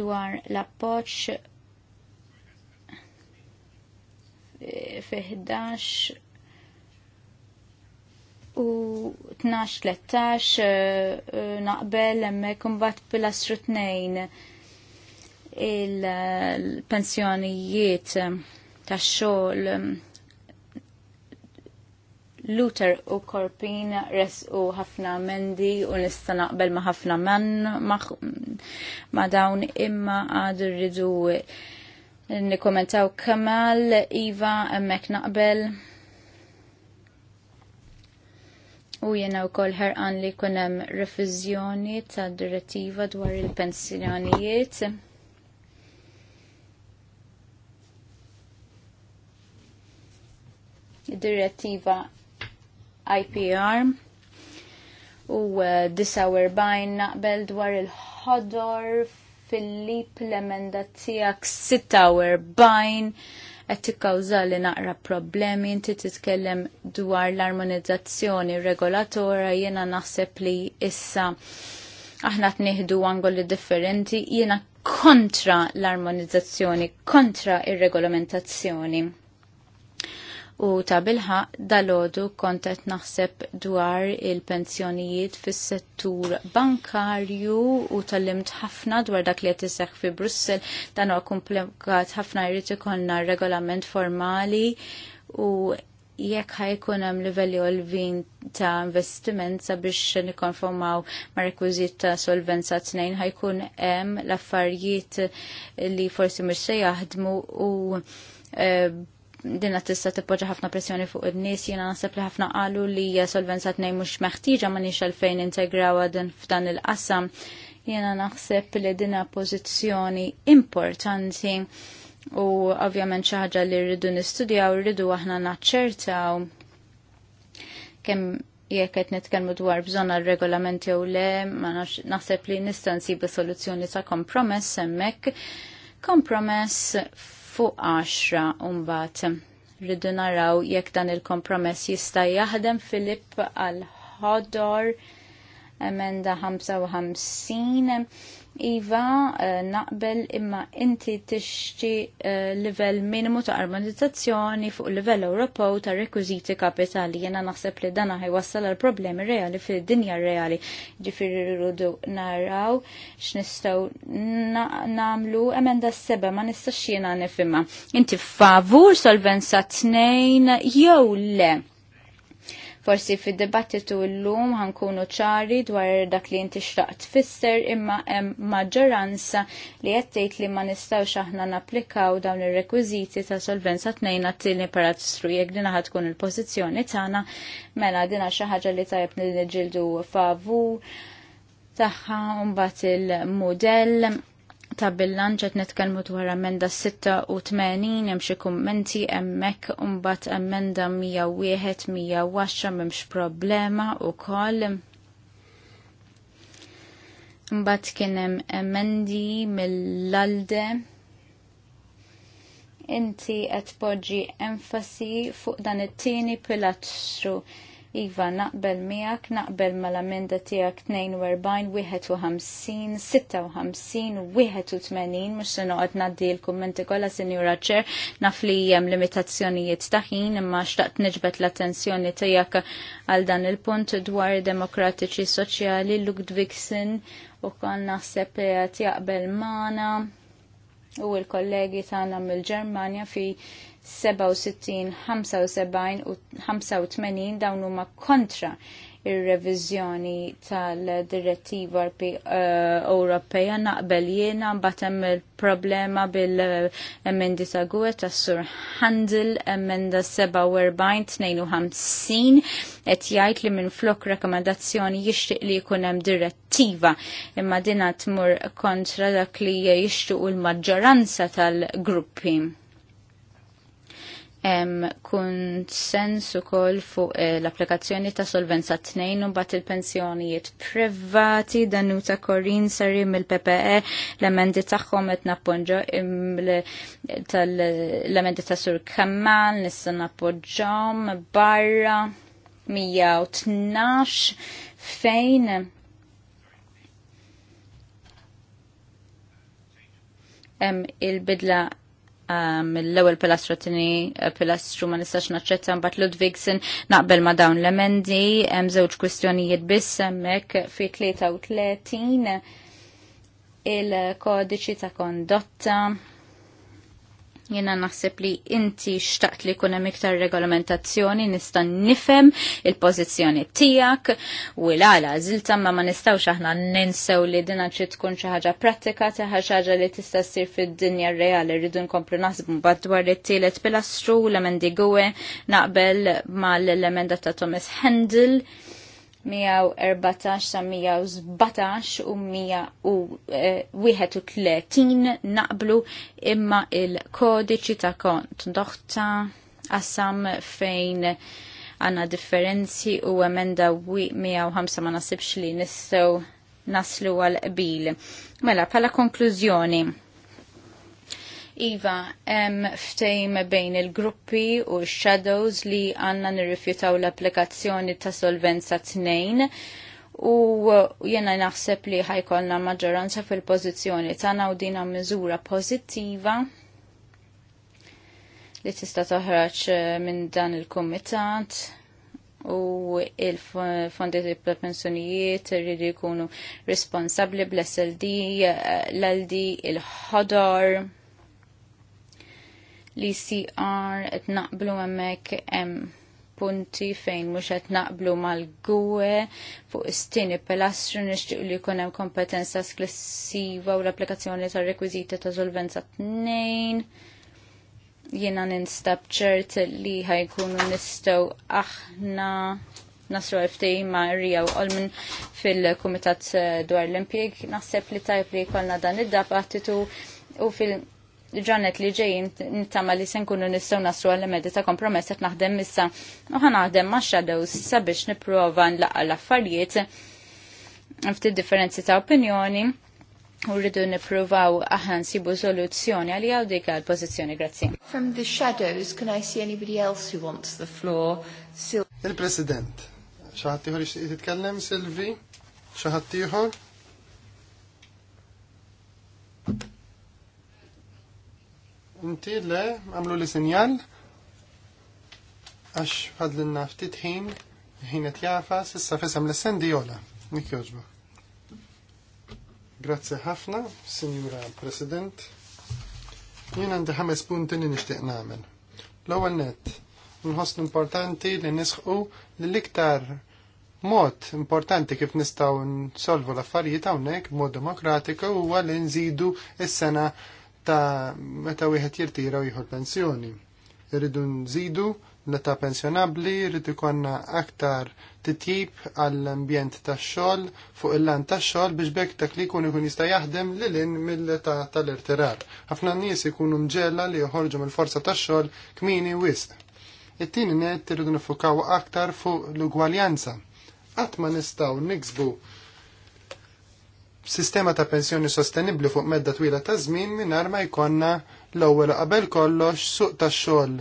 dwar l-appoċ eh, fi 11 u 12-13 eh, eh, naqbel emmek kumbat pilastru 2 il-pensjonijiet tax xogħol Luther u Corpina res u ħafna mendi u nista naqbel ma ħafna man ma dawn imma għadu rridu nikommentaw kamal Iva emmek naqbel u jena u kol ħerqan li kunem refuzjoni ta' direttiva dwar il-pensjonijiet. direttiva IPR u 49 uh, naqbel dwar il-ħodor fil-lip l-emenda 46 46 qed tikkawża li naqra problemi inti titkellem dwar l-armonizzazzjoni regolatora jiena naħseb li issa aħna tnieħdu angoli differenti jiena kontra l-armonizzazzjoni, kontra il regolamentazzjoni u ta' bilħaq dalodu kontet naħseb dwar il-pensjonijiet fis settur bankarju u tal-limt ħafna dwar dak li qed iseħħ fi Brussel dan huwa komplikat ħafna jrid ikonna regolament formali u jekk ħajkun hemm livelli olvin ta' investiment sabiex nikonformaw ma' rekwiżit ta' solvenza tnejn ħajkun hemm l-affarijiet li forsi mhux se jaħdmu u eh, dinna tista tippoġġa ħafna pressjoni fuq id-nies jiena naħseb li ħafna qalu li solvenza tnejn mhux meħtieġa ma nix għalfejn integraw f'dan il-qasam. Jiena naħseb li dinha pożizzjoni importanti u ovvjament xi ħaġa li rridu nistudjaw rridu aħna naċċertaw kemm jekk qed nitkellmu dwar bżonn għal-regolamenti jew le, ma naħseb li nista' nsibu soluzzjoni ta' kompromess hemmhekk. Kompromess fuq 10 umbat. Rridu naraw jekk dan il-kompromess jista' jaħdem Filipp għal ħodor emenda 55 Iva, eh, naqbel imma inti tixti eh, livell minimu ta' armonizzazzjoni fuq livell Ewropew ta' rekwiziti kapitali. Jena naħseb li dana ħajwassal għal problemi reali fid-dinja reali. Ġifiri rridu naraw x'nistgħu namlu emenda seba ma nistax jiena nifhimha. Inti favur solvenza tnejn jew le Forsi fid-dibattitu llum ħankunu ċari dwar dak li jinti xraqt tfisser imma hemm maġġoranza li qed tgħid li ma nistgħux aħna napplikaw dawn ir-rekwiżiti ta' solvenza tnejn għat-tieni paratstru jekk dina ħad tkun il-pożizzjoni tagħna mela dina xi ħaġa li tajb niġġieldu favur tagħha mbagħad il-mudell ta' billan ġet netkelmu dwar emenda 86 hemm xi kummenti hemmhekk imbagħad emenda 101 110 m'hemmx problema wkoll. Imbagħad kien hemm emendi mill-alde inti qed poġġi enfasi fuq dan it-tieni pilastru Iva, naqbel miegħek, naqbel mal-amenda tiegħek 42, 51, 56, 81, mhux se noqgħod ngħaddi l-kummenti kollha Sinjura Ċer, naf li hemm limitazzjonijiet ta' ħin imma xtaqt neġbet l-attenzjoni tiegħek għal dan il-punt dwar demokratiċi soċjali Ludwigsen u kon naħseb tijak bel mana, u l-kollegi tagħna mill-Ġermanja fi 67, 75 u 85 dawn huma kontra ir-reviżjoni tal-direttiva Ewropea naqbel jiena mbagħad hemm il-problema bil-emendi ta' Gwe ta' Sur Handel emenda 47-52 qed jgħid li minflok rakkomandazzjoni jixtieq li jkun hemm direttiva imma din tmur kontra dak li jixtiequ l-maġġoranza tal-gruppi. Hemm u ukoll fuq eh, l-applikazzjoni ta' Solvenza 2 u bat il-pensjonijiet privati Danuta Korin sari mill-PPE l-emendi tagħhom qed nappoġġa l-emendi ta' Sur nissa nista' nappoġġhom barra 112 fejn hemm il-bidla mill-ewwel pilastru tini eh, pilastru ma nistax naċċetta mbagħad Ludwigsen naqbel ma dawn l-emendi hemm żewġ kwistjonijiet biss hemmhekk fi 33 il-kodiċi ta' kondotta Jena naħseb li inti xtaqt li kunem iktar regolamentazzjoni nista' nifhem il-pożizzjoni tiegħek u l-għala żilta ma ma nistgħux aħna ninsew li dina ċi tkun xi ħaġa pratika ta' ħaġa li tista' ssir fid-dinja reali rridu nkomplu naħsbu mbagħad dwar it-tielet pilastru l-emendi naqbel mal-emenda ta' Thomas Handel 114 sa u 131 naqblu imma il-kodiċi ta' kont doħta qasam fejn għanna differenzi u emenda 105 ma nasibx li nistaw naslu għal qbil. Mela, pala konklużjoni, Iva, em ftejm bejn il-gruppi u shadows li għanna nirrifjutaw l-applikazzjoni ta' solvenza 2 u jena naħseb li ħajkolna maġġoranza fil-pozizjoni tagħna u dina miżura pożittiva li tista' toħraġ eh, minn dan il-kumitat u il-fondi ta' pensjonijiet irridu jkunu responsabbli bl-SLD, eh, l-LD, il-ħodor. il ħodor li CR qed naqblu hemmhekk hemm punti fejn mhux qed naqblu mal-gwe fuq is-tieni pilastru nixtieq li jkun hemm kompetenza esklusiva u l-applikazzjoni tar-rekwiżiti ta' solvenza tnejn jiena ninstab ċert li ħajkunu nistgħu aħna nasru għaftej ma' Rija u Olmin fil-Kumitat dwar l-impjeg. Naħseb li tajb li jkollna dan id-dabattitu u fil- ġannet li ġejn nittama li sen nkunu nistaw nasru għall-medi ta' kompromess qed naħdem issa uħan naħdem ma' shadows sabiex nipprova nlaqqa l-affarijiet ftit differenzi ta' opinjoni u rridu nippruvaw aħan sibu soluzzjoni għal għaw dik għal pozizjoni grazzi. From the shadows, can I see anybody else who wants the floor? Il-President, xaħat tiħor titkellem, Silvi? Xaħat tiħor? Inti le, għamlu li sinjal, għax fadlinna ftit ħin, ħinet jafa, sissa fissam li sendi jola, nik joġba. Grazie ħafna, Signora President. Jien għandi ħames punti li nixtieq nagħmel. L-ewwel nett, nħoss importanti li nisħu li l-iktar mod importanti kif nistaw nsolvu l-affarijiet hawnhekk b'mod demokratiku huwa li nżidu s-sena meta meta wieħed jirtira u jieħu pensjoni. Irridu nżidu l-età pensjonabbli, irridu konna aktar titjib għall-ambjent tax-xogħol fuq il-lan tax-xogħol biex bekk dak li jkun ikun jista' jaħdem lil in mill-età tal-irtirar. Ħafna nies ikunu mġella li joħorġu mill-forza tax-xogħol kmini wisq. It-tieni nett irridu nifukaw aktar fuq l-ugwaljanza. Qatt ma nistgħu niksbu sistema ta' pensjoni sostenibli fuq medda twila ta' żmien mingħajr ma jkollna l-ewwel qabel kollox suq ta' xogħol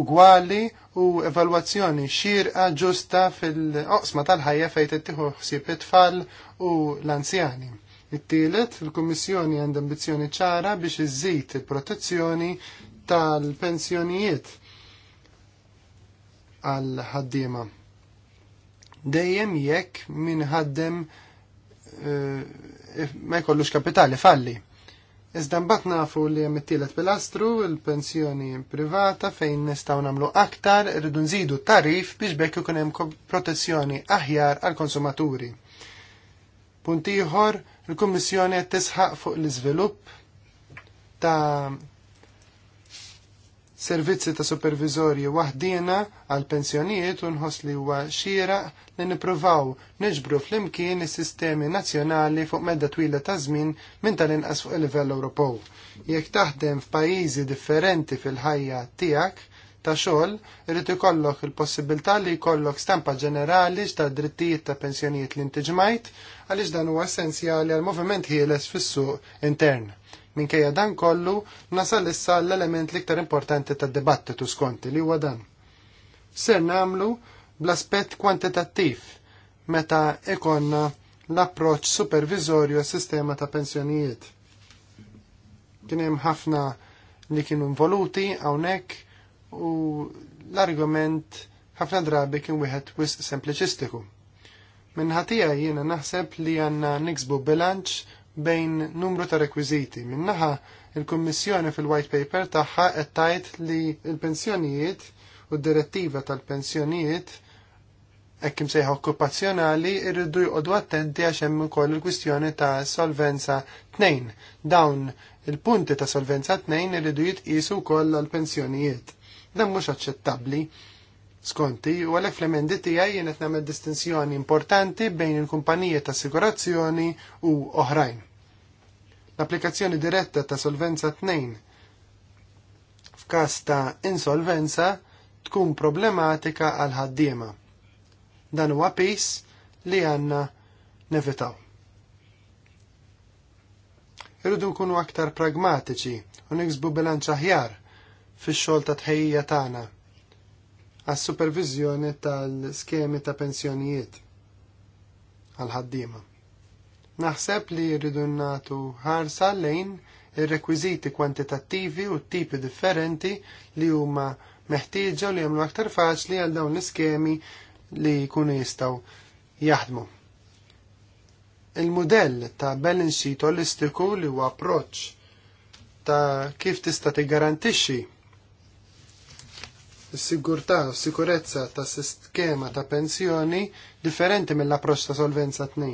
ugwali u evalwazzjoni xirqa ġusta fil-oqsma tal-ħajja fejn tittieħu ħsieb it-tfal u l-anzjani. It-tielet, il-Kummissjoni għandha ambizzjoni ċara biex iżżid il-protezzjoni tal-pensjonijiet għal ħaddiema. Dejjem jekk min ħaddem Eh, eh, ma jkollux kapitali falli. Iżda mbagħad nafu li hemm it-tielet pilastru, il-pensjoni privata fejn nistgħu nagħmlu aktar, irridu nżidu tarif biex bekk ikun hemm protezzjoni aħjar għall konsumaturi. Punt ieħor, il-Kummissjoni qed tisħaq fuq l-iżvilupp ta' servizzi ta' supervizorju waħdina għal pensjonijiet u nħoss li huwa xira li nippruvaw niġbru flimkien is-sistemi nazzjonali fuq medda twila ta' żmien minn tal-inqas fuq il-livell Ewropew. Jekk taħdem f'pajjiżi differenti fil-ħajja tiegħek ta' xogħol, irid ikollok il-possibilità li jkollok stampa ġenerali ta' drittijiet ta' pensjonijiet li intiġmajt għaliex dan huwa essenzjali għal moviment ħieles fis-suq intern Minkejja dan kollu nasal issa l-element l-iktar importanti tad-dibattitu skonti li huwa dan. Ser namlu bl-aspett kwantitattiv meta ikonna l-approċ supervizorju sistema ta' pensjonijiet. Kien hemm ħafna li kienu involuti hawnhekk u l-argument ħafna drabi kien wieħed wisq sempliċistiku. Minħatija jiena naħseb li għandna niksbu bilanċ bejn numru ta' rekwiziti. Minnaħa il-Kommissjoni fil-White Paper tagħha qed li l-pensjonijiet u d-direttiva tal-pensjonijiet hekk imsejħa okkupazzjonali irridu jqogħdu attenti għax hemm ukoll il-kwistjoni ta' solvenza tnejn. Dawn il-punti ta' solvenza tnejn irridu jitqisu wkoll għall-pensjonijiet. Dan mhux aċċettabbli skonti u għalhekk fl-emendi tiegħi jenet qed nagħmel distinzjoni importanti bejn il kumpanije ta' assigurazzjoni u oħrajn. L-applikazzjoni diretta ta' solvenza 2 f'każ ta' insolvenza tkun problematika għal ħaddiema. Dan huwa pis li għandna nevitaw. Irridu nkunu aktar pragmatiċi u niksbu bilanċ aħjar fix-xogħol ta' tħejjija tagħna għas supervizjoni tal-skemi ta' pensjonijiet għal-ħaddima. Naħseb li rridu natu ħarsa lejn ir-rekwiżiti kwantitattivi u tipi differenti li huma meħtieġa li jagħmlu aktar faċli għal dawn l-iskemi li jkunu jistgħu jaħdmu. Il-modell ta' balance sheet holistiku li huwa approċċ ta' kif tista' tigarantixxi s-sigurtà u s-sikurezza ta' sistema ta' pensjoni differenti mill-approċċ ta' solvenza 2.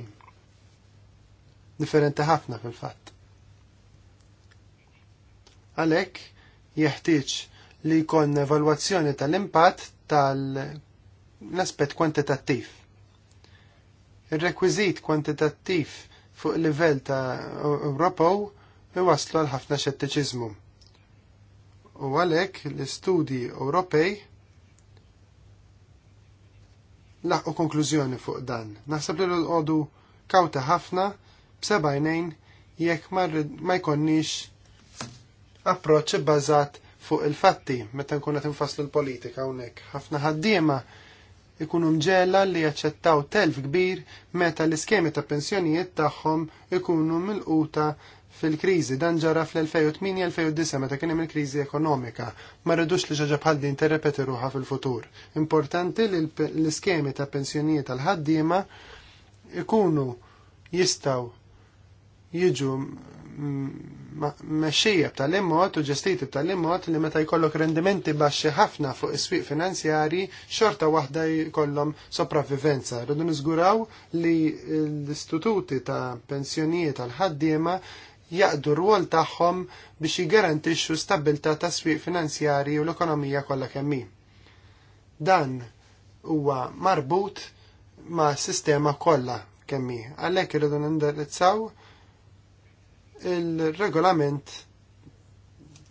Differenti ħafna fil-fatt. Għalhekk jeħtieġ li jkun evalwazzjoni tal-impatt tal-aspett kwantitattiv. Ir-rekwiżit kwantitattiv fuq livell ta' Europow iwaslu għal ħafna xettiċiżmu U għalhekk l-istudji Ewropej u konklużjoni fuq dan. Naħseb li l għodu kawta ħafna b'sebajnejn jekk ma jkonniex approċċ bbażat fuq il-fatti meta nkun qed infasslu l-politika hawnhekk. Ħafna ħaddiema ikunu mġella li jaċċettaw telf kbir meta l-iskemi ta' pensjonijiet tagħhom ikunu milquta fil-kriżi dan ġara fl-2008-2009 meta kien hemm il-kriżi ekonomika. Ma rridux li ġaġa bħal din terrepeti ruħha fil-futur. Importanti li l-iskemi ta' pensjonijiet tal-ħaddiema ikunu jistaw jiġu meċxija b'tal-immot u ġestiti btal immod li meta jkollok rendimenti baxxi ħafna fuq is-swieq finanzjari xorta waħda jkollhom sopravvivenza. Rridu niżguraw li l-istituti ta' pensjonijiet tal ħaddiema jaqdu rwol tagħhom biex jiggarantixxu stabilta ta' swieq finanzjari u l-ekonomija kollha kemm Dan huwa marbut ma' sistema kollha kemm hi. Għalhekk irridu nindirizzaw il-regolament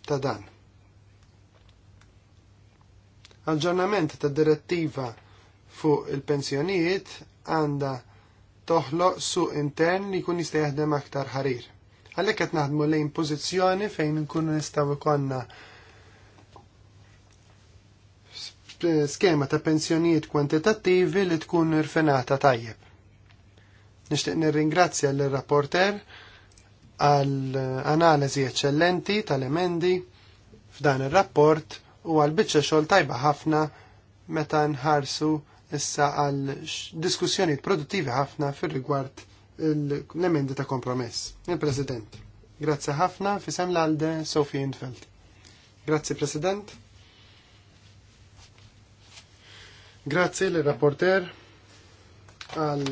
ta' dan. Aġġornament ta' direttiva fuq il-pensjonijiet għanda toħloq suq intern li jkun jista' jaħdem aktar ħarir. Għalhekk qed naħdmu lejn pożizzjoni fejn nkunu nistgħu ikollna skema ta' pensjonijiet kwantitattivi li tkun irfenata tajjeb. Nixtieq nirringrazzja l-rapporter għal analiżi eċċellenti tal-emendi f'dan ir-rapport u għal biċċa xogħol tajba ħafna meta nħarsu issa għal diskussjoni produttivi ħafna fir rigward l-emendi ta' kompromess. Il-President. Grazzi ħafna fisem l-għalde Sophie Infeld. Grazzi President. Grazzi l-rapporter għal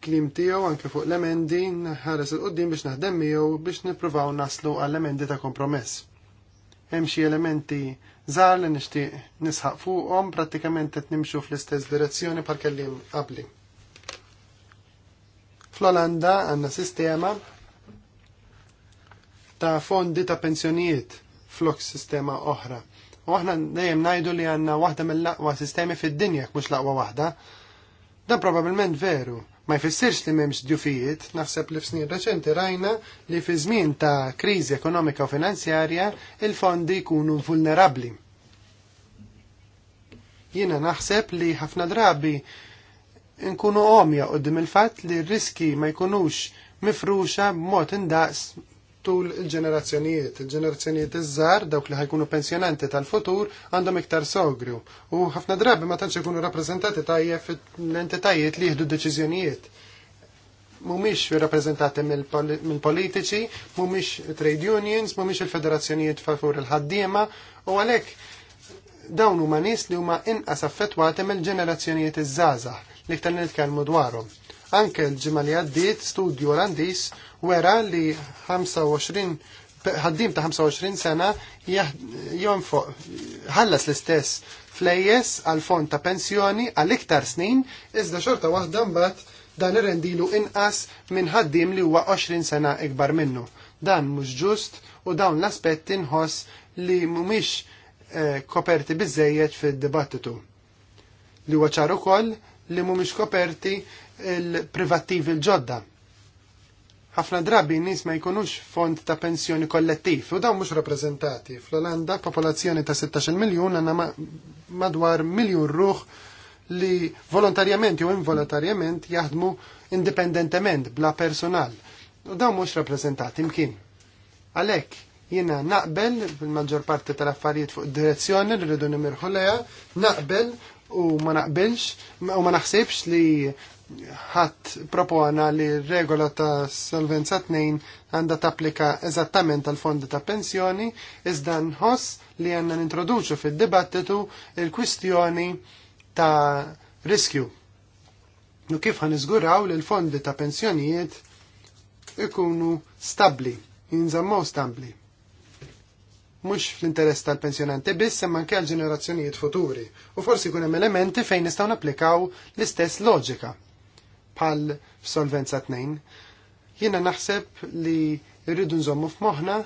klim tiegħu anke fuq l-emendi ħares il-qoddim biex naħdem miegħu biex nippruvaw naslu għall-emendi ta' kompromess. Hemm xi elementi żgħar li nixtieq nisħaq fuqhom prattikament qed nimxu fl-istess direzzjoni bħal kelliem qabli. Fl-Olanda għandna sistema ta' fondi ta' pensjonijiet flok sistema oħra. U aħna dejjem ngħidu li għandna waħda mill-aqwa sistemi fid-dinja mhux l-aqwa waħda. Dan probabbilment veru, ma jfissirx li m'hemmx djufijiet, naħseb li f'snin reċenti rajna li fi żmien ta' kriżi ekonomika u finanzjarja il-fondi jkunu vulnerabbli. Jiena naħseb li ħafna drabi nkunu omja dim il-fatt li r-riski ma jkunux mifruxa b'mod indaqs tul il-ġenerazzjonijiet. Il-ġenerazzjonijiet iż-żar, dawk li ħajkunu pensjonanti tal-futur, għandhom iktar sogru. U ħafna drabi ma tantx ikunu rappreżentati tajjeb l-entitajiet li jieħdu deċiżjonijiet. Mhumiex rappreżentati mill-politiċi, mhumiex trade unions, mhumiex il-federazzjonijiet favur il-ħaddiema, u għalhekk dawn huma nies li huma inqas affettwati mill-ġenerazzjonijiet iż-żgħażagħ li iktar nitkellmu dwarhom. Anke l-ġimgħa li għaddiet studju Olandis wera li 25 ħaddim ta' 25 sena fuq ħallas l-istess flejjes għal fond ta' pensjoni għal iktar snin iżda xorta waħda mbagħad dan irrendilu inqas minn ħaddim li huwa 20 sena ikbar minnu. Dan mhux ġust u dawn l-aspetti nħoss li mhumiex eh, koperti biżejjed fid dibattitu Li huwa ċar ukoll li mhumiex koperti il privattiv il ġodda Ħafna drabi nies ma jkunux fond ta' pensjoni kollettiv u dawn mhux rappreżentati. Fl-Olanda popolazzjoni ta' 16 miljun għandna madwar miljun ruħ li volontarjament jew involontarjament jaħdmu indipendentement bla personal. U dawn mhux rappreżentati mkien. Għalhekk jiena naqbel fil-maġġor parti tal-affarijiet fuq direzzjoni li rridu nimirħu leja, naqbel u ma naqbilx u ma naħsibx li ħadd propona li regola ta' solvenza tnejn għandha tapplika eżattament għal fondi ta' pensjoni, iżda nħoss li għandna nintroduċu fid-dibattitu il-kwistjoni ta' riskju. U kif ħan iżguraw li l-fondi ta' pensjonijiet ikunu stabli, jinżammu stabli mhux fl-interess tal-pensjonanti biss imma anke għal ġenerazzjonijiet futuri u forsi jkun hemm elementi fejn nistgħu napplikaw l-istess loġika bħall-solvenza f'solvenza tnejn. Jiena naħseb li rridu nżommu f'moħħna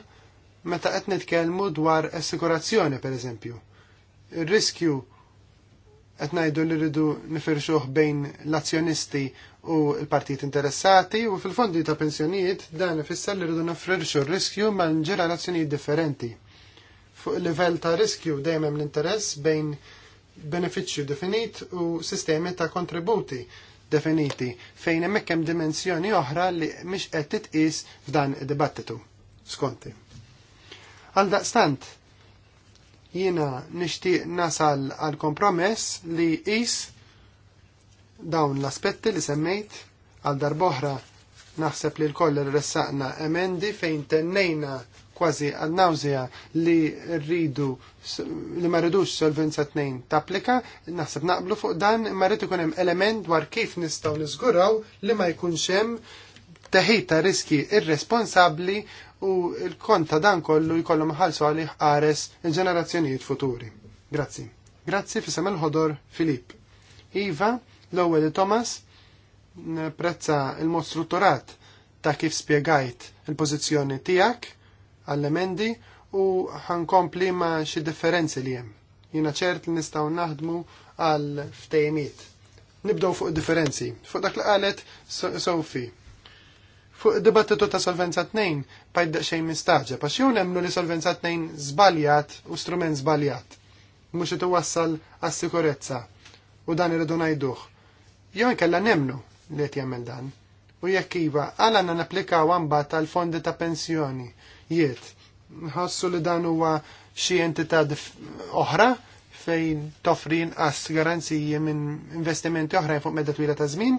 meta qed nitkellmu dwar assikurazzjoni pereżempju. Ir-riskju qed ngħidu li rridu nifirxuh bejn l-azzjonisti u l-partit interessati u fil-fondi ta' pensjonijiet dan ifisser li rridu nifirxu r-riskju ma' ġenerazzjonijiet differenti fuq il-livell ta' riskju dejjem hemm l-interess bejn benefiċċju definit u sistemi ta' kontributi definiti fejn hemmhekk hemm dimensjoni oħra li mhix qed titqis f'dan id-dibattitu skonti. Għal daqstant, jiena nixtieq nasal għal kompromess li qis dawn l-aspetti li semmejt għal darboħra naħseb li l-koll ressaqna emendi fejn tennejna kważi għal nawzija li rridu li ma rridux solvenza 2 tapplika, naħseb naqblu fuq dan imma rrid ikun hemm element dwar kif nistgħu niżguraw li ma jkunx hemm teħita riski irresponsabbli u l-kont ta' dan kollu jkollhom ħalsu għalih ħares il-ġenerazzjonijiet futuri. Grazzi. Grazzi fisem il-ħodor Filip. Iva, l-ewwel Thomas, prezza il-mod strutturat ta' kif spiegajt il-pożizzjoni tiegħek għall-emendi u ħankompli ma xi differenzi li hemm. Jiena ċert li nistgħu naħdmu għal ftejmiet. Nibdew fuq differenzi. Fuq dak li qalet Sofi. Fuq dibattitu ta' Solvenza 2 pajdaq xejn mistaġġa, għax jew nemmnu li Solvenza 2 żbaljat u strument żbaljat. Mhux qed iwassal għas-sikurezza u dan irridu ngħiduh. Jew inkella nemmnu li qed jagħmel dan. U jekk iva, għal għandna napplikaw għamba tal-fondi ta' pensjoni jiet. Nħossu li dan huwa xi entità oħra fejn toffri inqas garanziji minn investimenti oħra fuq medda twila ta' żmien,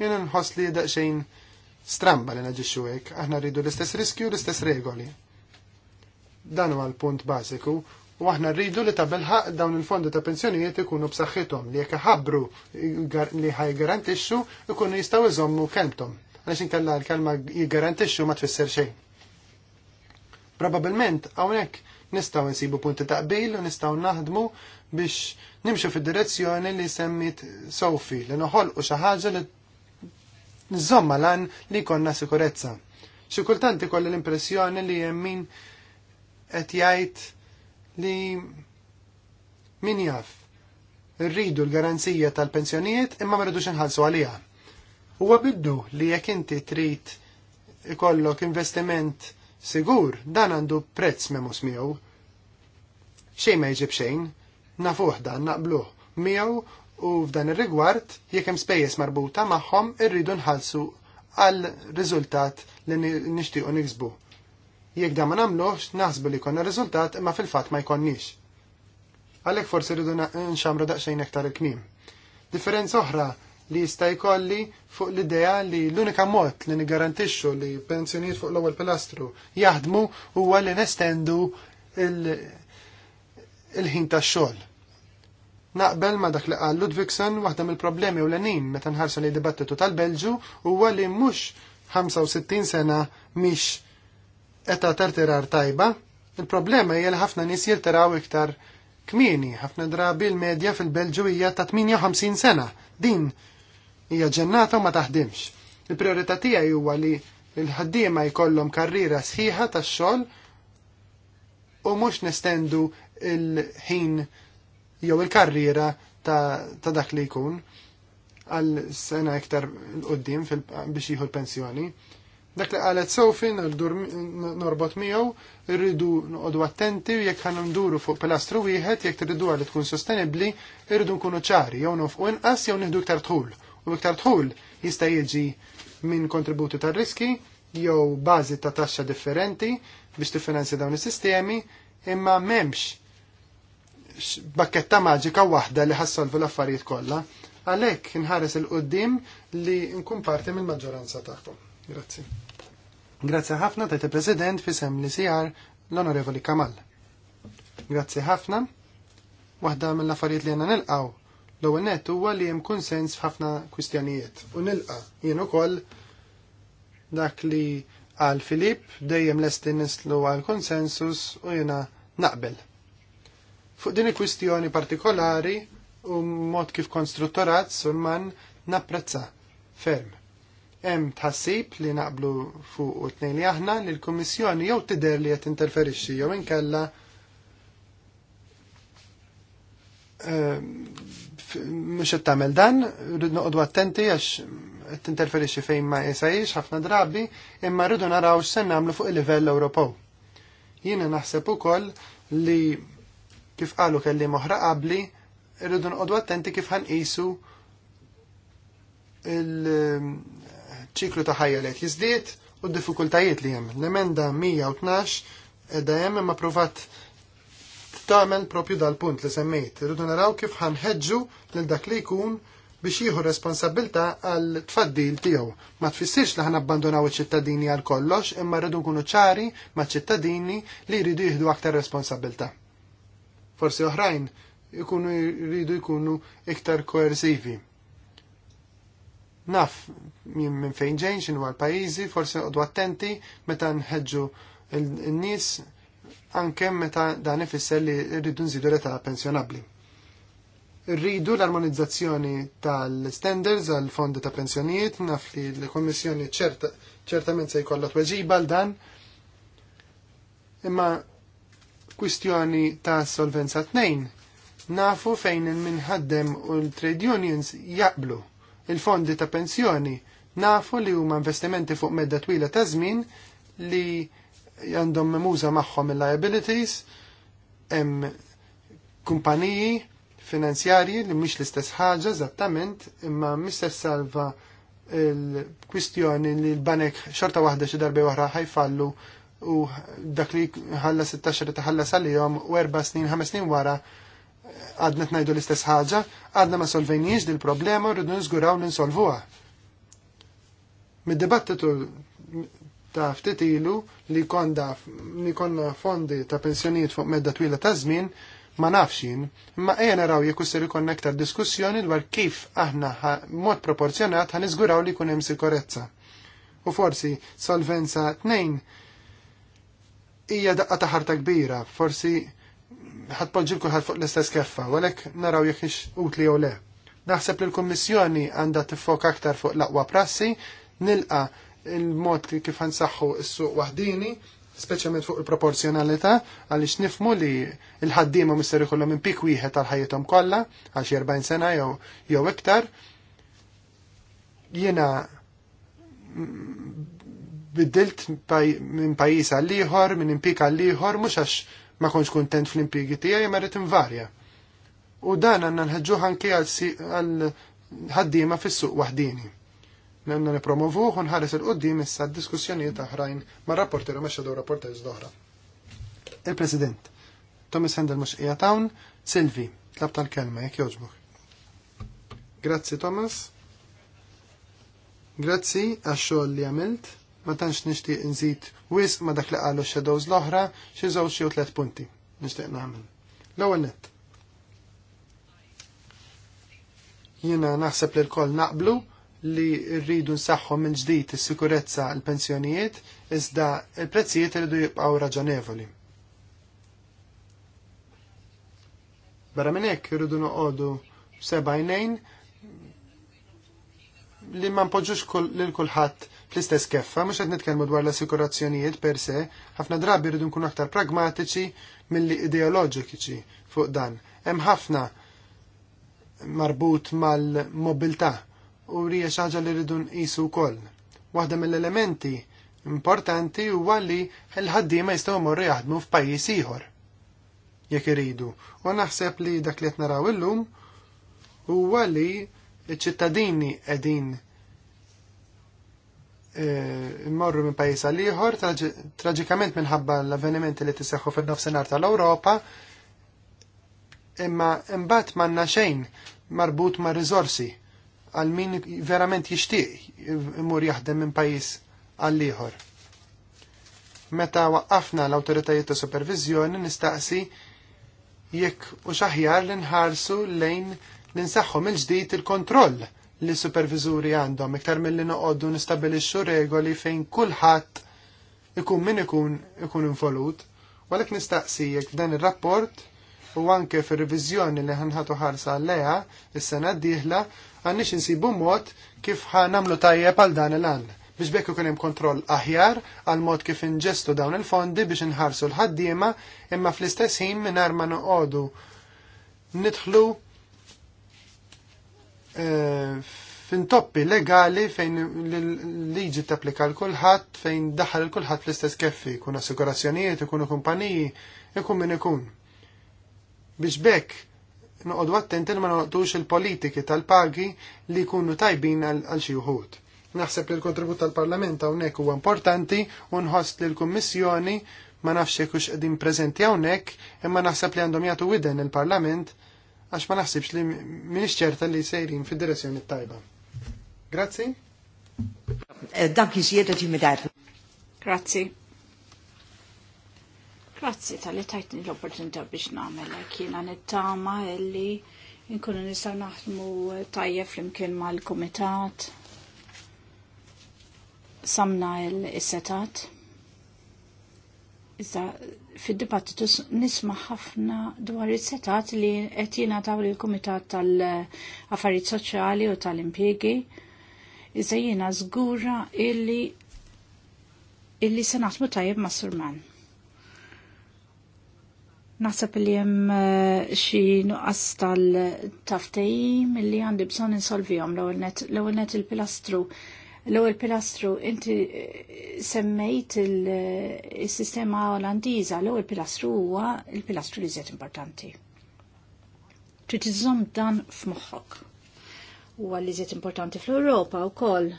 jiena nħoss li daqsxejn stramba li naġixxu hekk, aħna rridu l-istess riskju, l-istess regoli. Dan huwa l-punt bażiku u aħna rridu li tabelħaq dawn il-fondi ta' pensjonijiet ikunu b'saħħithom li jekk ħabbru li ħajgarantixxu ikunu jistgħu iżommu kelmtom. Għaliex inkella l-kelma jiggarantixxu ma tfisser xejn. Probabilment hawnhekk nistgħu nsibu punti ta' qbil u nistgħu naħdmu biex nimxu fid-direzzjoni li semmit Sofi li noħolqu xi ħaġa li nżomma lan li konna sikurezza. Xi kultant ikolli l-impressjoni li hemm min qed jgħid li min jaf rridu l-garanzija tal-pensjonijiet imma ma rridux inħallsu għaliha. Huwa biddu li jekk inti trid ikollok investiment Sigur, dan għandu prezz memus miegħu. Xejn ma jġib xejn, nafuh dan naqbluh miegħu u f'dan ir-rigward jekk hemm spejjeż marbuta magħhom irridu nħallsu għal riżultat li nixtiequ niksbu. Jekk dan ma nagħmluhx naħsbu li jkollna riżultat imma fil-fatt ma jkollniex. Għalhekk forsi rridu nxamru daqsxejn aktar il-kmim. Differenza oħra li jista' jkolli fuq l-idea li l-unika mod li nigarantixxu li pensjonijiet fuq l-ewwel pilastru jaħdmu huwa li nestendu il-ħin tax-xogħol. Naqbel ma dak li qal Ludwigson waħda mill-problemi u l-għanin meta nħarsu li dibattitu tal-Belġu huwa li mhux 65 sena mhix eta tertirar tajba, il-problema hija li ħafna nies jirtiraw iktar kmieni, ħafna drabi l-medja fil-Belġu hija ta' 58 sena. Din hija ġennata u ma taħdimx. Il-priorità tiegħi huwa li l-ħaddiema jkollhom karriera sħiħa tax-xogħol u mhux nestendu il-ħin jew il-karriera ta' dak li jkun għal sena iktar l-qoddim biex jieħu l-pensjoni. Dak li qalet Sofi norbot miegħu irridu noqogħdu attenti jekk ħan nduru fuq pilastru wieħed jekk irridu li tkun sostenibbli irridu nkunu ċari jew nofqu inqas jew nieħdu iktar tħul u iktar tħul jista' jiġi minn kontributi tar riski jew bażi ta' taxxa differenti biex tiffinanzja dawn is-sistemi imma m'hemmx bakketta maġika waħda li ħassolvu l-affarijiet kollha. Għalhekk inħares il-qudiem li nkun parti mill-maġġoranza tagħhom. Grazzi. Grazzi ħafna tajt il-President fisem li sijar l-Onorevoli Kamal. Grazzi ħafna. Waħda mill-affarijiet li għandna nilqaw L-ewwel nett huwa li hemm konsens f'ħafna kwistjonijiet u nilqa jien ukoll dak li għal Filip dejjem lesti nislu għal konsensus u jiena naqbel. Fuq din il-kwistjoni partikolari u mod kif konstruttorat sulman napprezza ferm. Hemm tħassib li naqblu fuq u tnejn li aħna li l-Kummissjoni jew tidher li qed interferixxi jew inkella ehm, mux tagħmel dan, rridu noqogħdu attenti għax qed xie fejn ma jsejx ħafna drabi, imma rridu naraw x'se nagħmlu fuq il-livell Ewropew. Jiena naħseb ukoll li kif qalu kelli moħra qabli, rridu noqogħdu attenti kif ħanqisu il-ċiklu ta' ħajja li qed jiżdied u d-diffikultajiet li hemm. L-emenda 112 edha hemm imma provat tamen propju dal-punt li semmejt. rridu naraw kif ħanħeġġu lil dak li jkun biex jieħu responsabilta għal tfaddil tiegħu. Ma tfissirx li ħan abbandonaw iċ-ċittadini għal kollox, imma rridu nkunu ċari ma' ċittadini li jridu jieħdu aktar responsabilta. Forsi oħrajn jkunu jridu jkunu iktar koersivi. Naf minn fejn ġejn xinu għal pajizi, forsi għodu attenti meta nħedġu n-nis anke meta dan ifisser li rridu nżidu l-età pensjonabbli. Rridu l-armonizzazzjoni tal-standards għal fondi ta' pensjonijiet, naf li l-Kommissjoni ċertament se jkollha tweġiba għal dan, imma kwistjoni ta' solvenza tat-tnejn nafu fejn il-minħaddem u l-trade unions jaqblu il-fondi ta' pensjoni nafu li huma investimenti fuq medda twila ta' żmien li għandhom memuża magħhom il-liabilities, hemm kumpaniji finanzjarji li mhix l-istess ħaġa eżattament, imma mistess salva il-kwistjoni li l-banek xorta waħda xi darba waħra ħajfallu u dak li ħalla 16 taħallas għalihom u erba' snin, ħames snin wara għadna tnajdu l-istess ħaġa, għadna ma solvejniex dil problema u rridu nżguraw ninsolvuha. Mid-dibattitu ta' ftit ilu li konna fondi ta' pensjonijiet fuq medda twila ta' żmien ma nafxin, imma ejja naraw jekk isser ikun aktar diskussjoni dwar kif aħna mod proporzjonat ħan iżguraw li jkun hemm sikurezza. U forsi solvenza tnejn hija daqqa ta' ħarta kbira, forsi poġġi kulħadd fuq l-istess keffa, u għalhekk naraw jekk ix utli jew le. Naħseb li l-Kummissjoni għandha tifok aktar fuq l-aqwa prassi, nilqa' il-mod kif għansaxħu s-suq waħdini, specialment fuq il-proporzjonalità, għaliex nifmu li l-ħaddiema mister ikollhom impik wieħed tal ħajjithom kollha għal xi 40 sena jew jew iktar. Jiena biddilt minn pajjiż għal ieħor, minn impik għal ieħor, mhux għax ma konx kuntent fl-impjegi tiegħi ma rrid invarja. U dan għandna nħeġġuh anke għal ħaddiema fis-suq waħdini Nenna nipromovuħu nħares il-qoddim issa diskussjonijiet oħrajn ma' rapporter u meċċedu rapporter doħra. Il-President, Thomas Hendel mux Town, tawn, Silvi, tlab tal-kelma, jek joġbuħ. Grazzi Thomas, grazzi għaxol li għamilt, ma tantx nixtieq nżid wis ma dak li qalu shadows l-oħra xi żewġ jew tliet punti nixtieq nagħmel. L-ewwel nett. Jiena naħseb li l-koll naqblu li rridu nsaħħu minn ġdid is-sikurezza l-pensjonijiet iżda l-prezzijiet rridu jibqgħu raġonevoli. Barra minn hekk irridu noqogħdu sebajnejn li ma npoġġux lil kulħadd fl-istess keffa, mhux qed nitkellmu dwar l-assikurazzjonijiet per se, ħafna drabi rridu nkunu aktar pragmatiċi milli ideoloġiċi fuq dan. Hemm ħafna marbut mal-mobilità u rija xaġa li rridu nqisu wkoll. Waħda mill-elementi importanti huwa li l-ħaddiema jistgħu morri jaħdmu f'pajjiż ieħor jekk iridu. U naħseb li dak li qed naraw illum huwa li ċittadini qegħdin e, morru minn pajjiż għal ieħor, traġikament minħabba l-avvenimenti li t-seħu fil nofsinhar tal-Ewropa, imma imbat m'għandna xejn marbut ma' rizorsi għal min verament jixtieq imur jaħdem minn pajjiż għal ieħor. Meta waqqafna l-awtoritajiet ta' supervizjoni nistaqsi jekk u xaħjar li nħarsu lejn li nsaħħu il ġdid il-kontroll li supervizuri għandhom iktar mill-li noqogħdu nistabilixxu regoli fejn kulħadd ikun min ikun ikun involut, għalhekk nistaqsi jekk dan ir-rapport u anke fir riviżjoni li ħanħatu ħarsa għalleha is-sena d-dieħla għandniex insibu mod kif ħanamlu tajjeb għal dan il-għan biex bekk ikun hemm kontroll aħjar għal mod kif inġestu dawn il-fondi biex inħarsu l-ħaddiema imma fl-istess ħin mingħajr ma noqogħdu nidħlu eh, f'intoppi legali fejn l-liġi tapplika l kulħadd fejn daħal l kulħadd fl-istess keffi, kun assigurazzjonijiet, ikunu kumpaniji, ikun min ikun. Biex bekk noqogħdu attenti ma noqtux il-politiki tal-pagi li jkunu tajbin għal xi wħud. Naħseb li l-kontribut tal-Parlament hawnhekk huwa importanti u nħoss li l-Kummissjoni ma nafx jekk hux qegħdin preżenti hawnhekk imma naħseb li għandhom jagħtu widen il-Parlament għax ma naħsibx li minix ċerta li sejrin fid-direzzjoni tajba. Grazzi. Dak jisjiet Grazzi. Grazzi tal-li tajtni l-opportunità biex namel, kiena nittama illi nkunu nistaw naħdmu tajjeb flimkien mal-komitat. Samna l-setat. Iżda fid-dibattitu nisma' ħafna dwar is-setat li qed jingħataw il kumitat tal-Affarijiet Soċjali u tal-Impjiegi. Iżda jiena żgura illi illi se naħdmu tajjeb ma' Surman. Nasab li hemm eh, xi nuqqas tal-taftejim li għandi bżonn insolvihom l-ewwel il-pilastru. L-ewwel pilastru inti eh, semmejt eh, il-sistema Olandiża, l-ewwel pilastru huwa il-pilastru li zjet importanti. Trid iżżomm dan f'moħħok. Huwa li zjet importanti fl-Ewropa wkoll.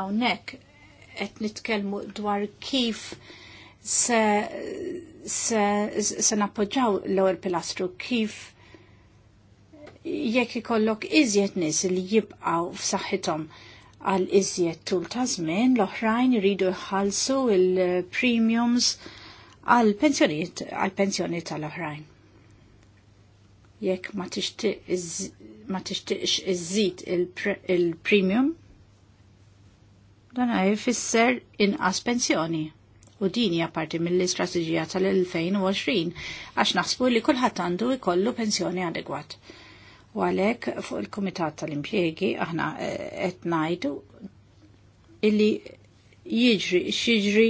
Hawnhekk qed nitkellmu dwar kif se, se, se nappoġġaw l-ewwel pilastru kif jekk ikollok iżjed nies li jibqgħu f'saħħithom għal iżjed tul ta' żmien l-oħrajn iridu jħallsu il-premiums għal pensjoniet għal pensjoni tal-oħrajn. Jekk ma tixtieqx iżid il-premium, dan jfisser inqas pensjoni u din hija parti mill-istrateġija tal-2020 għax naħsbu li kulħadd għandu jkollu pensjoni adegwat. U għalhekk fuq il-Kumitat tal-Impjegi aħna eh, qed ngħidu illi jiġri xiġri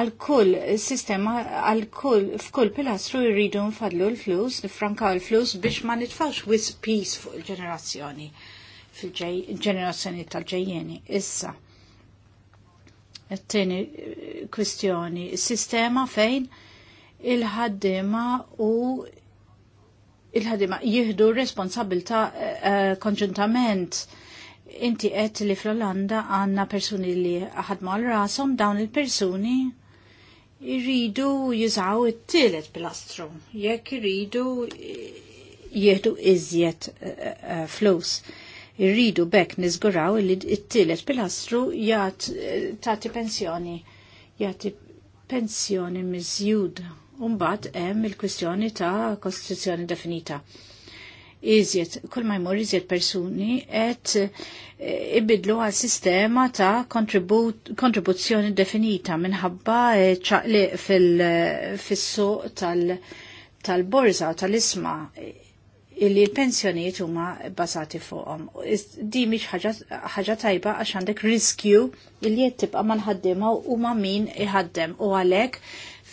għal kull sistema għal kull f'kull pilastru jridu nfadlu l-flus, nifranka l-flus biex ma nitfawx wis peace fuq il-ġenerazzjoni fil-ġenerazzjoni tal-ġejjeni. Issa, Tieni kwistjoni, sistema fejn il-ħaddima u il ħaddima jihdu responsabilta eh, eh, konġuntament. Inti qed li fl-Olanda għanna persuni li ħadmu għal rasom dawn il-persuni irridu jizaw it-tielet pilastru. Jekk irridu jihdu iżjed eh, flus. Uh, Irridu bekk niżguraw li t-tielet pilastru jgħat tagħti pensjoni jagħti pensjoni miżjuda. Umbat hemm il-kwistjoni ta' kostituzzjoni definita. Iżjed, kull ma jmur iżjed persuni qed eh, ibidlu għal sistema ta' kontribuzzjoni definita minħabba eh, ċaqliq fil-suq tal- tal-borza tal-isma illi l-pensjoniet huma bbażati fuqhom. Di mhix ħaġa tajba għax għandek riskju illi qed tibqa' ma nħaddimha huma min iħaddem u għalhekk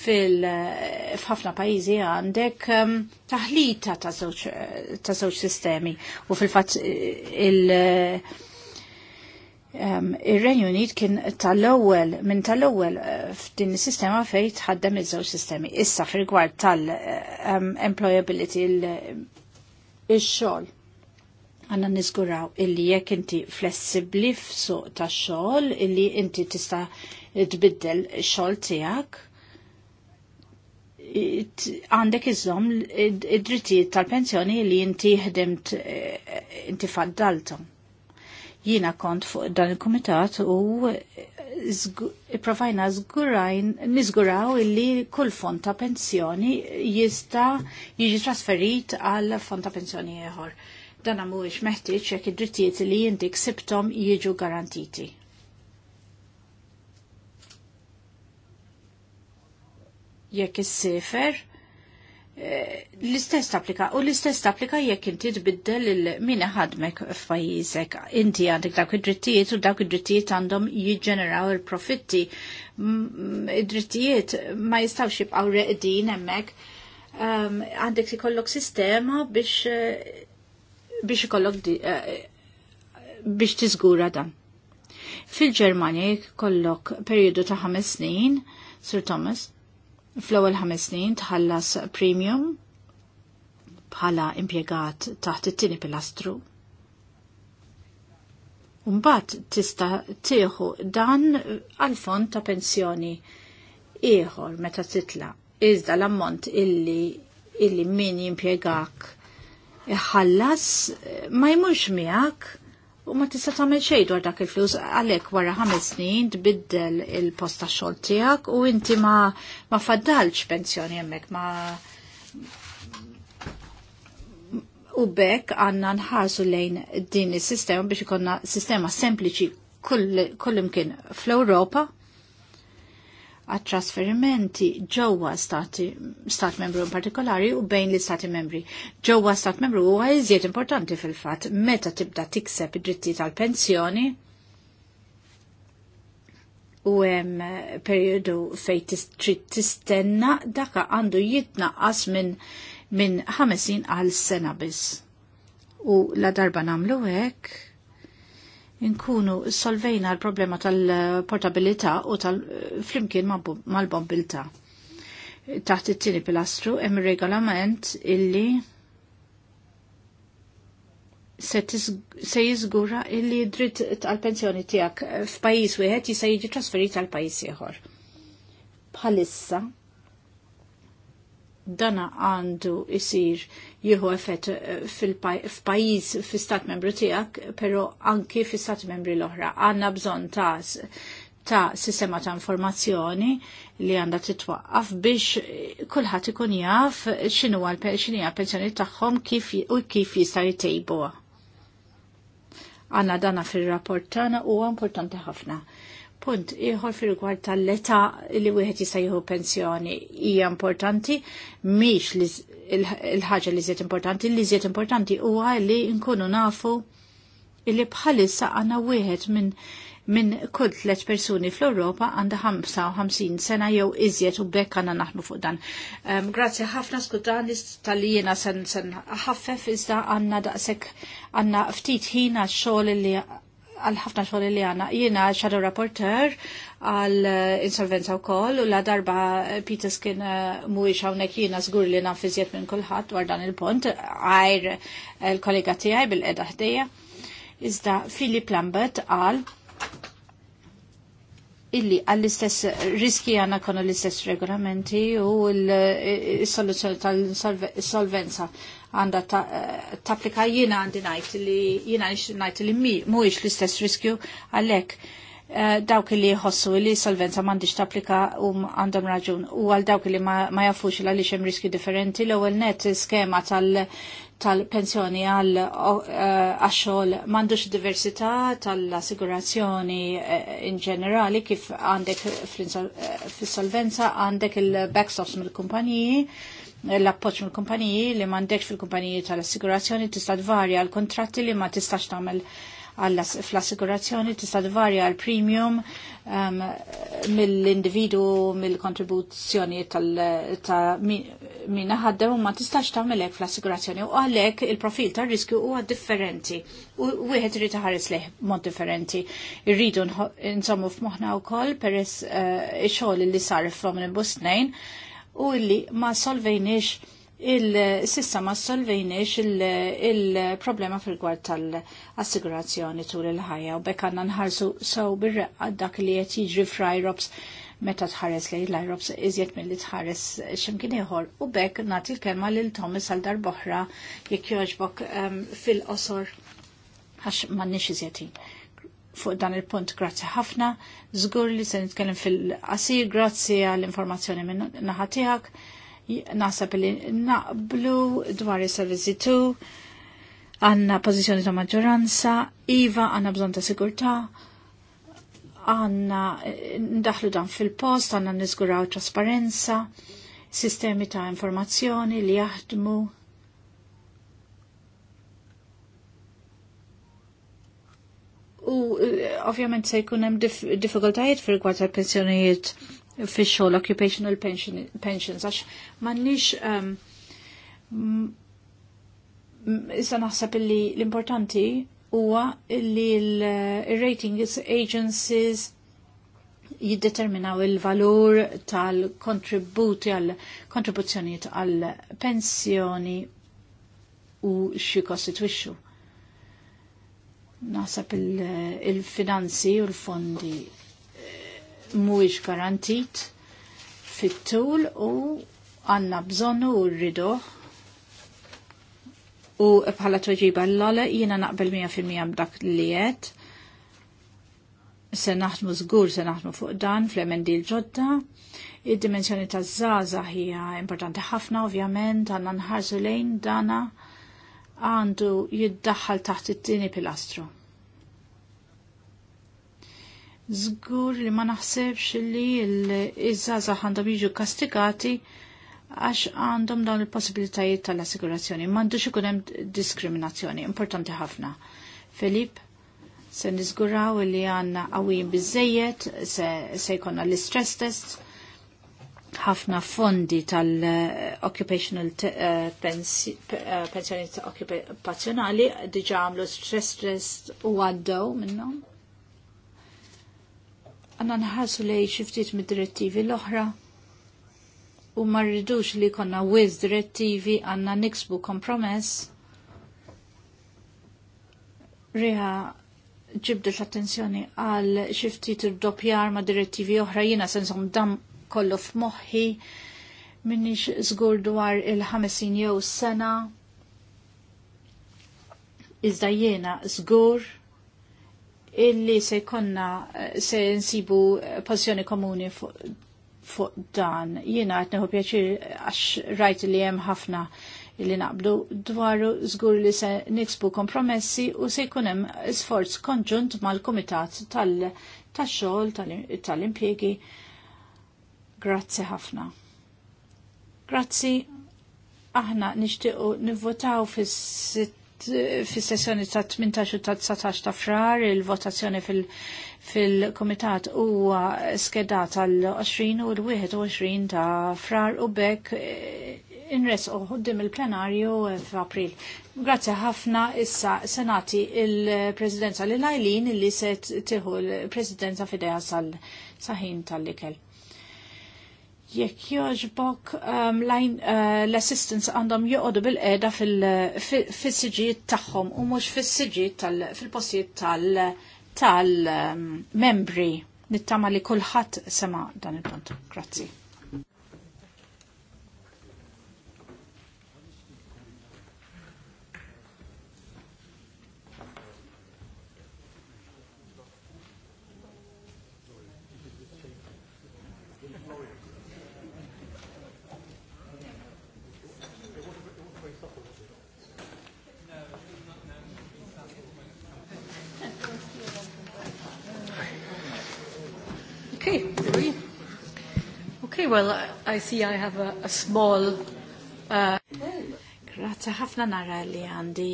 fil-ħafna pajjiżi għandek ehm, taħlita ta' żewġ sistemi u fil-fatt il- Um, Ir-Renju Unit kien tal-ewwel minn tal-ewwel eh, f'din is-sistema fejn tħaddem iż-żewġ sistemi. Issa fil-rigward tal-employability ehm, um, il-xol. Għanna nizguraw illi jekk inti flessibli f'suq ta' xol, illi inti tista' tbiddel xol tijak, għandek iżom id-drittijiet tal-pensjoni li inti ħdimt eh, inti faddaltom. Jina kont fuq dan il-komitat u provajna nizguraw illi kull fond ta' pensjoni jista jiġi trasferit għal fond ta' pensjoni ieħor. Dan mhuwiex meħtieġ jekk id-drittijiet li jinti ksibtom jiġu garantiti. Jekk is-sefer l-istess tapplika u l-istess tapplika jekk inti tbiddel il-mina ħadmek f'pajjiżek. Inti għandek dawk id-drittijiet u dawk id-drittijiet għandhom jiġġeneraw il-profitti. Id-drittijiet ma jistawx jibqaw reqdin hemmhekk. Um, għandek ikollok sistema biex eh, biex ikollok eh, biex tiżgura dan. Fil-Ġermanja kollok periodu ta' ħames snin, Sir Thomas, fl-ewwel ħames snin tħallas premium bħala impjegat taħt it-tieni pilastru. Umbat tista tieħu dan għal fond ta' pensjoni ieħor meta titla. Iżda l-ammont illi illi min jimpjegak iħallas ma jmux miegħek u ma tista' tagħmel xejn dwar dak il-flus għalhekk wara ħames snin tbiddel il-post ta' xogħol tiegħek u inti ma ma faddalx pensjoni hemmhekk ma u bekk għanna nħarsu lejn din is-sistema biex ikonna sistema sempliċi kull imkien fl-Ewropa għat trasferimenti ġewwa stat membru in partikolari u bejn l stati membri. Ġewwa stat membru huwa iżjed importanti fil-fatt meta tibda tikseb id-dritti tal-pensjoni u hemm eh, perjodu fejn trid tistenna daka għandu jitnaqqas minn minn 50 għal sena biss. U la darba nagħmlu hekk inkunu solvejna l-problema tal-portabilità u tal-flimkien mal-bombilità. Taħt it-tieni pilastru hemm regolament illi se jiżgura illi dritt tal-pensjoni tiegħek f'pajjiż wieħed jista' jiġi trasferit għal pajjiż ieħor. Bħalissa dana għandu isir jieħu effett eh, fil-pajiz, fil-stat membru tijak, pero anki fil-stat membri l-oħra. Għanna bżon ta' ta' sistema ta' informazzjoni li għanda titwaqqaf biex kullħat ikun jaf xinu għal-pensionija pensjoni tagħhom kif u kif jista' jtejbuha. Għanna dana fil-rapport tagħna huwa importanti ħafna. Punt, ieħor fil rigward tal-età li wieħed jista' jieħu pensjoni hija importanti, miex il-ħaġa li żied importanti, li żied importanti huwa li nkunu nafu li bħalissa għandna wieħed minn min kull tliet persuni fl europa għandha 55 sena jew iżjed u bekk għandna naħmu fuq dan. Um, Grazzi ħafna skutani tal-li jiena sen ħaffef iżda għandna daqshekk għandna ftit ħina għax-xogħol li għal ħafna xogħol li għana. Jiena shadow rapporteur għal insolvenza wkoll u la darba Peters kien eh, mhuwiex hawnhekk jiena żgur li naf iżjed minn kulħadd dwar dan il-pont għajr l-kollega tiegħi bil-qeda ħdejja. Iżda Philip Lambert għal illi għall-istess riski għana konu l-istess regolamenti u l-soluzjoni tal-solvenza għanda tapplika jina għandi najt li jina najt li mhuwiex l-istess riskju għalhekk eh, dawk li jħossu li solvenza mandiġ tapplika u um għandhom raġun u għal dawk li ma jafux li għalix hemm riski differenti l ewwel net skema tal tal-pensjoni għal eh, għaxol mandux diversità tal-assigurazzjoni eh, in ġenerali kif għandek fil-solvenza għandek il-backstops mill-kumpaniji l-appoċ mill kumpaniji li mandekx fil-kumpaniji tal-assigurazzjoni tista' dvarja l kontratti li ma tistax tagħmel fl-assigurazzjoni tista' dvarja l premium um, mill-individu mill-kontribuzzjoni tal min ħaddem u ma tistax tagħmel hekk fl-assigurazzjoni u għalhekk il-profil tar-riskju huwa differenti u wieħed irid iħares leh mod differenti. Irridu insommu f'moħħna wkoll peress uh, ix-xogħol li sar fl il 2 u li ma solvejniex il-sissa ma solvejniex il-problema il fil-gwar tal-assigurazzjoni tul il-ħajja u bekk nħarsu sew bir dak li qed jiġri f'Rajrobs meta tħares li l-Ajrobs iżjed mill-li tħares x'imkien ieħor u bekk nagħti l-kelma lil Thomas għal darboħra jekk jogħġbok um, fil-qosor għax m'għandniex iżjedin fuq dan il-punt grazzi ħafna. Żgur li se nitkellem fil-qasir, grazzi għall-informazzjoni minn naħa tiegħek. Naħseb li naqblu dwar is-servizzi tu għanna pożizzjoni ta' maġġoranza, iva għanna bżon ta' sigurtà, għanna ndaħlu dan fil-post, għanna nizguraw trasparenza, sistemi ta' informazzjoni li jaħdmu u eh, ovvjament se jkun hemm diffikultajiet fil-rigward tal-pensjonijiet fix-xogħol occupational pension, pensions għax m'għandniex ehm, issa naħseb li l-importanti huwa li l-rating eh, agencies jiddeterminaw il-valur tal-kontributi għal kontribuzzjonijiet għal-pensjoni u xi kostitwixxu. Naħseb il-finanzi u l-fondi eh, mhuwiex garantit fit-tul u għandna bżonnu u rridu u bħala tweġiba l-lala jiena naqbel 100% b'dak li qed. Se naħdmu żgur se naħdmu fuq dan fl-emendi l-ġodda. Id-dimensjoni taż-żaża hija importanti ħafna ovvjament għandna nħarsu lejn dana għandu jiddaħħal taħt it-tieni pilastru. Zgur li ma naħsebx li l-izzaza għandhom jiġu kastigati għax għandhom dawn il-possibilitajiet tal-assigurazzjoni. M'għandux ikun hemm diskriminazzjoni, importanti ħafna. Filip, se niżguraw li għandna qawwin biżejjed, se, se jkollna l-istress test, ħafna fondi tal-occupational eh, pensjoniet eh, occupazzjonali diġa għamlu stress stress u għaddew minnhom. Għanna nħasu li xiftit mid-direttivi l-oħra u marridux rridux li konna wiz direttivi għanna niksbu kompromess. Riha ġibdu l-attenzjoni għal xiftit ir-doppjar ma direttivi oħra jina sensom dam kollu f'moħħi minnix żgur dwar il-50 jew sena. Iżda jiena żgur illi se jkollna se nsibu passjoni komuni fuq dan. Jiena qed neħu pjaċir għax rajt li hemm ħafna li naqblu dwaru żgur li se niksbu kompromessi u se jkun hemm sforz konġunt mal-Kumitat tal-xogħol tal-impjegi tal Grazzi ħafna. Grazzi, aħna nixtiequ nivvotaw fis fis-sessjoni ta' 18 u ta' 19 ta' frar il-votazzjoni fil-komitat fil huwa skedat għal 20 u l-21 ta' frar u bekk eh, inres uħuddim il-plenarju f'April. Grazie ħafna issa senati il-presidenza li lajlin li set tiħu il-presidenza fideja sal-saħin tal-likel jekk joġbok um, uh, l assistance għandhom joqodu bil-qeda fil-siġijiet tagħhom u mhux fis-siġijiet fil-postijiet tal-membri. Um, Nittama li kulħadd sema dan il-punt. Grazzi. Okay, well, I see I have a, a small... Uh... Grazie ħafna nara li għandi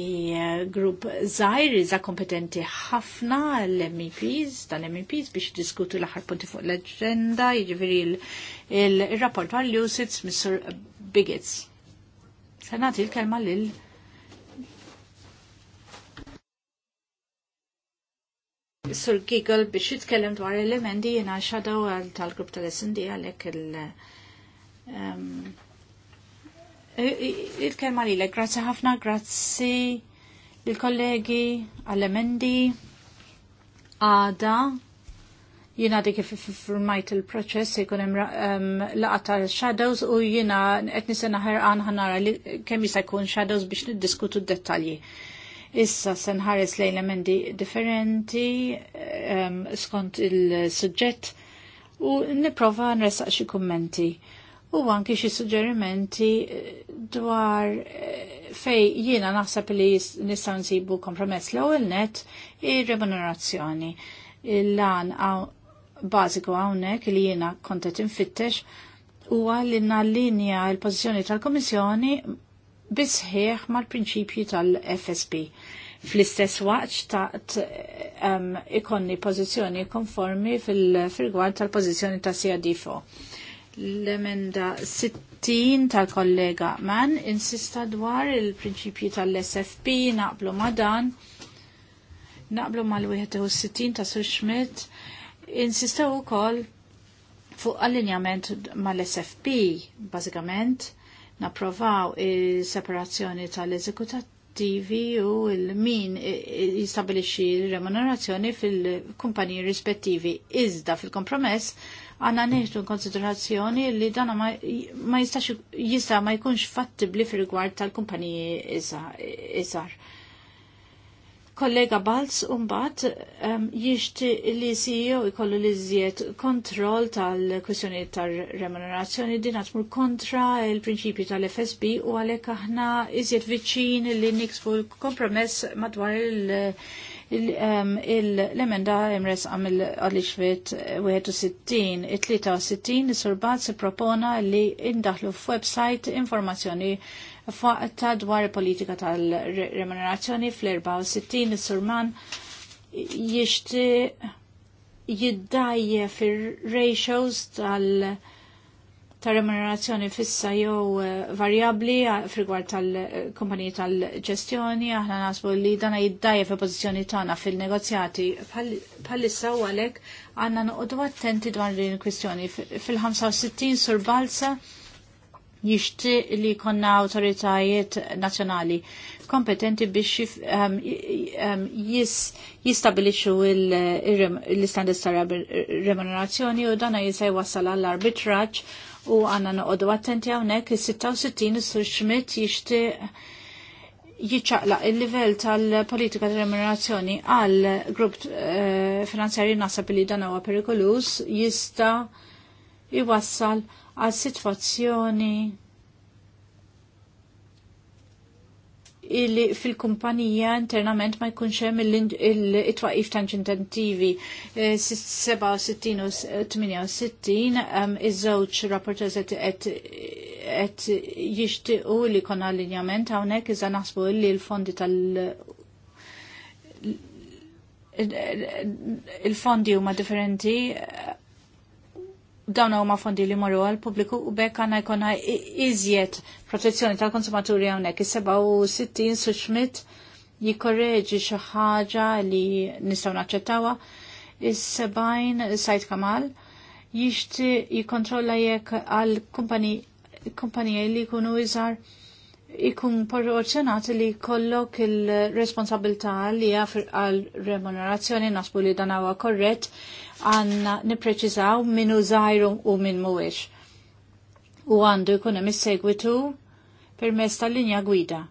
eh, grupp zaħir za kompetenti ħafna l-MEPs, l meps biex diskutu l-ħar punti fuq l-agenda, jġviri il-rapport għal-Lusitz, Mr. Biggets. Senati l-kelma lil Sur Giggle biex jitkellem dwar elementi jena xadaw tal-grupp tal-SND għalek il- um, il-kelma li grazzi ħafna, grazzi il-kollegi għal emendi għada jina dik firmajt il-proċess jikun hemm ehm, shadows u jina qed nisena għan ħanara li kemm jista' jkun shadows biex niddiskutu d-dettalji. Issa se nħares lejn emendi differenti um, skont il-suġġett u nipprova nresaq xi kummenti u anki xi suġġerimenti eh, dwar eh, fej jiena naħseb li nistgħu nsibu kompromess l-ewwel net il remunerazzjoni Il-lan bażiku hawnhekk li jiena kontet infittex huwa li nallinja l-pożizzjoni tal-Komissjoni bisħieħ mal prinċipju tal-FSB. Fl-istess waqt taqt um, ikonni pożizzjoni konformi fil-rigward tal-pożizzjoni ta' difo. L-emenda 60 tal-kollega Mann insista dwar il prinċipju tal-SFP naqblu ma' dan naqblu mal-61 ta' Sir Schmidt, insistew u kol fuq allinjament mal-SFP, bazzikament, naprovaw il-separazzjoni tal-eżekutattivi u il-min jistabilixi il-remunerazzjoni fil-kumpaniji rispettivi. Iżda fil-kompromess għanna neħtu konsiderazzjoni li dana ma, jistax jista ma jkunx fattibli fil rigward tal-kumpaniji iżar kollega Balz umbat um, li CEO jkollu li zjiet kontrol tal-kwestjoni tal-remunerazzjoni din għatmur kontra il-prinċipju tal-FSB u għalek aħna iżjed viċin li niksfu kompromess madwar l-emenda imres għam il-għalixvet 61, it-63, il-surbat se propona li indaħlu f websajt informazzjoni ta' dwar politika tal-remunerazzjoni fl-64 surman jixti jiddajje fir-ratios tal- ta' remunerazzjoni fissa jew eh, varjabli eh, frigward tal-kumpaniji tal-ġestjoni, aħna nasbu li dana jiddajja fi pożizzjoni tagħna fil-negozjati bħalissa u għalhekk għandna noqogħdu attenti dwar din il-kwistjoni. Fil-65 sur Balsa jixtieq li jkollna awtoritajiet nazzjonali kompetenti biex um, um, jistabilixxu l istandis ta' remunerazzjoni u dana jista' jwassal għall arbitraġġ u għandna noqogħdu attenti hawnhekk is-66 sur Schmidt jixtieq jiċċaqlaq il-livell tal-politika ta' remunerazzjoni għal grupp eh, finanzjarji nasab li dan huwa perikolus jista' jwassal għal situazzjoni illi fil-kumpanija internament ma jkunx hemm il-twaqif ta' inċentivi 67 e, u 68 iż-żewġ rapporters qed jixtiequ li kon allinjament hawnhekk iżda naħsbu li l-fondi tal il-fondi huma differenti dawn huma fondi li marru għal pubbliku u bekk għandna jkollna iżjed protezzjoni tal-konsumaturi hawnhekk is-67 su xmit jikkorreġi xi ħaġa li nistgħu naċċettawha is-sebgħin sajt kamal jixti jikkontrolla jekk għal kumpaniji li jkunu iżar ikun proporzjonat li kollok il-responsabilità li għal remunerazzjoni nasbu li danawa korret korrett għanna nipreċizaw minu zaħiru u min muwix. U għandu jkun hemm is-segwitu permezz tal-linja gwida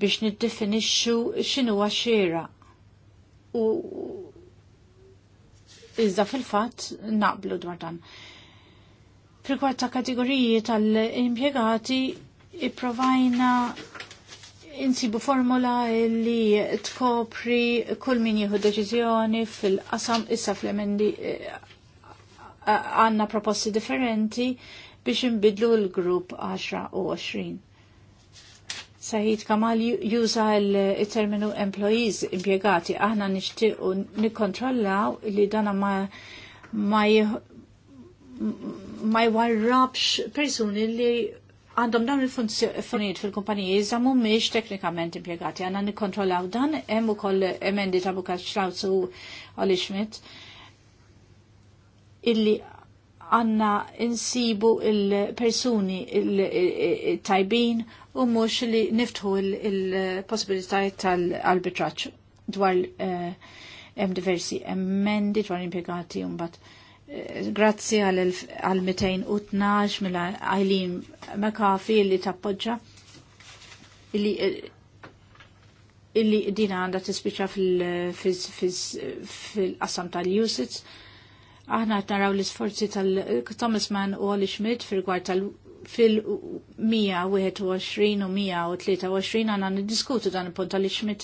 biex niddefinixxu x'inhu għaxira. U iżda fil-fatt naqblu dwar dan. Prikwart ta' kategoriji tal-impjegati ipprovajna insibu formola li tkopri kull min jieħu deċiżjoni fil-qasam issa fl-emendi eh, għanna proposti differenti biex imbidlu l-grupp 10 u 20. Saħid Kamal juża il-terminu employees impiegati, aħna nixtiequ nikkontrollaw li dana ma ma ma jwarrabx persuni li għandhom dawn il-funzjonijiet fil-kumpaniji iżda miex teknikament impjegati. Għanna nikkontrollaw dan hemm ukoll emendi ta' Bukat Schlautz u Oli Schmidt illi għanna insibu il-persuni il-tajbin u mux li niftħu il-possibilitajiet tal-arbitraċ dwar hemm diversi emendi dwar impiegati bat. Grazzi għal 212 mill Eileen mekafi li tappoġġa illi illi dina għanda tispiċa fil-qassam tal-usits. Aħna għatna naraw l-isforzi tal-Thomas Mann u Oli Schmidt fil-gwar tal- fil-121 u 123 għanna niddiskutu dan il-punt tal Schmidt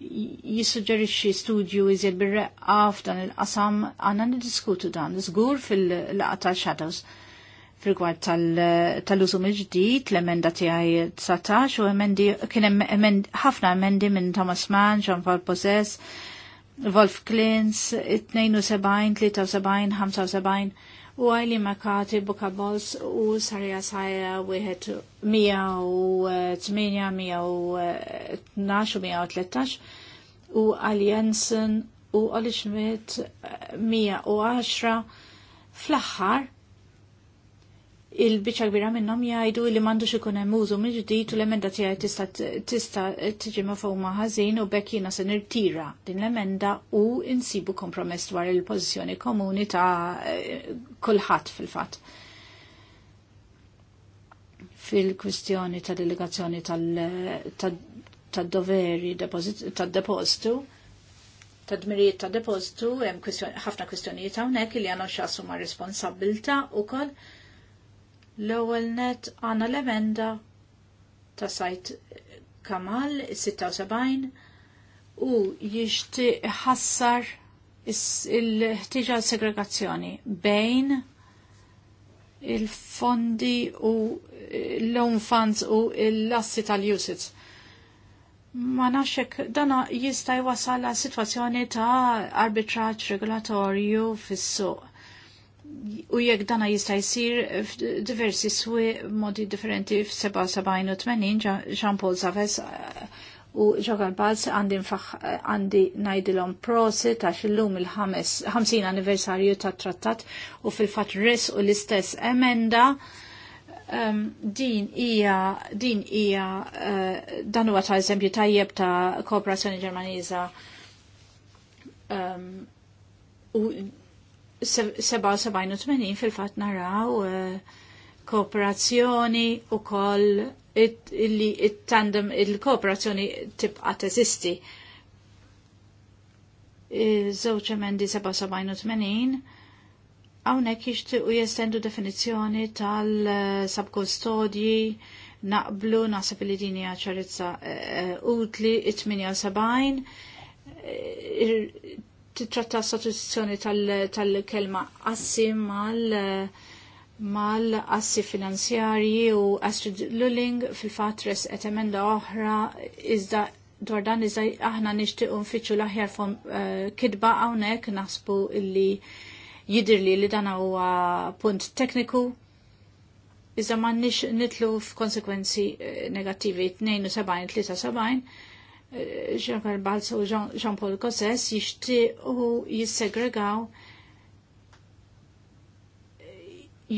jissuġġerixxi studju iżjed bir-reqqa f'dan il-qasam għanna niddiskutu dan, żgur fil-laqa tal-shadows rigward tal-użu il ġdid l-emenda tiegħi 19 u emendi kien hemm ħafna emendi minn Thomas Mann, John Paul Possess, Wolf Klins, 72, 73, 75 u għajli makati buka bols u sarja sajja u jħed 108, 113, u għal eh, Jensen u għalli xmiet 110 fl-axħar il-biċa kbira minnhom jgħidu li m'għandux ikun hemm użu mill-ġdid u l-emenda tiegħi tista' tista' tiġi mafhuma ħażin u bekk jiena se nirtira din l-emenda u insibu kompromess dwar il-pożizzjoni komuni ta' kulħadd fil-fatt fil-kwistjoni ta' delegazzjoni tal-doveri tad-depostu ta' dmirijiet ta' depostu, hemm ħafna kwistjonijiet hawnhekk li għandhom xassu ma' responsabilta wkoll L-ewwel net għandna l-emenda ta' sajt Kamal 76 u jixti ħassar il-ħtiġa segregazzjoni bejn il-fondi u l-loan funds u l-assi tal-usage. Ma naxek dana jista' jwasal situazzjoni ta' arbitraġġ regolatorju fis-suq u jekk dana jista' jsir diversi swi modi differenti f'77 u 80 Jean Paul Saves uh, u Jogan Paz għandi nfax uh, għandi najdilhom prosi ta' illum il-50 anniversarju tat trattat u fil-fatt res u l-istess emenda um, din ija din hija uh, dan huwa ta' eżempju tajjeb ta' kooperazzjoni Ġermaniża um, u 77 fil-fat naraw eh, kooperazzjoni u koll illi il tandem il-kooperazzjoni tibqa teżisti. Żewġ emendi 77 hawnhekk jixtiequ jestendu definizzjoni tal sabkustodji naqblu naħseb li dini ċarizza eh, utli 78 titratta sostituzzjoni tal-kelma assi mal assi finanzjarji u Astrid Lulling fil-fatres et emenda oħra izda dwar dan iżda aħna nixtiequ nfittxu l-aħjar fom eh, kidba hawnhekk naħsbu illi jidir li dan huwa punt tekniku iżda ma nix nitlu f'konsekwenzi eh, negattivi 72-73 Jean-Paul u Jean-Paul Gossess jixtiequ jissegregaw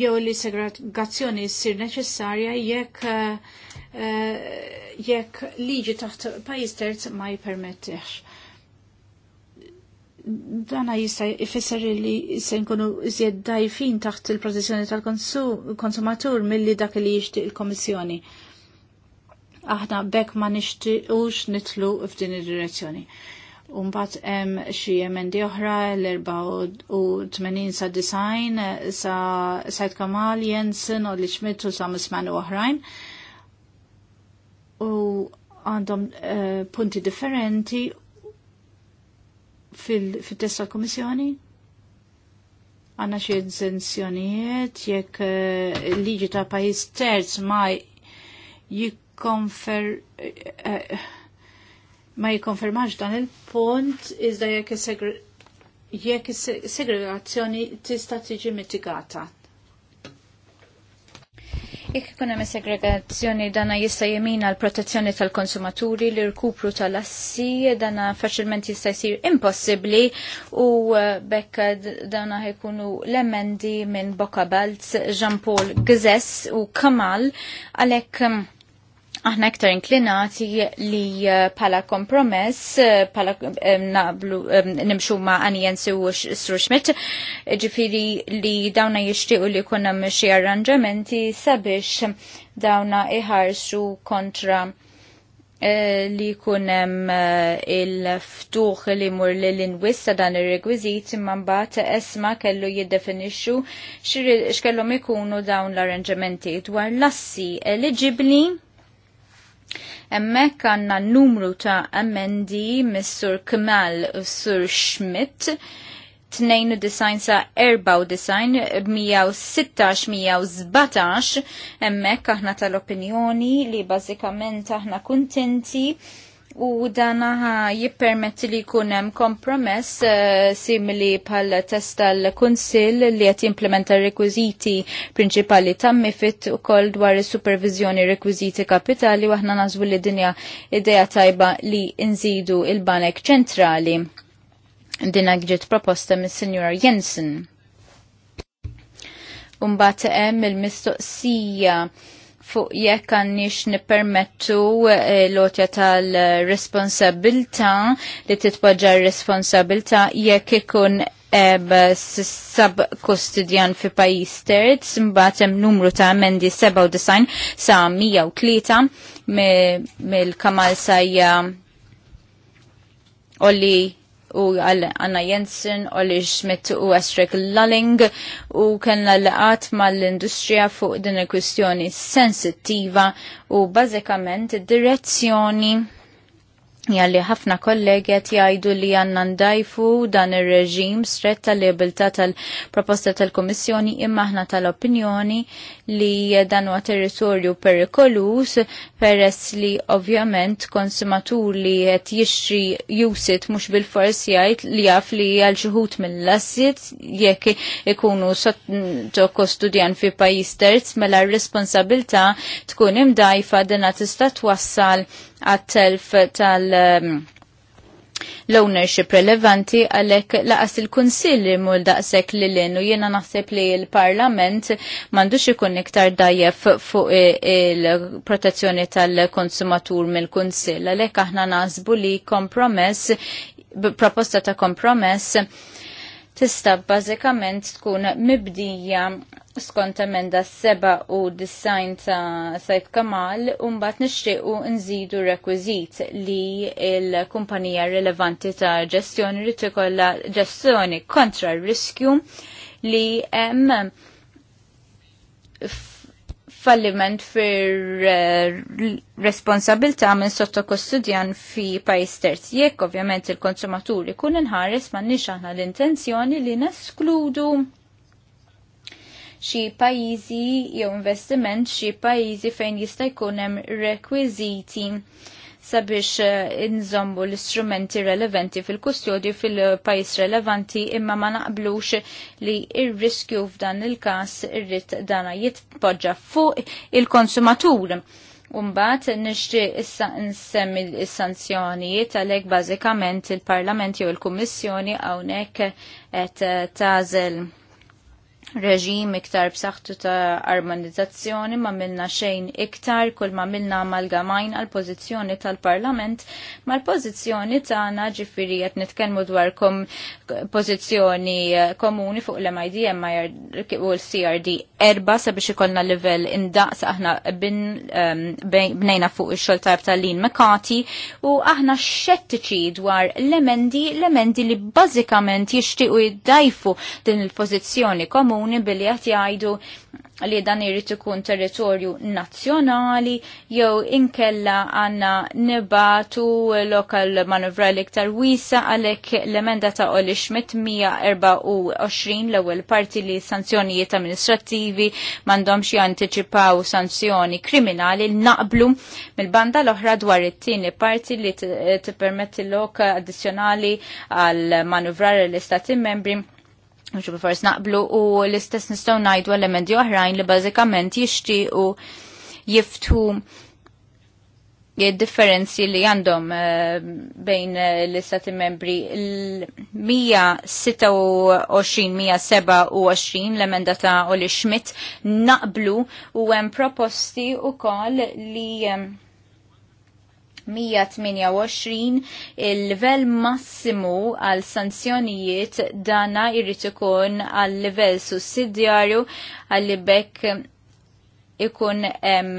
jew li segregazzjoni ssir neċessarja jekk eh, eh, jekk liġi taħt pajis terz ma jipermettiħx. Dana jista' ifisser li se nkunu zjed dajfin taħt il-protezzjoni tal-konsumatur milli dak li jixtieq il-Komissjoni. il il komissjoni aħna bekk ma nixtiqux nitlu f'din id-direzzjoni. Umbat hemm xi emendi oħra l-84 sa design sa Sajt Kamal, Jensen, u li Schmidt u sa Misman u oħrajn. U għandhom uh, punti differenti fil testa tal-Komissjoni? Għanna xie eżenzjonijiet jekk uh, liġi ta' pajis terz ma' jik jikkonfer eh, eh, ma jikkonfermax dan il-punt iżda jekk jekk segregazzjoni tista' tiġi mitigata. Jekk ikun hemm segregazzjoni dana jista' jemina l-protezzjoni tal-konsumaturi li rkupru tal-assi dana faċilment jista' jsir impossibbli u eh, bekk dana ħajkunu l-emendi minn Boka Belt, Jean-Paul Gzess u Kamal għalhekk aħna iktar inklinati li eh, pala kompromess, eh, pala eh, nablu, nimxu ma għanijensi u s-surxmet, ġifiri li dawna jishtiqu li kunna mxie arranġamenti sabiex dawna iħarsu kontra li kunem il-ftuħ li mur li l-inwissa dan il-rekwizit man bat esma kellu jiddefinixxu x'kellhom ikunu dawn l-arranġamenti dwar lassi eligibli Emmek għanna numru ta' emendi Missur Kemal u sur Schmidt. 92 sa 94, 116-117, emmek aħna tal-opinjoni li bazzikament aħna kontenti u dan danaħa jippermetti li jkun hemm kompromess uh, simili bħal test tal kunsill li jimplementa r-rekwiżiti prinċipali ta' MIFID ukoll dwar is supervizjoni rekwiżiti kapitali u aħna nazvu li dinja idea tajba li nżidu il-banek ċentrali. Dina ġiet proposta mis sinjora Jensen. Umbat hemm il-mistoqsija fuq jekk għannix nipermettu eh, l-otja tal-responsabilta li titpoġġa responsabilta jekk ikun eb eh, sab kustudjan fi pajis terz mbagħad hemm numru ta' mendi 97 sa 103 mill-Kamal Sajja Olli u Anna Jensen, li Schmidt u Astrid Lulling u l-għat laqat mal-industrija fuq din il-kwistjoni sensittiva u bażikament id-direzzjoni jalli ħafna kolleget jajdu li għanna ndajfu dan ir-reġim stretta tal-libilta tal-proposta tal-Komissjoni imma ħna tal-opinjoni li dan huwa territorju perikolus peress li ovvjament konsumatur li qed jixtri jusit mhux bil-fors jgħid li jaf li għal xuħut mill-assit jekk ikunu sotto kostudjan fi pajjiż terz mela r-responsabilta tkun imdajfa dinha tista' twassal għat-telf tal- um, l-ownership relevanti għalek laqas il-Kunsill mul daqsek li l-in u jena naħseb li l-Parlament mandux ikun iktar dajjef fuq il-protezzjoni tal-konsumatur mill-Kunsill għalek aħna nasbu li kompromess proposta ta' kompromess tista' bażikament tkun mibdija skont emenda seba u design ta' sajf kamal u mbagħad nixtiequ nżidu rekwiżit li l-kumpanija rilevanti ta' ġestjoni rid ikollha ġestjoni kontra r-riskju li hemm falliment fir responsabilta minn sotto kustudjan fi pajis terz. Jekk ovvjament il-konsumaturi kun nħares ma nix aħna l-intenzjoni li naskludu xi pajizi jew investiment xi pajizi fejn jista' jkun hemm rekwiżiti sabiex eh, inżommu l-istrumenti relevanti fil kustodju fil-pajis relevanti imma ma naqblux li il riskju f'dan il-kas irrit dana jitpoġġa fuq il-konsumatur. Umbat, nishti issa nsemmi s-sanzjonijiet għalek bazikament il-Parlament jew il-Kummissjoni għawnek et tazel reġim iktar b'saħħtu ta' armonizzazzjoni ma' milna xejn iktar kull ma' milna amalgamajn għal pożizzjoni tal-Parlament mal pożizzjoni tagħna ġifieri qed nitkellmu dwar kom pożizzjoni eh, komuni fuq l-MIDM u l-CRD erba sabiex ikollna livell indaqs aħna ehm, bnejna fuq ix-xogħol tajb tal-lin mekati u aħna xettiċi dwar l-emendi l-emendi li bażikament jixtiequ jiddajfu din il-pożizzjoni komuni raġuni billi qed jgħidu li dan irid ikun territorju nazzjonali jew inkella għandna nibatu lokal manovra l-iktar wisa għalhekk l-emenda ta' Oli Schmidt 124 l-ewwel parti li sanzjonijiet amministrattivi m'għandhomx jantiċipaw sanzjoni kriminali naqblu mill-banda l-oħra dwar it-tieni parti li tippermetti lok addizzjonali għal manovrar l-istati membri Nxu fors naqblu u l-istess nistaw najdu elementi oħrajn li bażikament jixtiequ jiftu differenzi li għandhom eh, bejn eh, l-istati membri l-126-127 l-emenda ta' Oli Schmidt naqblu u hemm proposti u koll li eh, 128 il-level massimu għal sanzjonijiet dana irrit ikun għal level sussidjarju għal bekk ikun em,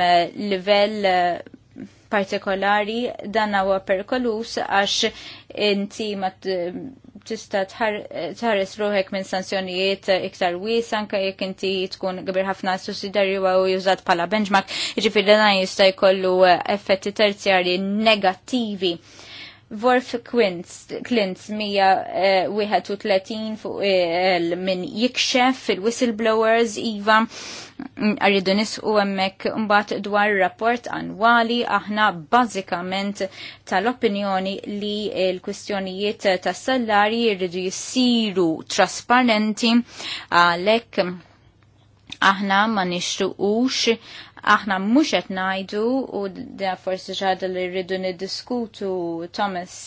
level eh, partikolari dana huwa perkolus għax inti ma tista tħares ruħek minn sanzjonijiet iktar wis anka jekk inti tkun kbir ħafna sussidari u jużat pala benchmark, jiġifieri dana jista' jkollu effetti terzjarji negattivi Vorf Klintz 131 eh, fuq eh, minn jikxef fil-whistleblowers Iva mm, għarridu nisqu hemmhekk mbagħad dwar rapport annwali aħna bażikament tal-opinjoni li l-kwistjonijiet tas-salari jridu jissiru trasparenti għalhekk aħna ma nixtuqux aħna mhux qed ngħidu u da forsi ċada li rridu niddiskutu Thomas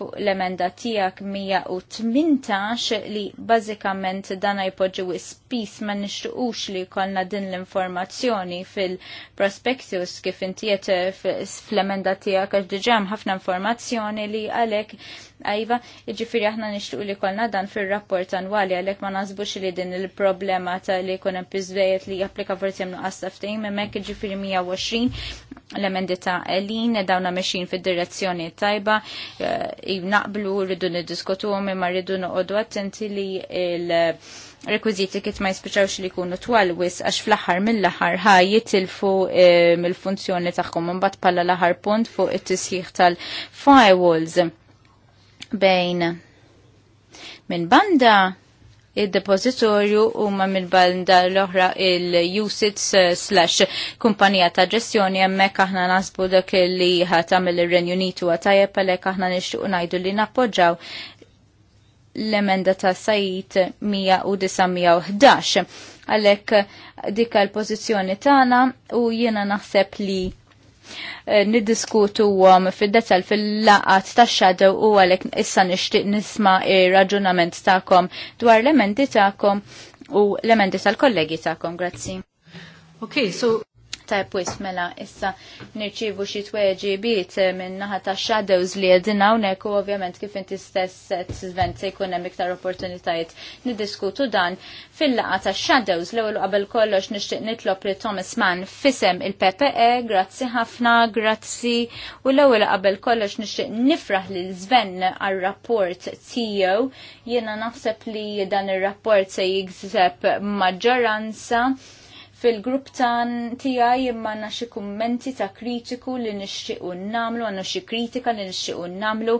fuq l-emenda tijak 118 li bazikament dana jpoġġu spis ma nishtuqux li konna din l-informazzjoni fil-prospektus kif intiet fl-emenda tijak għax diġam ħafna informazzjoni li għalek Ajva, ġifiri aħna nishtuq li konna dan fil-rapport annwali għalek ma nazbux li din il-problema ta' li konna pizvejet li japplika forzi jemnu għastaftajn, memmek ġifiri 120 l-emendi ta' Elin dawna meċin fi direzzjoni tajba, eh, naqblu rridu niddiskutu imma rridu noqodu attenti li il-rekwiziti kiet ma jispiċawx li kunu twal wis għax fl-axar mill-axar ħaj jitilfu eh, mill-funzjoni taħkom mbat palla l-axar punt fuq it-tisħiħ tal-firewalls bejn minn banda il-depozitorju u ma mill-banda l-oħra il-usits eh, slash kumpanija ta' ġestjoni emmek aħna nasbu dak li ħatamil il-Renjunitu għatajja palek aħna nixtuq najdu li nappoġġaw l-emenda ta' sajit 111. Għalek dikka l-pozizjoni tana u jiena naħseb li Eh, niddiskutuhom fid-detal fil-laqat tax-shadow u għalhekk issa nixtieq nisma' ir-raġunament tagħkom dwar l-emendi tagħkom u l-emendi tal-kollegi tagħkom. Grazzi. Ok, so tajb wis mela issa nirċivu xi tweġibiet minn naħa ta' shadows li għedina hawnhekk u ovvjament kif inti stess t se jkun hemm iktar opportunitajiet niddiskutu dan fil-laqa ta' shadows l-ewwel qabel kollox nixtieq nitlob li Thomas Mann fisem il-PPE, grazzi ħafna, grazzi u l-ewwel qabel kollox nixtieq nifraħ lil Sven għar-rapport tiegħu jiena naħseb li dan ir-rapport se jikseb maġġoranza fil-grupp tan tijaj imma għanna xie kummenti ta' kritiku li nixxiqu namlu, għanna xie kritika li nixxiqu namlu.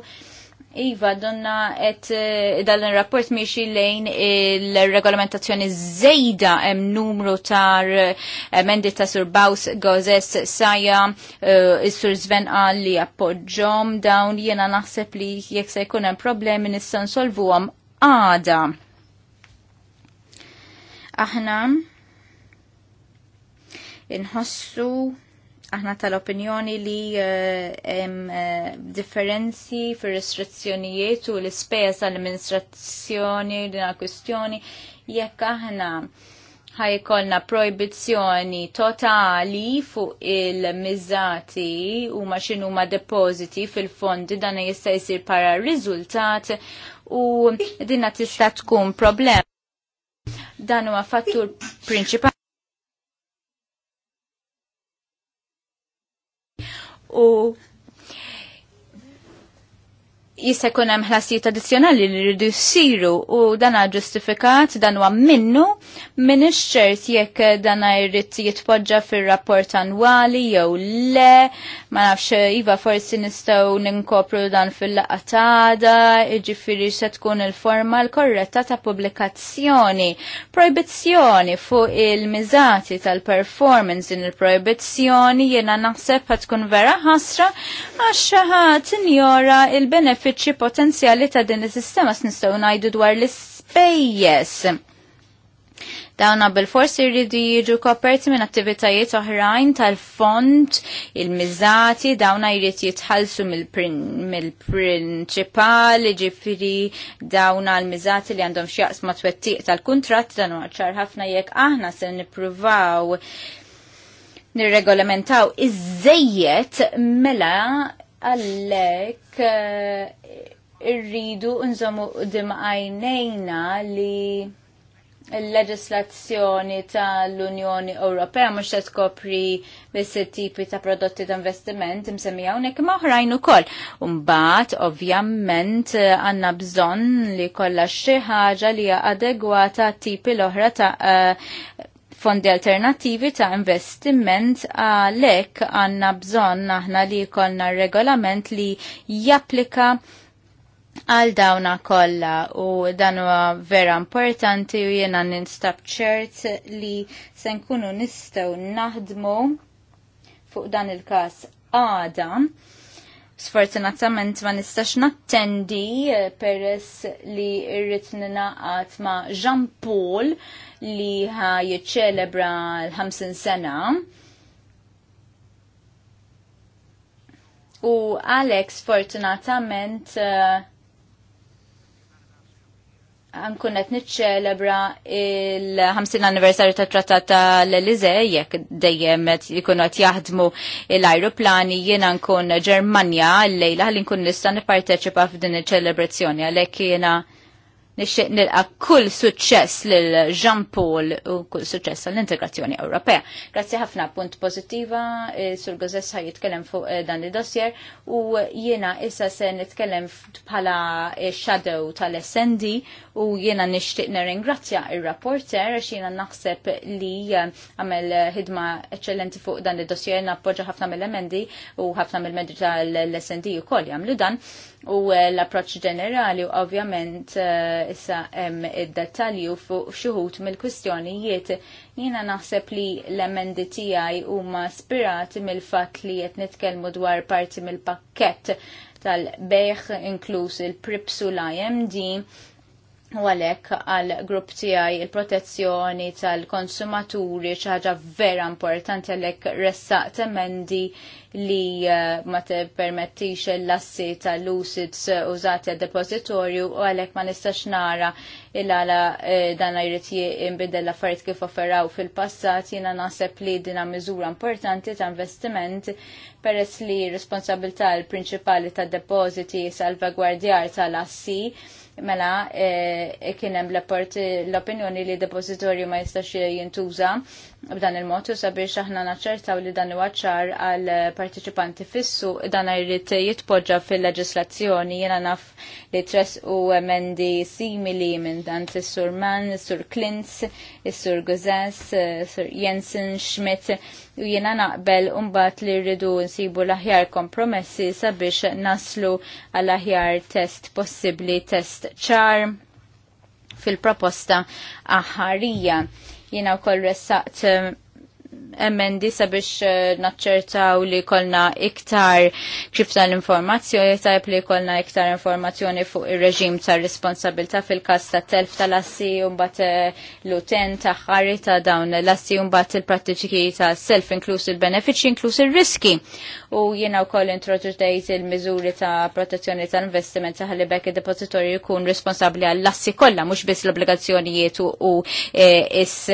Iva, donna, et eh, dal-rapport miexi lejn il-regolamentazzjoni zejda em numru tar eh, emendi ta' Sur Baus Gozes Saja, uh, eh, Sur Sven Alli appoġġom dawn jena naħseb li jek se jkun hemm problemi nissan solvu għada. Aħna, inħossu aħna tal-opinjoni li eh, hemm uh, differenzi fir restrizzjonijiet u l-ispejjeż tal-amministrazzjoni din kwistjoni jekk aħna ħajkolna proibizzjoni totali fuq il-mizzati u ma xinu ma depositi fil-fondi dan jista' jsir para riżultat u dinna tista' tkun problem. Dan huwa fattur prinċipali u jista' jkun hemm ħlasijiet addizzjonali li jridu jsiru u dan ġustifikat dan huwa minnu m'iniex ċert jekk dan jrid jitpoġġa fir-rapport annwali jew le, ma nafx iva forsi nistgħu ninkopru dan fil-laqatada, jiġifieri se tkun il-forma l-korretta ta' pubblikazzjoni. Proibizzjoni fuq il-miżati tal-performance din il-proibizzjoni jiena naħseb ħad tkun vera ħasra għax xi ħadd injora il-benefit il-benefiċċji potenzjali ta' din is-sistema s'nistgħu ngħidu dwar l-ispejjeż. Dawna bil forsi rridu jiġu koperti minn attivitajiet oħrajn tal-fond, il-mizzati, dawna jrid jitħallsu mill-prinċipal, mil ġifiri dawna l-mizzati li għandhom xjaqs ma twettiq tal-kontrat, dan ċar ħafna jekk aħna se nippruvaw nirregolamentaw iż-żejjed mela Għallek eh, irridu nżomu dimqajnejna li l-leġislazzjoni tal-Unjoni Ewropea mhux se tkopri biss tipi ta' prodotti ta' investiment imsemmi hawnhekk imma oħrajn ukoll. Imbagħad ovvjament eh, għandna bżonn li kollha xi ħaġa li hija adegwata tipi l-oħra ta' uh, fondi alternativi ta' investiment għalek għanna bżon aħna li kolna regolament li japplika għal dawna kolla u dan huwa vera importanti u jena ninstab ċert li se nkunu nistgħu naħdmu fuq dan il-każ għada Sfortunatament ma nistax nattendi eh, peress li irrit ninaqat ma' Jean Paul li ħa jiċċelebra l-50 sena. U Alex fortunatament uh, għankunet nitċelebra il-50 anniversarju ta' trattata ta' l-Elize, jekk dejjem jikunu għat jaħdmu l-aeroplani, jena nkun Ġermanja l-lejla għallin kun nista' nipparteċipa f'din il-ċelebrazzjoni, għalek jena nixtieq nilqa' kull suċċess lil Jean Paul u kull suċċess għall-integrazzjoni Ewropea. Grazzi ħafna punt pożittiva, Sur Gozess ħaj jitkellem fuq eh, dan id-dossier u jiena issa se nitkellem bħala eh, shadow tal-SND u jiena nixtieq nirringrazzja ir-rapporter għax jiena naħseb li eh, għamel ħidma eċċellenti fuq dan id-dossier nappoġġa ħafna mill-emendi u ħafna mill-medri tal-SND ukoll jagħmlu dan u eh, l-approċċ ġenerali u ovvjament eh, issa hemm id-dettalju fuq xi wħud mill-kwistjonijiet jiena naħseb li l-emendi tiegħi huma spirati mill-fatt li qed nitkellmu dwar parti mill-pakkett tal-beħ inkluż il u l-IMD U għalek għal grupp tijaj il-protezzjoni tal-konsumaturi ċaġa vera importanti għalek ressa temendi li eh, ma permettix l-assi tal-lucids użati għad depozitorju u għalek ma nistax nara il-għala eh, dan għajrit jimbidel l-affarijiet kif offeraw fil-passat jina naseb li dina miżura importanti ta' investiment peress li responsabilta l-prinċipali ta' depoziti salvagwardjar tal-assi mela eh, kien hemm l-opinjoni li depozitorju ma jistax jintuża b'dan il-mod sabiex aħna naċċertaw li dan ċar għal partiċipanti fissu dan jrid jitpoġġa fil-leġislazzjoni jiena naf li tres u emendi simili minn dan is-sur Mann, is-sur Klintz, is-sur Gozes, sur Jensen Schmidt u jiena naqbel umbat li rridu nsibu l-aħjar kompromessi sabiex naslu għal aħjar test possibbli test ċar fil-proposta aħħarija. Jiena wkoll ressaqt um, emendi sabiex eh, naċċertaw li kolna iktar kripta l-informazzjoni, tajb li kolna iktar informazzjoni fuq il-reġim ta' responsabilta fil-kas ta' telf ta' lassi umbat eh, l-utent ta' ħarri ta' dawn lassi bat il pratiċi ta' self inclusive il-benefici inklus riski U jena u koll introduċdejt il-mizuri ta' protezzjoni ta' investiment ta' ħalibek il-depozitorju jkun responsabli għall-lassi kolla, mux bis l obligazzjonijiet u eh, is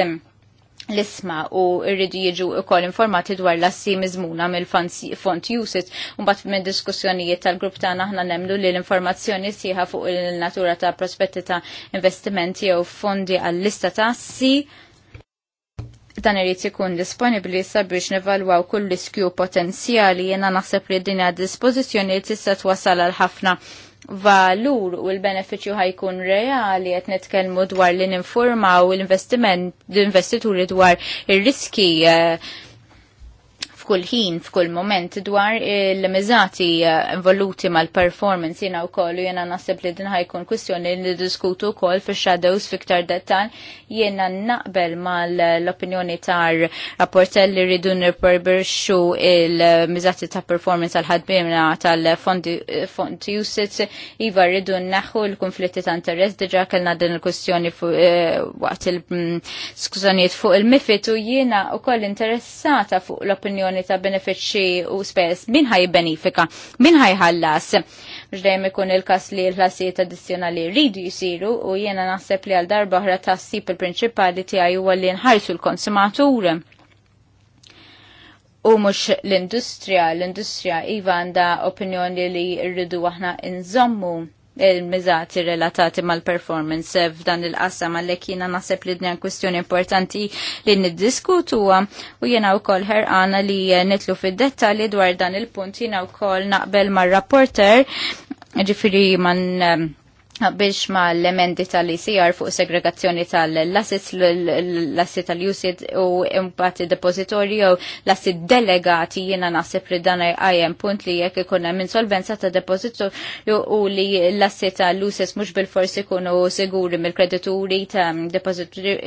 l-isma u rridu jiġu kol informati dwar l-assi izmuna mill-font usage u mbagħad minn diskussjonijiet tal-grupp tagħna aħna nemlu li l-informazzjoni siħa fuq il-natura ta' prospetti ta' investimenti jew fondi għall-lista ta' si dan irid ikun disponibbli sabiex nevalwaw kull riskju potenzjali jiena naħseb li din għad dispożizzjoni tista' twassal għal ħafna valur u l-beneficju ħajkun reali qed netkelmu dwar li ninformaw l-investiment l-investituri dwar ir-riski uh, eh, f'kull ħin, f'kull moment dwar l mizati eh, involuti mal-performance jina u kollu jena nasib li dinħaj kun kwistjoni li diskutu kol fi shadows fiktar dettal jena naqbel mal-opinjoni tar rapportel li rridu nirperber xu il-mizati ta' performance għal-ħadbimna tal-fond eh, usage iva rridu naħu l-konflitti ta' interess diġa kellna din il-kwistjoni eh, waqt il-skużaniet mm, fuq il mifitu jena u koll interessata fuq l-opinjoni kombinazzjoni ta' benefiċċji u spess, min ħaj benefika, min ħaj ħallas. Mux dejjem ikun il-kas li l-ħlasijiet addizzjonali rridu jisiru u jiena naħseb li għal darba ħra ta' sip il-prinċipali għaj u li nħarsu l-konsumatur. U mux l-industrija, l-industrija iva għanda opinjoni li rridu aħna nżommu il-mizati relatati mal-performance f'dan il-qassam għallek jina nasib li d-njan kwestjoni importanti li niddiskutu u jena u kol ħerqana li nitlu fil-dettali dwar dan il-punt jena u kol naqbel mar-rapporter ġifiri man biex ma l-emendi tal-ICR fuq segregazzjoni tal-assets, l-asset tal usage u impatti depozitori u l delegati jena nasib li dan għajem punt li jek ikonna minn solvenza ta' depozitori u li l-asset tal-usis mux bil-forsi kunu siguri mill-kredituri ta' depozitori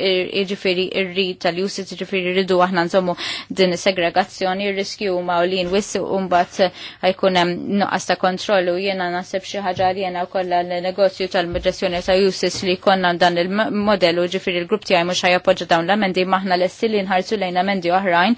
iġifiri irri tal usage iġifiri rridu aħna nżommu din segregazzjoni riskju ma u li nwis u mbatt għajkunem nuqqas ta' kontrollu jena nasib xaħġa li jena kolla l-negozju negozju tal-Migrazzjoni ta' Jusis li konna dan il-modellu ġifiri il-grupp tiegħi mhux appoġġa dawn l-amendi maħna l li nħarsu lejn amendi oħrajn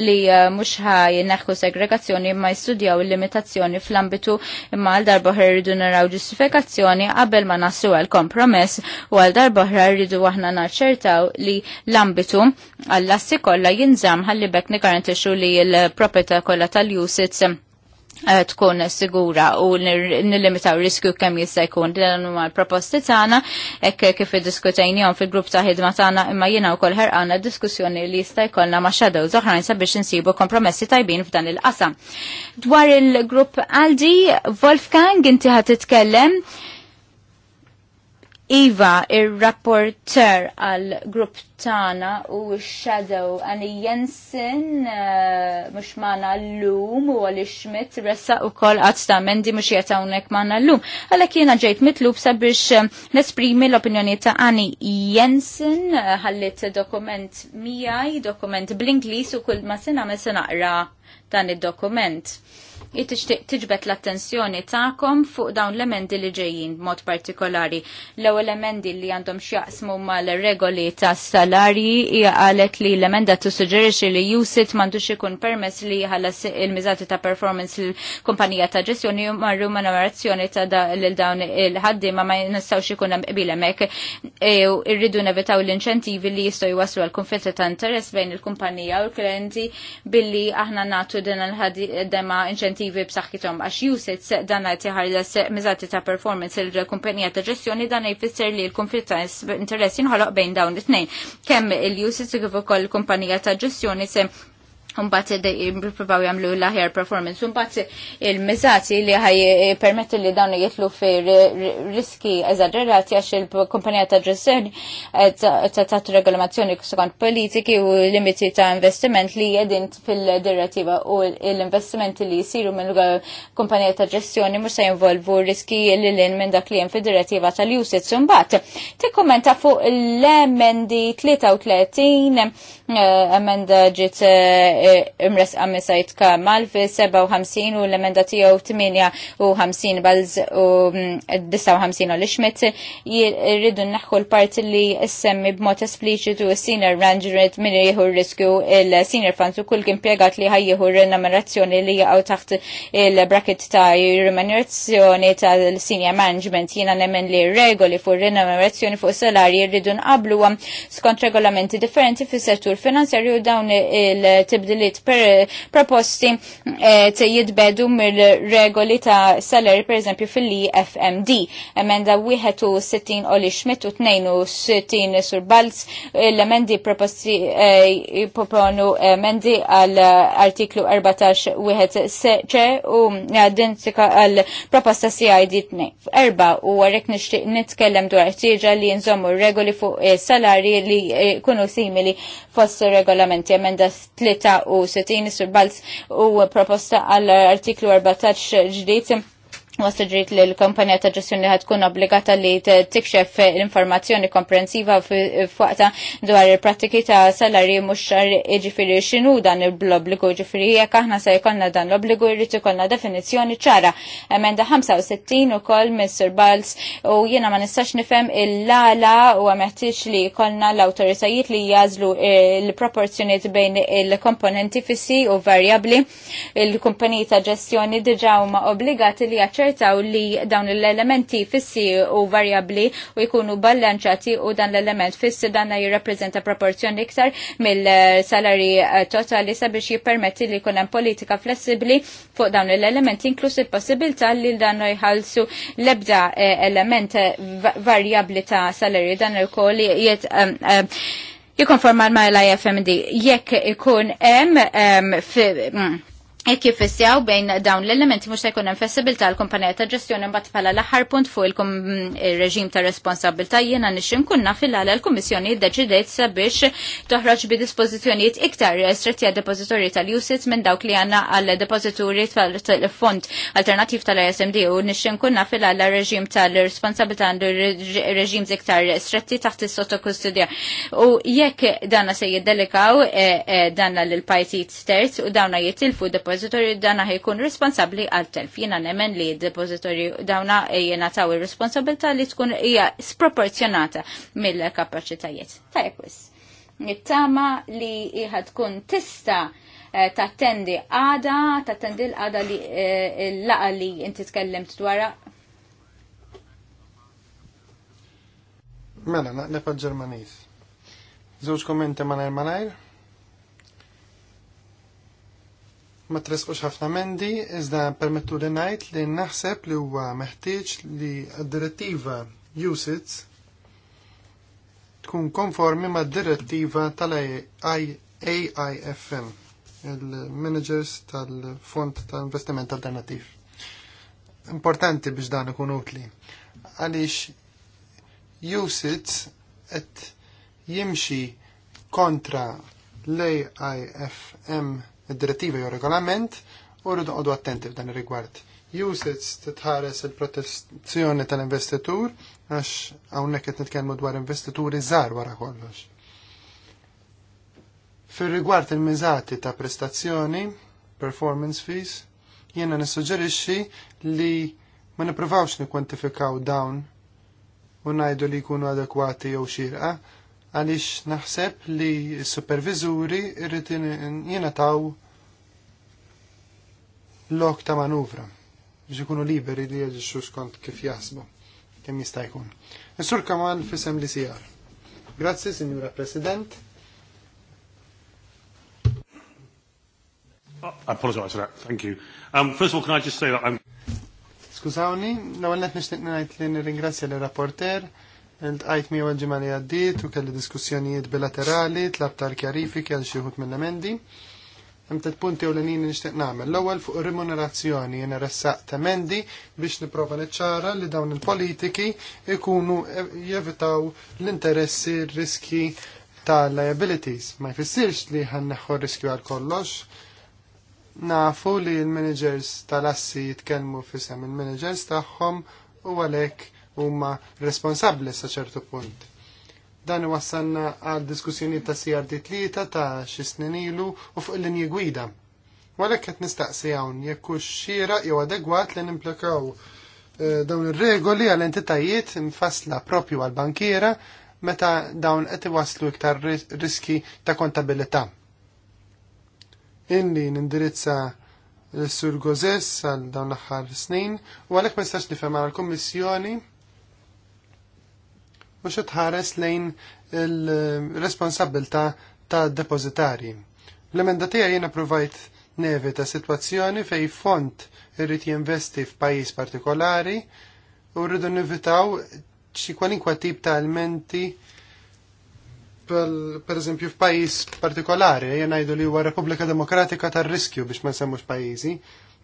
li uh, mhux ħaj neħku segregazzjoni ma jistudjaw il-limitazzjoni fl-ambitu imma għal darboħra rridu naraw ġustifikazzjoni qabel ma nassu għal kompromess u għal darboħra rridu aħna naċċertaw li l-ambitu għall-assi kollha jinżam għalli bekni nigarantixxu li l propieta kollha tal-Jusits Eh, tkun sigura u nillimitaw riskju kemm jista' jkun l huma l-proposti tagħna hekk kif jom fil-grupp ta' ħidma tagħna imma jiena wkoll ħerqana diskussjoni li jista' jkollna ma' shadows oħrajn sabiex insibu kompromessi tajbin f'dan il-qasam. Dwar il-grupp Aldi, Wolfgang inti ħad titkellem Iva, il-rapporter għal-grupp tana u shadow Annie Jensen uh, eh, mux maħna l-lum u għalli Schmidt ressa u kol għadsta mendi mux jetawnek maħna l-lum. Għalla kiena ġejt mitlub sabiex eh, nesprimi l-opinjoni ta' Annie Jensen eh, ħallit dokument mijaj, dokument bl-Inglis u kull ma sena me naqra dan il-dokument tiġbet l-attenzjoni ta'kom fuq dawn l-emendi li ġejjin b'mod partikolari. L-ewwel emendi li għandhom x'jaqsmu mal-regoli tas-salarji hija qalet li l-emenda tissuġġerixxi li jusit m'għandux ikun permess li ħallas il-miżati ta' performance l-kumpanija ta' ġestjoni marru manumerazzjoni ta' lil dawn il ħaddi ma nistgħux ikun hemm qbil hemmhekk e, irridu nevitaw l-inċentivi li jistgħu jwaslu għal konflitti ta' interess bejn il-kumpanija u l-klienti billi aħna nagħtu din il-ħaddiema inċentivi inċentivi b'saħħithom għax jusit dan tiħar l mizati ta' performance il-kumpanija ta' ġestjoni dan jfisser li l-konflitt ta' interess jinħoloq bejn dawn it-tnejn. Kemm il-usits kif ukoll kumpanija ta' ġestjoni se mbagħad jippruvaw jagħmlu l-aħjar performance. Mbagħad il-miżati li ħaj permetti li dawn jitlu fi riski eżagerati għax il-kumpanija ta' ġessern ta' regolamazzjoni skont politiki u limiti ta' investiment li jedin fil-direttiva u l-investimenti li jisiru mill kumpanija ta' ġestjoni mhux se jinvolvu riski li l minn dak li hemm fid-direttiva tal-usage. Ti tikkumenta fuq l-emendi 33 eh, emenda ġiet eh, E, imres għamisajt kamal fi 57 u l-emenda tijaw 58 balz u 59 mm, u l ixmet jirridu naħħu l-part li semmi b'mod espliċitu senior management minn r riskju il-senior funds u kull impiegat li r renumerazzjoni li għaw taħt il-bracket ta' remunerazzjoni ta' l-senior management jina nemmen li regoli fuq renumerazzjoni fuq salari jirridu nqablu skont regolamenti differenti fis settur finanzjarju dawn il-tibdil per proposti eh, jitbedu mill-regoli ta' salari per eżempju fil-FMD. Emenda 61 Oli Schmidt u 62 Sur Balz l-emendi proposti eh, proponu emendi għal artiklu 14 wieħed ċe u identika għal proposta CID 4 u għarek nishtiq nitkellem dwar ħtieġa li nżommu regoli fuq eh, salari li kunu simili post regolamenti emenda 63 sur balz u proposta għall artiklu 14 ġdid Wasġrit li l-kompanija ta' ġestjoni ħad tkun obbligata li tikxef l informazzjoni komprensiva fuqta dwar il-prattiki ta' salari mux xar ġifiri xinu dan l-obbligu ġifiri jek aħna se jkollna dan l-obbligu jrid ikollna definizzjoni ċara. Emenda 65 u kol Mr. Balz u jiena ma nistax nifhem il-lala u għameħtieġ li jkollna l-awtoritajiet li jażlu eh, l-proporzjoniet bejn il-komponenti fissi u variabli Il-kumpaniji ta' ġestjoni diġa huma obbligati li għacċer naċċertaw li dawn l-elementi fissi u variabli u jkunu ballanċati u dan l-element fissi danna jirrappreżenta proporzjoni iktar mill-salari eh, totali sabiex jippermetti li jkun hemm politika flessibbli fuq dawn l-elementi inkluż il-possibilità li dan jħallsu l-ebda eh, element eh, variabli ta' salari dan ukoll jiet jikonforma l-IFMD jekk ikun hemm mm, E kif issew bejn dawn l-elementi mhux se jkun hemm flessibilità l-kumpanija ta' ġestjoni mbagħad bħala l-aħħar punt fuq il-reġim ta' responsabilità jiena nix kunna fil-għala l-Kummissjoni ddeċidejt sabiex toħroġ bi dispożizzjonijiet iktar stretti għad depożitorji tal-usits minn dawk li għandna għal depożitorji tal-fond alternattiv tal-ISMD u nix kunna fil-għala reġim tal-responsabilità għandu reġim iktar stretti taħt is-sottokustudja. U jekk danna se jiddelikaw e- e- danna lill pajtit terz u dawna jitilfu depożitorji depozitorju dana ħajkun responsabli għal telf. Jina nemmen li depozitorju dawna jena taw responsabilta li tkun hija sproporzjonata mill-kapacitajiet. Tajkwis. Nittama li jħad tkun tista eh, tendi għada, tendi l-għada li eh, l-laqa li inti t dwarha. Mela, naqnefa ġermanis. ġermaniż Zewġ kommenti ma' najr ma' ma tresqux ħafna mendi, iżda permettu li ngħid li naħseb li huwa meħtieġ li d-direttiva USITS tkun konformi mad direttiva tal-AIFM, il-managers tal-Fond tal Investiment Alternativ. Importanti biex dan ikun utli. Għaliex USITS qed jimxi kontra l-AIFM id-direttiva jew regolament u rridu għodu attenti f'dan ir-rigward. Usage titħares il-protezzjoni tal-investitur għax hawnhekk qed nitkellmu dwar investituri żgħar wara kollox. Fir-rigward il-miżati ta' prestazzjoni, performance fees, jiena nissuġġerixxi li ma nippruvawx nikkwantifikaw dawn u ngħidu li jkunu adekwati jew xirqa għalix naħseb li s-superviżuri irrid jingħataw lok ta' manuvra biex ikunu liberi li jaġixxu skont kif jaħsbu Kem jistajkun. jkun. Kamal fissem li sijar. Grazie, signora President. Oh, I apologize for that. Thank you. Um, first of all, can I just say that I'm... Skużawni, l-għal net nishtiq najt li nirringrazzja l-rapporter Intqajt miegħu l-ġimgħa li għaddiet u kelli diskussjonijiet bilaterali tlab tal-kjarifiki għal xi wħud mill-emendi. Hemm tet punti ewlenin li nixtieq nagħmel. L-ewwel fuq remunerazzjoni jiena ressaq t'emendi biex nipprova niċċara li dawn il-politiki ikunu jevitaw l-interessi, r-riski tal-liabilities. Ma jfissirx li ħanneħħu riskju għal kollox, nafu li l-managers tal-assi jitkelmu fisem il-managers tagħhom u għalek huma responsabbli sa ċertu punt. Dan wassanna għal diskussjoni ta' CRD3 ta' xi snin ilu u fuq l linji gwida. Walek qed nistaqsi hawn jekk hux xieraq jew adegwat li nimplikaw eh, dawn ir-regoli għal entitajiet mfasla propju għal bankiera meta dawn qed iwasslu iktar riski ta' kontabilità. Inni nindirizza l-Sur għal dawn l-aħħar snin u għalhekk ma nistax nifhem għal kummissjoni biex xi tħares lejn il responsabilta ta' depozitarji. L-emenda tiegħi jiena provajt nevita sitwazzjoni fej font irrit jinvesti f'pajjiż partikolari u rridu nivitaw xi kwalinkwa tip ta' elementi per eżempju f'pajjiż partikolari, ngħidu li huwa Repubblika Demokratika tar-Riskju biex ma nsemmux pajjiżi,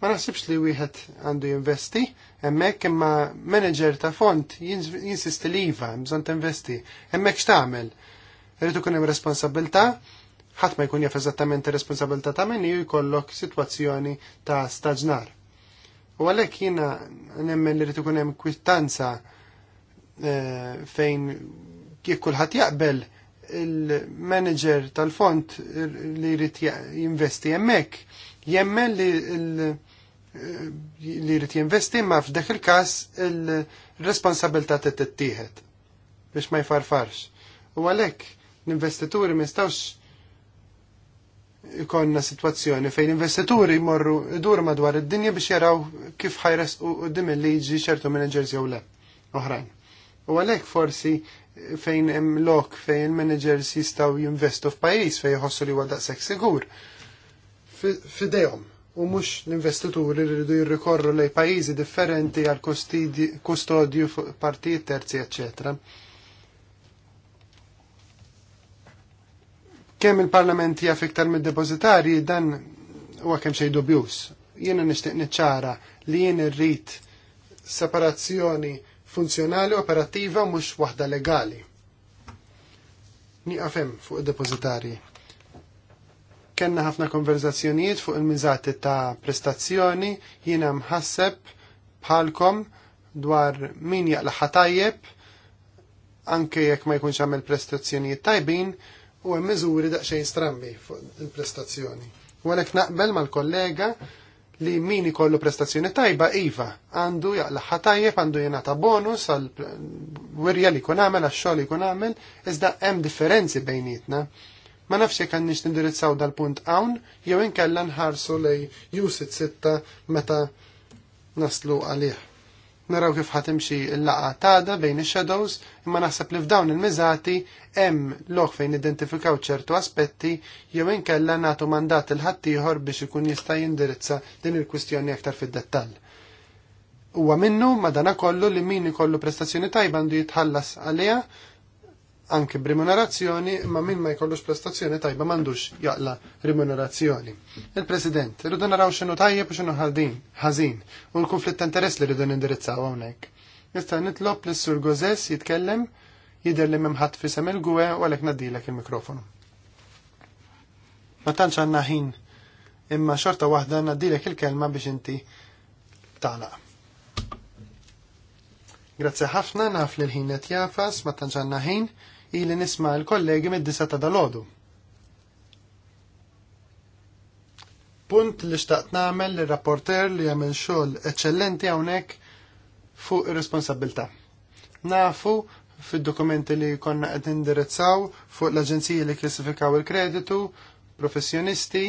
Ma naħsibx li wieħed għandu jinvesti, hemmhekk imma manager ta' font jinsisti li iva, bżonn tinvesti. Hemmhekk x'tagħmel? Irid ikun hemm responsabilità, ħadd ma jkun jaf eżattament ir-responsabilità ta' min u jkollok sitwazzjoni ta' staġnar. U għalhekk jiena nemmen li rid ikun hemm kwittanza eh, fejn kif kulħadd jaqbel il-manager tal-font li jrid jinvesti hemmhekk jemmen li li rrit jinvesti ma f'dak il-każ il-responsabilità tittieħed biex ma jfarfarx. U għalhekk l-investituri ma jistgħux ikonna sitwazzjoni fejn investituri jmorru idur madwar id-dinja biex jaraw kif ħajres u dim il-liġi ċertu managers jew le oħrajn. U għalhekk forsi fejn hemm lok fejn managers jistgħu jinvestu f'pajjiż fejn jħossu li huwa daqshekk sigur f'idejhom u mhux l-investituri li rridu jirrikorru lej pajjiżi differenti għal kustodju fuq partijiet terzi, eccetera. kemm il-Parlament jaf iktar mid-depozitarji dan huwa kemm xejn dubjus. Jiena nixtieq niċċara li jien irrid separazzjoni funzjonali operattiva mhux waħda legali. Niqafem fuq id-depozitarji. Kenna ħafna konverzazzjonijiet fuq il-miżati ta' prestazzjoni, jiena mħasseb bħalkom dwar min jaqla tajjeb, anke jekk ma jkunx għamel prestazzjonijiet tajbin, u hemm miżuri daqsxejn strambi fuq il-prestazzjoni. U għalhekk naqbel mal-kollega li min ikollu prestazzjoni tajba iva għandu jaqla tajjeb għandu jenata bonus għal wirja li kun għamel għax xogħol li kun għamel iżda hemm differenzi bejnietna Ma nafx jekk nix nindirizzaw dal-punt hawn jew inkella nħarsu lej jusit sitta meta naslu għalih. Naraw kif ħatimxi l-laqa tada bejn ix-shadows, imma naħseb li f'dawn il-miżati hemm loħ fejn identifikaw ċertu aspetti jew inkella nagħtu mandat il-ħaddieħor biex ikun jista' jindirizza din il-kwistjoni aktar fid-dettall. Huwa minnu madana kollu li min ikollu prestazzjoni tajba għandu jitħallas għaliha anke b'rimunerazzjoni imma min ma jkollux prestazzjoni tajba m'għandux jaqla remunerazzjoni. Il-President, irridu naraw x'inhu tajjeb u x'inhu ħaldin, ħażin, u l-konflitt ta' interess li rridu nindirizzaw hawnhekk. Nista' nitlob lis sur Gozes jitkellem jidher li memħat fisem il-gwe u għalhekk ngħaddilek il-mikrofonu. Ma tantx għandna ħin imma xorta waħda ngħaddilek il-kelma biex inti tagħlaq. Grazzi ħafna naf li l-ħin qed jafas ma tantx għandna ħin ili nisma l-kollegi mid-disa ta' dalodu. Punt li xtaqt namel li rapporter li jagħmel xogħol eċċellenti hawnhekk fuq ir-responsabilità. Nafu fid-dokumenti li konna qed indirizzaw fuq l-aġenziji li klassifikaw il-kreditu, professjonisti,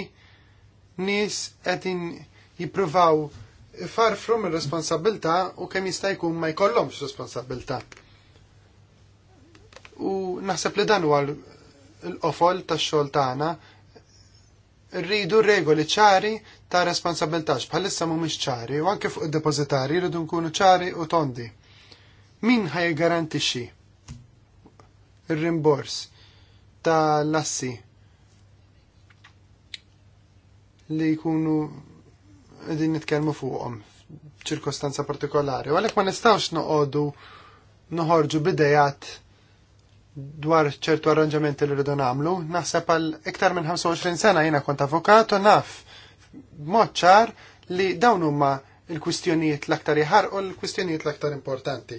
għed qed jippruvaw farfru il-responsabilta u kemm jista' jkun ma jkollhomx responsabilità u naħseb li dan huwa l-qofol tax-xogħol tagħna rridu regoli ċari ta' responsabiltax bħalissa mhumiex ċari u anke fuq id depożitarji rridu nkunu ċari u tondi. Min ħaj garantixxi ir-rimbors ta' lassi li jkunu qegħdin nitkellmu fuqhom ċirkostanza partikolari. U għalhekk ma nistgħux noqogħdu noħorġu bidejat dwar ċertu arranġamenti li rridu nagħmlu, naħseb għal iktar minn 25 sena jiena kont avukat u naf b'mod ċar li dawn huma il-kwistjonijiet l-aktar u l-kwistjonijiet l-aktar importanti.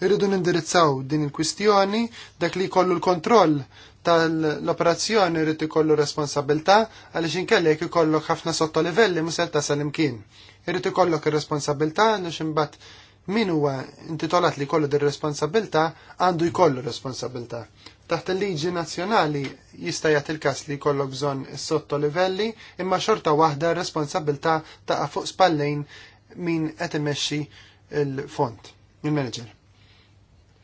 Irridu nindirizzaw din il-kwistjoni dak li jkollu l-kontroll tal-operazzjoni rrid ikollu responsabilità għaliex inkellek jekk ikollok ħafna sottolivelli mhux se tasal imkien. Irrid ikollok ir-responsabilità għaliex imbagħad min huwa intitolat li kollu dir responsabilta għandu jkollu responsabilta. Taħt il-liġi nazzjonali jista' jagħti il-każ li jkollok bżonn is-sotto livelli imma xorta waħda responsabilta ta' fuq spallejn min qed imexxi il-font, il-manager.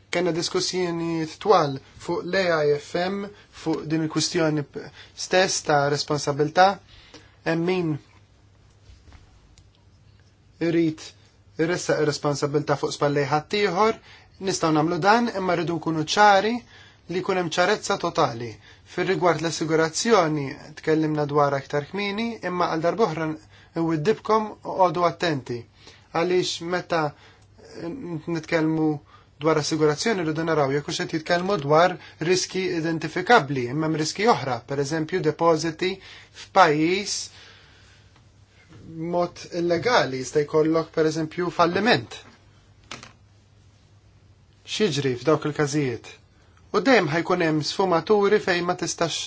Kenna diskussjoni twal fuq l-AIFM fuq din il-kwistjoni stess ta' responsabilta hemm min irrid irressa responsabilta fuq spallej ħattijħor, nistgħu nagħmlu dan imma rridu nkunu ċari li jkun hemm ċarezza totali. Fir-rigward l-assigurazzjoni tkellimna dwar aktar kmini, imma għal darboħra u għodu attenti. Għaliex meta nitkellmu dwar assigurazzjoni rridu naraw jekk qed jitkellmu dwar riski identifikabbli, imma riski oħra, pereżempju depożiti f'pajjiż mod illegali jista' jkollok pereżempju falliment. Xiġri f'dawk il-każijiet? U dejjem ħajkun hemm sfumaturi fejn ma tistax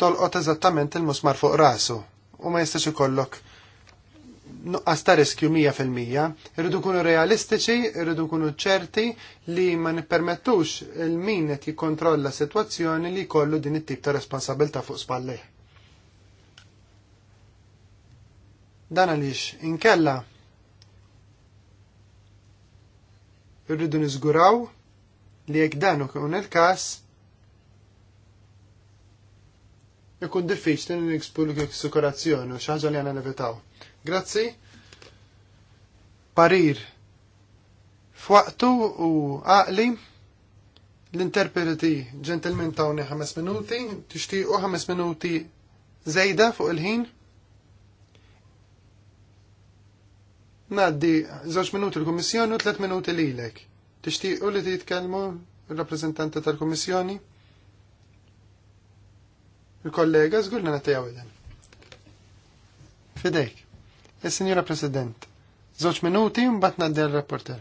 tolqot eżattament il-musmar fuq rasu u ma jistax ikollok nuqqas ta' riskju 100%, irridu kunu realistiċi, irridu kunu ċerti li ma nippermettux il-min qed jikkontrolla sitwazzjoni li jkollu din it-tip ta' responsabilta fuq spalleh. Dan għaliex inkella irridu niżguraw li jekk dan ikun il-każ ikun diffiċli li nikspu l-assikurazzjoni u xi ħaġa li għandna nevitaw. Grazzi. Parir f'waqtu u għaqli l-interpreti ġentilmen tawni 5 minuti, tixtiequ 5 minuti zejda fuq il-ħin. Naddi żewġ minuti l-Kummissjoni u tliet minuti lilek. u li titkellmu r-rappreżentanti tal-Kummissjoni? Il-kollega żgur nagħtijaw idem. Fidejk. il-Signora President, żewġ minuti mbagħad naddi l-rapporter.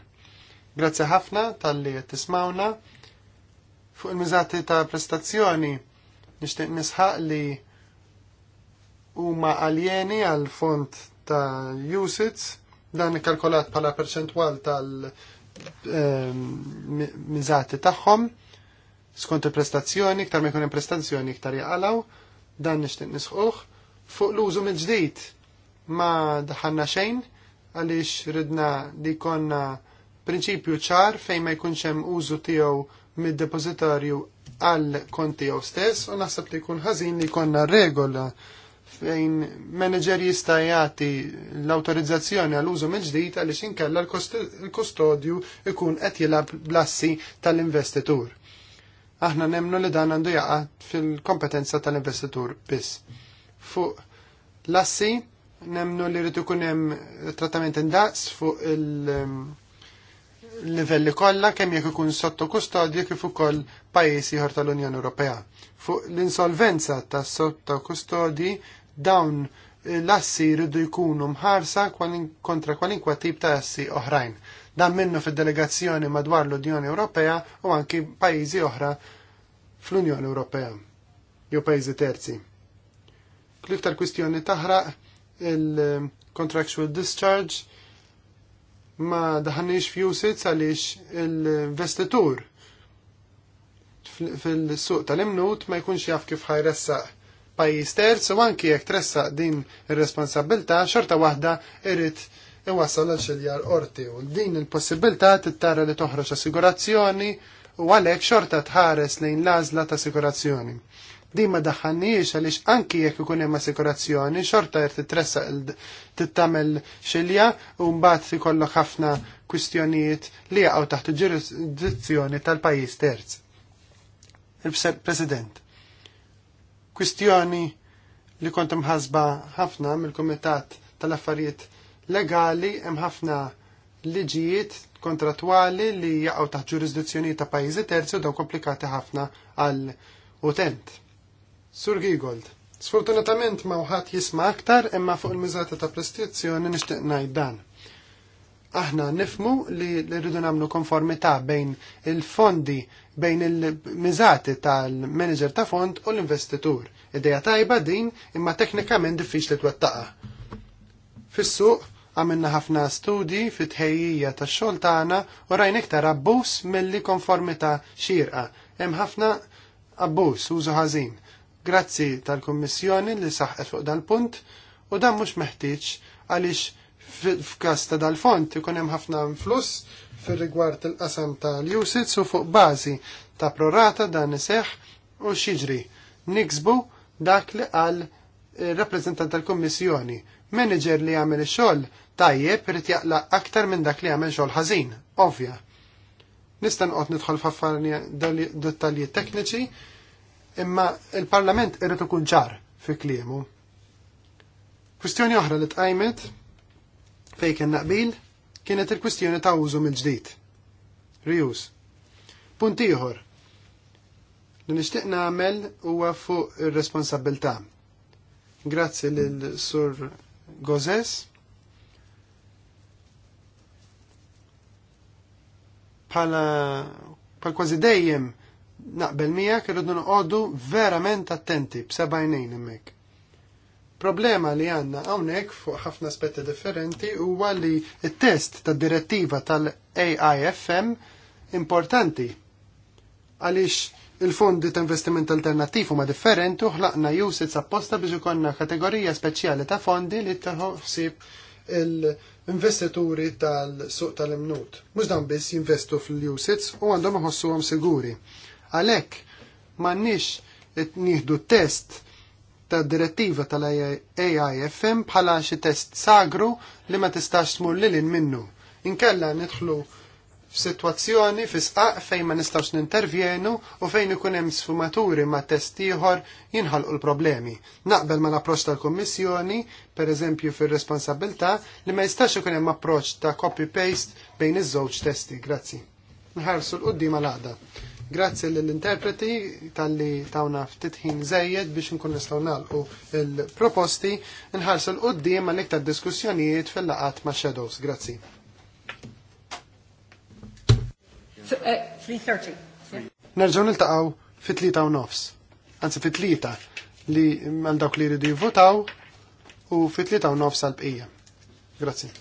Grazzi ħafna tal-li tismawna. Fuq il-miżati ta' prestazzjoni nixtieq nisħaq li huma aljeni għal font ta' usage dan kalkolat bħala perċentwal tal-miżati ehm, tagħhom skont il-prestazzjoni, iktar ma jkun hemm prestazzjoni ktar jaqalaw, dan nixtieq nisħuh fuq l-użu mill-ġdid ma daħanna xejn għaliex ridna li konna prinċipju ċar fejn ma jkunx hemm użu tiegħu mid depozitorju għal konti jew stess u naħseb li jkun ħażin li jkollna regola fejn manager jista' jagħti l-awtorizzazzjoni għal użu mill-ġdid għaliex inkella l-kustodju ikun qed jilgħab blassi tal-investitur. Aħna nemnu li dan għandu jaqa fil-kompetenza tal-investitur biss. Fuq lassi nemnu li rrid ikun hemm trattament indaqs fuq il-livelli um, kollha kemm jekk ikun sotto kustodju kif ukoll pajjiż ieħor tal-Unjoni Ewropea. Fuq l-insolvenza tas sotto kustodji dawn l-assi jridu jkunu mħarsa kontra kwalinkwa tip ta' assi oħrajn. Dan minnu fil-delegazzjoni madwar l-Unjoni Ewropea u anki pajjiżi oħra fl-Unjoni Ewropea jew pajjiżi terzi. Kliktar kwistjoni taħraq il-contractual discharge ma daħanix f'jusit għaliex il-vestitur fil-suq tal-imnut ma jkunx jaf kif ħajressaq pajjiż terz u anki jekk tressaq din ir-responsabilità xorta waħda irid iwassal għal xiljar orti u din il-possibilità tittara li toħroġ assigurazzjoni u għalhekk xorta tħares lejn l-għażla ta' assigurazzjoni. Din ma daħħanniex għaliex anki jekk ikun hemm assigurazzjoni xorta jekk titressaq tittamel xilja u mbagħad ikollok ħafna kwistjonijiet li jaqgħu taħt il-ġurisdizzjoni tal-pajjiż terz. Il-President, Kwistjoni li kont imħasba ħafna mill-Kumitat tal-Affarijiet Legali hemm ħafna liġijiet kontratwali li jaqgħu taħt ġurisdizzjoni ta' pajjiżi terzi u dawn komplikati ħafna għal utent. Sur Gigold, sfortunatament ma' wħadd jisma' aktar imma fuq il-miżata ta' prestizzjoni nixtieq ngħid dan aħna nifmu li rridu namlu konformità bejn il-fondi, bejn il-mizati tal-manager ta' fond u l-investitur. Ideja tajba din imma teknikament diffiċ li twettaqa. Fis-suq għamilna ħafna studi fit-tħejjija ta' xogħol tagħna u rajn iktar abbuż milli konformità xirqa. Hemm ħafna abbuż użu ħażin. Grazzi tal-Kummissjoni li saħqet fuq dal-punt u dan mhux meħtieġ għaliex f'każ ta' dal-font ikun hemm ħafna flus fir-rigward il-qasam tal-usits u fuq bażi ta' prorata dan iseħħ u xiġri. Niksbu dak li qal rappresentant tal-Kommissjoni, manager li għamel xogħol tajjeb irid jaqlaq aktar minn dak li għamel xogħol ħażin, ovvja. Nista' noqgħod nidħol f'affarni dettalji tekniċi, imma il-Parlament irid ikun ġar fi kliemu. Kwistjoni oħra li tqajmet Fej kien naqbil kienet il-kwistjoni ta' użu mill-ġdid. Rius. Punt ieħor. Li nixtieq nagħmel huwa fuq ir-responsabilità. Grazzi lil Sur Gozes. Pala pal kważi dejjem naqbel miegħek irridu noqogħdu verament attenti b'seba' jnejn hemmhekk problema li għanna għawnek fuq ħafna aspetti differenti huwa li il-test ta' direttiva tal-AIFM importanti għalix il-fondi ta' investiment alternativ huma differenti u ħlaqna usage apposta biex ikonna kategorija speċjali ta' fondi li taħsib il-investituri tal-suq tal-imnut. Mux dan biss jinvestu fil-usits u għandhom iħossuhom siguri. Għalhekk m'għandniex nieħdu test ta' direttiva tal-AIFM bħala xi test sagru li ma tistax tmur lil minnu. Inkella nidħlu f'sitwazzjoni fis-qaq fejn ma nistax nintervjenu u fejn ikun hemm sfumaturi ma' test ieħor jinħalqu l-problemi. Naqbel ma l-approċċ tal-Kummissjoni, pereżempju fir-responsabilità, li ma jistax ikun hemm approċċ ta' copy-paste bejn iż-żewġ testi. Grazzi. Nħarsu l-qudiem għal-għada. Grazzi l-interpreti tal-li tawna ftitħin zejjed biex nkun nistaw nalqu il-proposti nħarsu l-qoddim għal iktar diskussjonijiet fil-laqat ma' Shadows. Grazzi. 3.30. Eh, niltaqgħu fit-tlieta u nofs. Anzi fit-tlieta li għal dawk li jridu jivvotaw u fit-tlieta u nofs għal bqija. Grazzi.